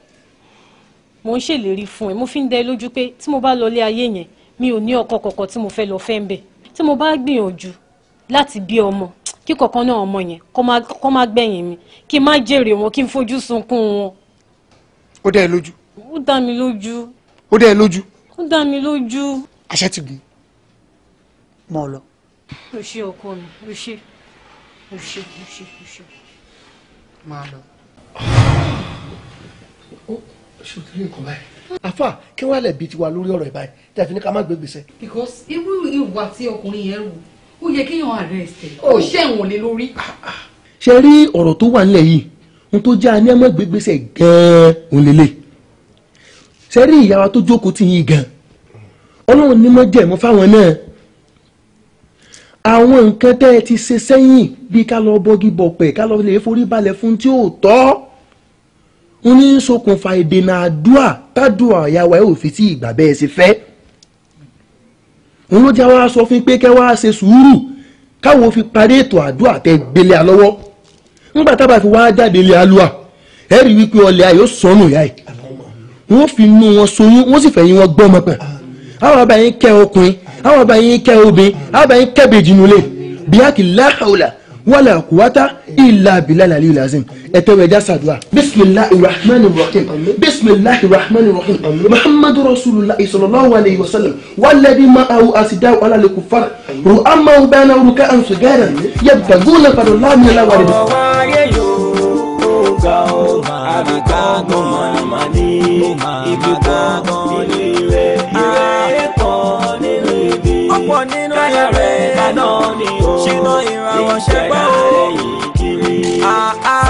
mo ń ṣèlérí fún ẹ mo fi ń dẹ lójú pé tí mo bá lọ ilé ayé yẹn mi ò ní ọkọ kọ̀ọ̀kan tí mo fẹ́ lọ fẹ́ ń bẹ̀ tí mo bá gbìyànjú láti bí ọmọ kí kọ̀ọ̀kan náà ọmọ yẹn kó má gbẹ̀yìn mi kí n má jèrè wọn kí n fojú sunkún wọn ó dá ẹ lójú. ó dá mi lójú. ó dá ẹ lójú. ó dá mi lójú. àṣẹ ti gùn mọ́ ọ lọ. o ṣe ọkọ mi o ṣe o ṣe o ṣe o ṣe. máa lọ. ó ṣe òtún nǹkan báyìí. bi tiwa lórí ọ̀rọ̀ ìbáyìí tí a fi ní ká má gbé gbèsè. because irú ìwà tí ọkùnrin yẹn rù ó yẹ kéèyàn arrest ẹ̀ ó ṣẹ̀wọ̀n lé lórí. Ah, ah. ṣe rí ọ̀rọ̀ tó wà nílẹ̀ yìí n tó jẹ́ àní ẹ̀mọ́ gbégbèsè gan-an òǹlẹ̀lẹ̀ sẹ́rí ìyàwó tó jókòó tì yín gan ọlọ́run ní mọ́ jẹ̀mọ́ fáwọn náà àwọn nǹkan tẹ́ ẹ ti ṣe sẹ́yìn bí ká lọ bọ́gí bọ̀pẹ̀ ká lọ lè forí balẹ̀ fún tí ò tọ́ ń ní ṣokùnfà ìdènà àdúà tádùà ìyàwó ẹ ò fi tí ìgbà bẹ́ẹ̀ ṣe fẹ́ òun ló jẹ́ wá sọ fún pé kẹ́ wá ṣe sùúrù káwọn fi parí ètò àdúà tẹ́ gbélé alọ́wọ́ ńgbà tábà fi wá jáde ilé alúwa ẹ rí wípé ọlẹ́ ayò sọnù ìyá ẹ̀ wọ́n fi inú wọn soyún wọ́n sì fẹ̀yìn wọn gbọ́ ọmọ pẹ̀ àwọn ọba yẹn kẹ́ ọkùnrin àwọn ọba yẹn obìnrin àwọn ọba yẹn bèjì nulẹ̀ bíákì láhàólà wala quwwata illa billahi al-aliyyil azim ẹ̀tọ́ rẹ̀ já sàdúrà. bisimilahi rahman rahim bisimilahi rahman rahim muhammadu rasulillah sallallahu alayhi wa sallam waladi ma'ahu asidaw ala al-kuffar ru'amahu bayna ruka an sigara yabtaguna fadlan min Allah wa ọ̀pọ̀ nínú ẹ̀rẹ̀ náà ni ìràwọ̀ ṣẹ́gbọ́n o.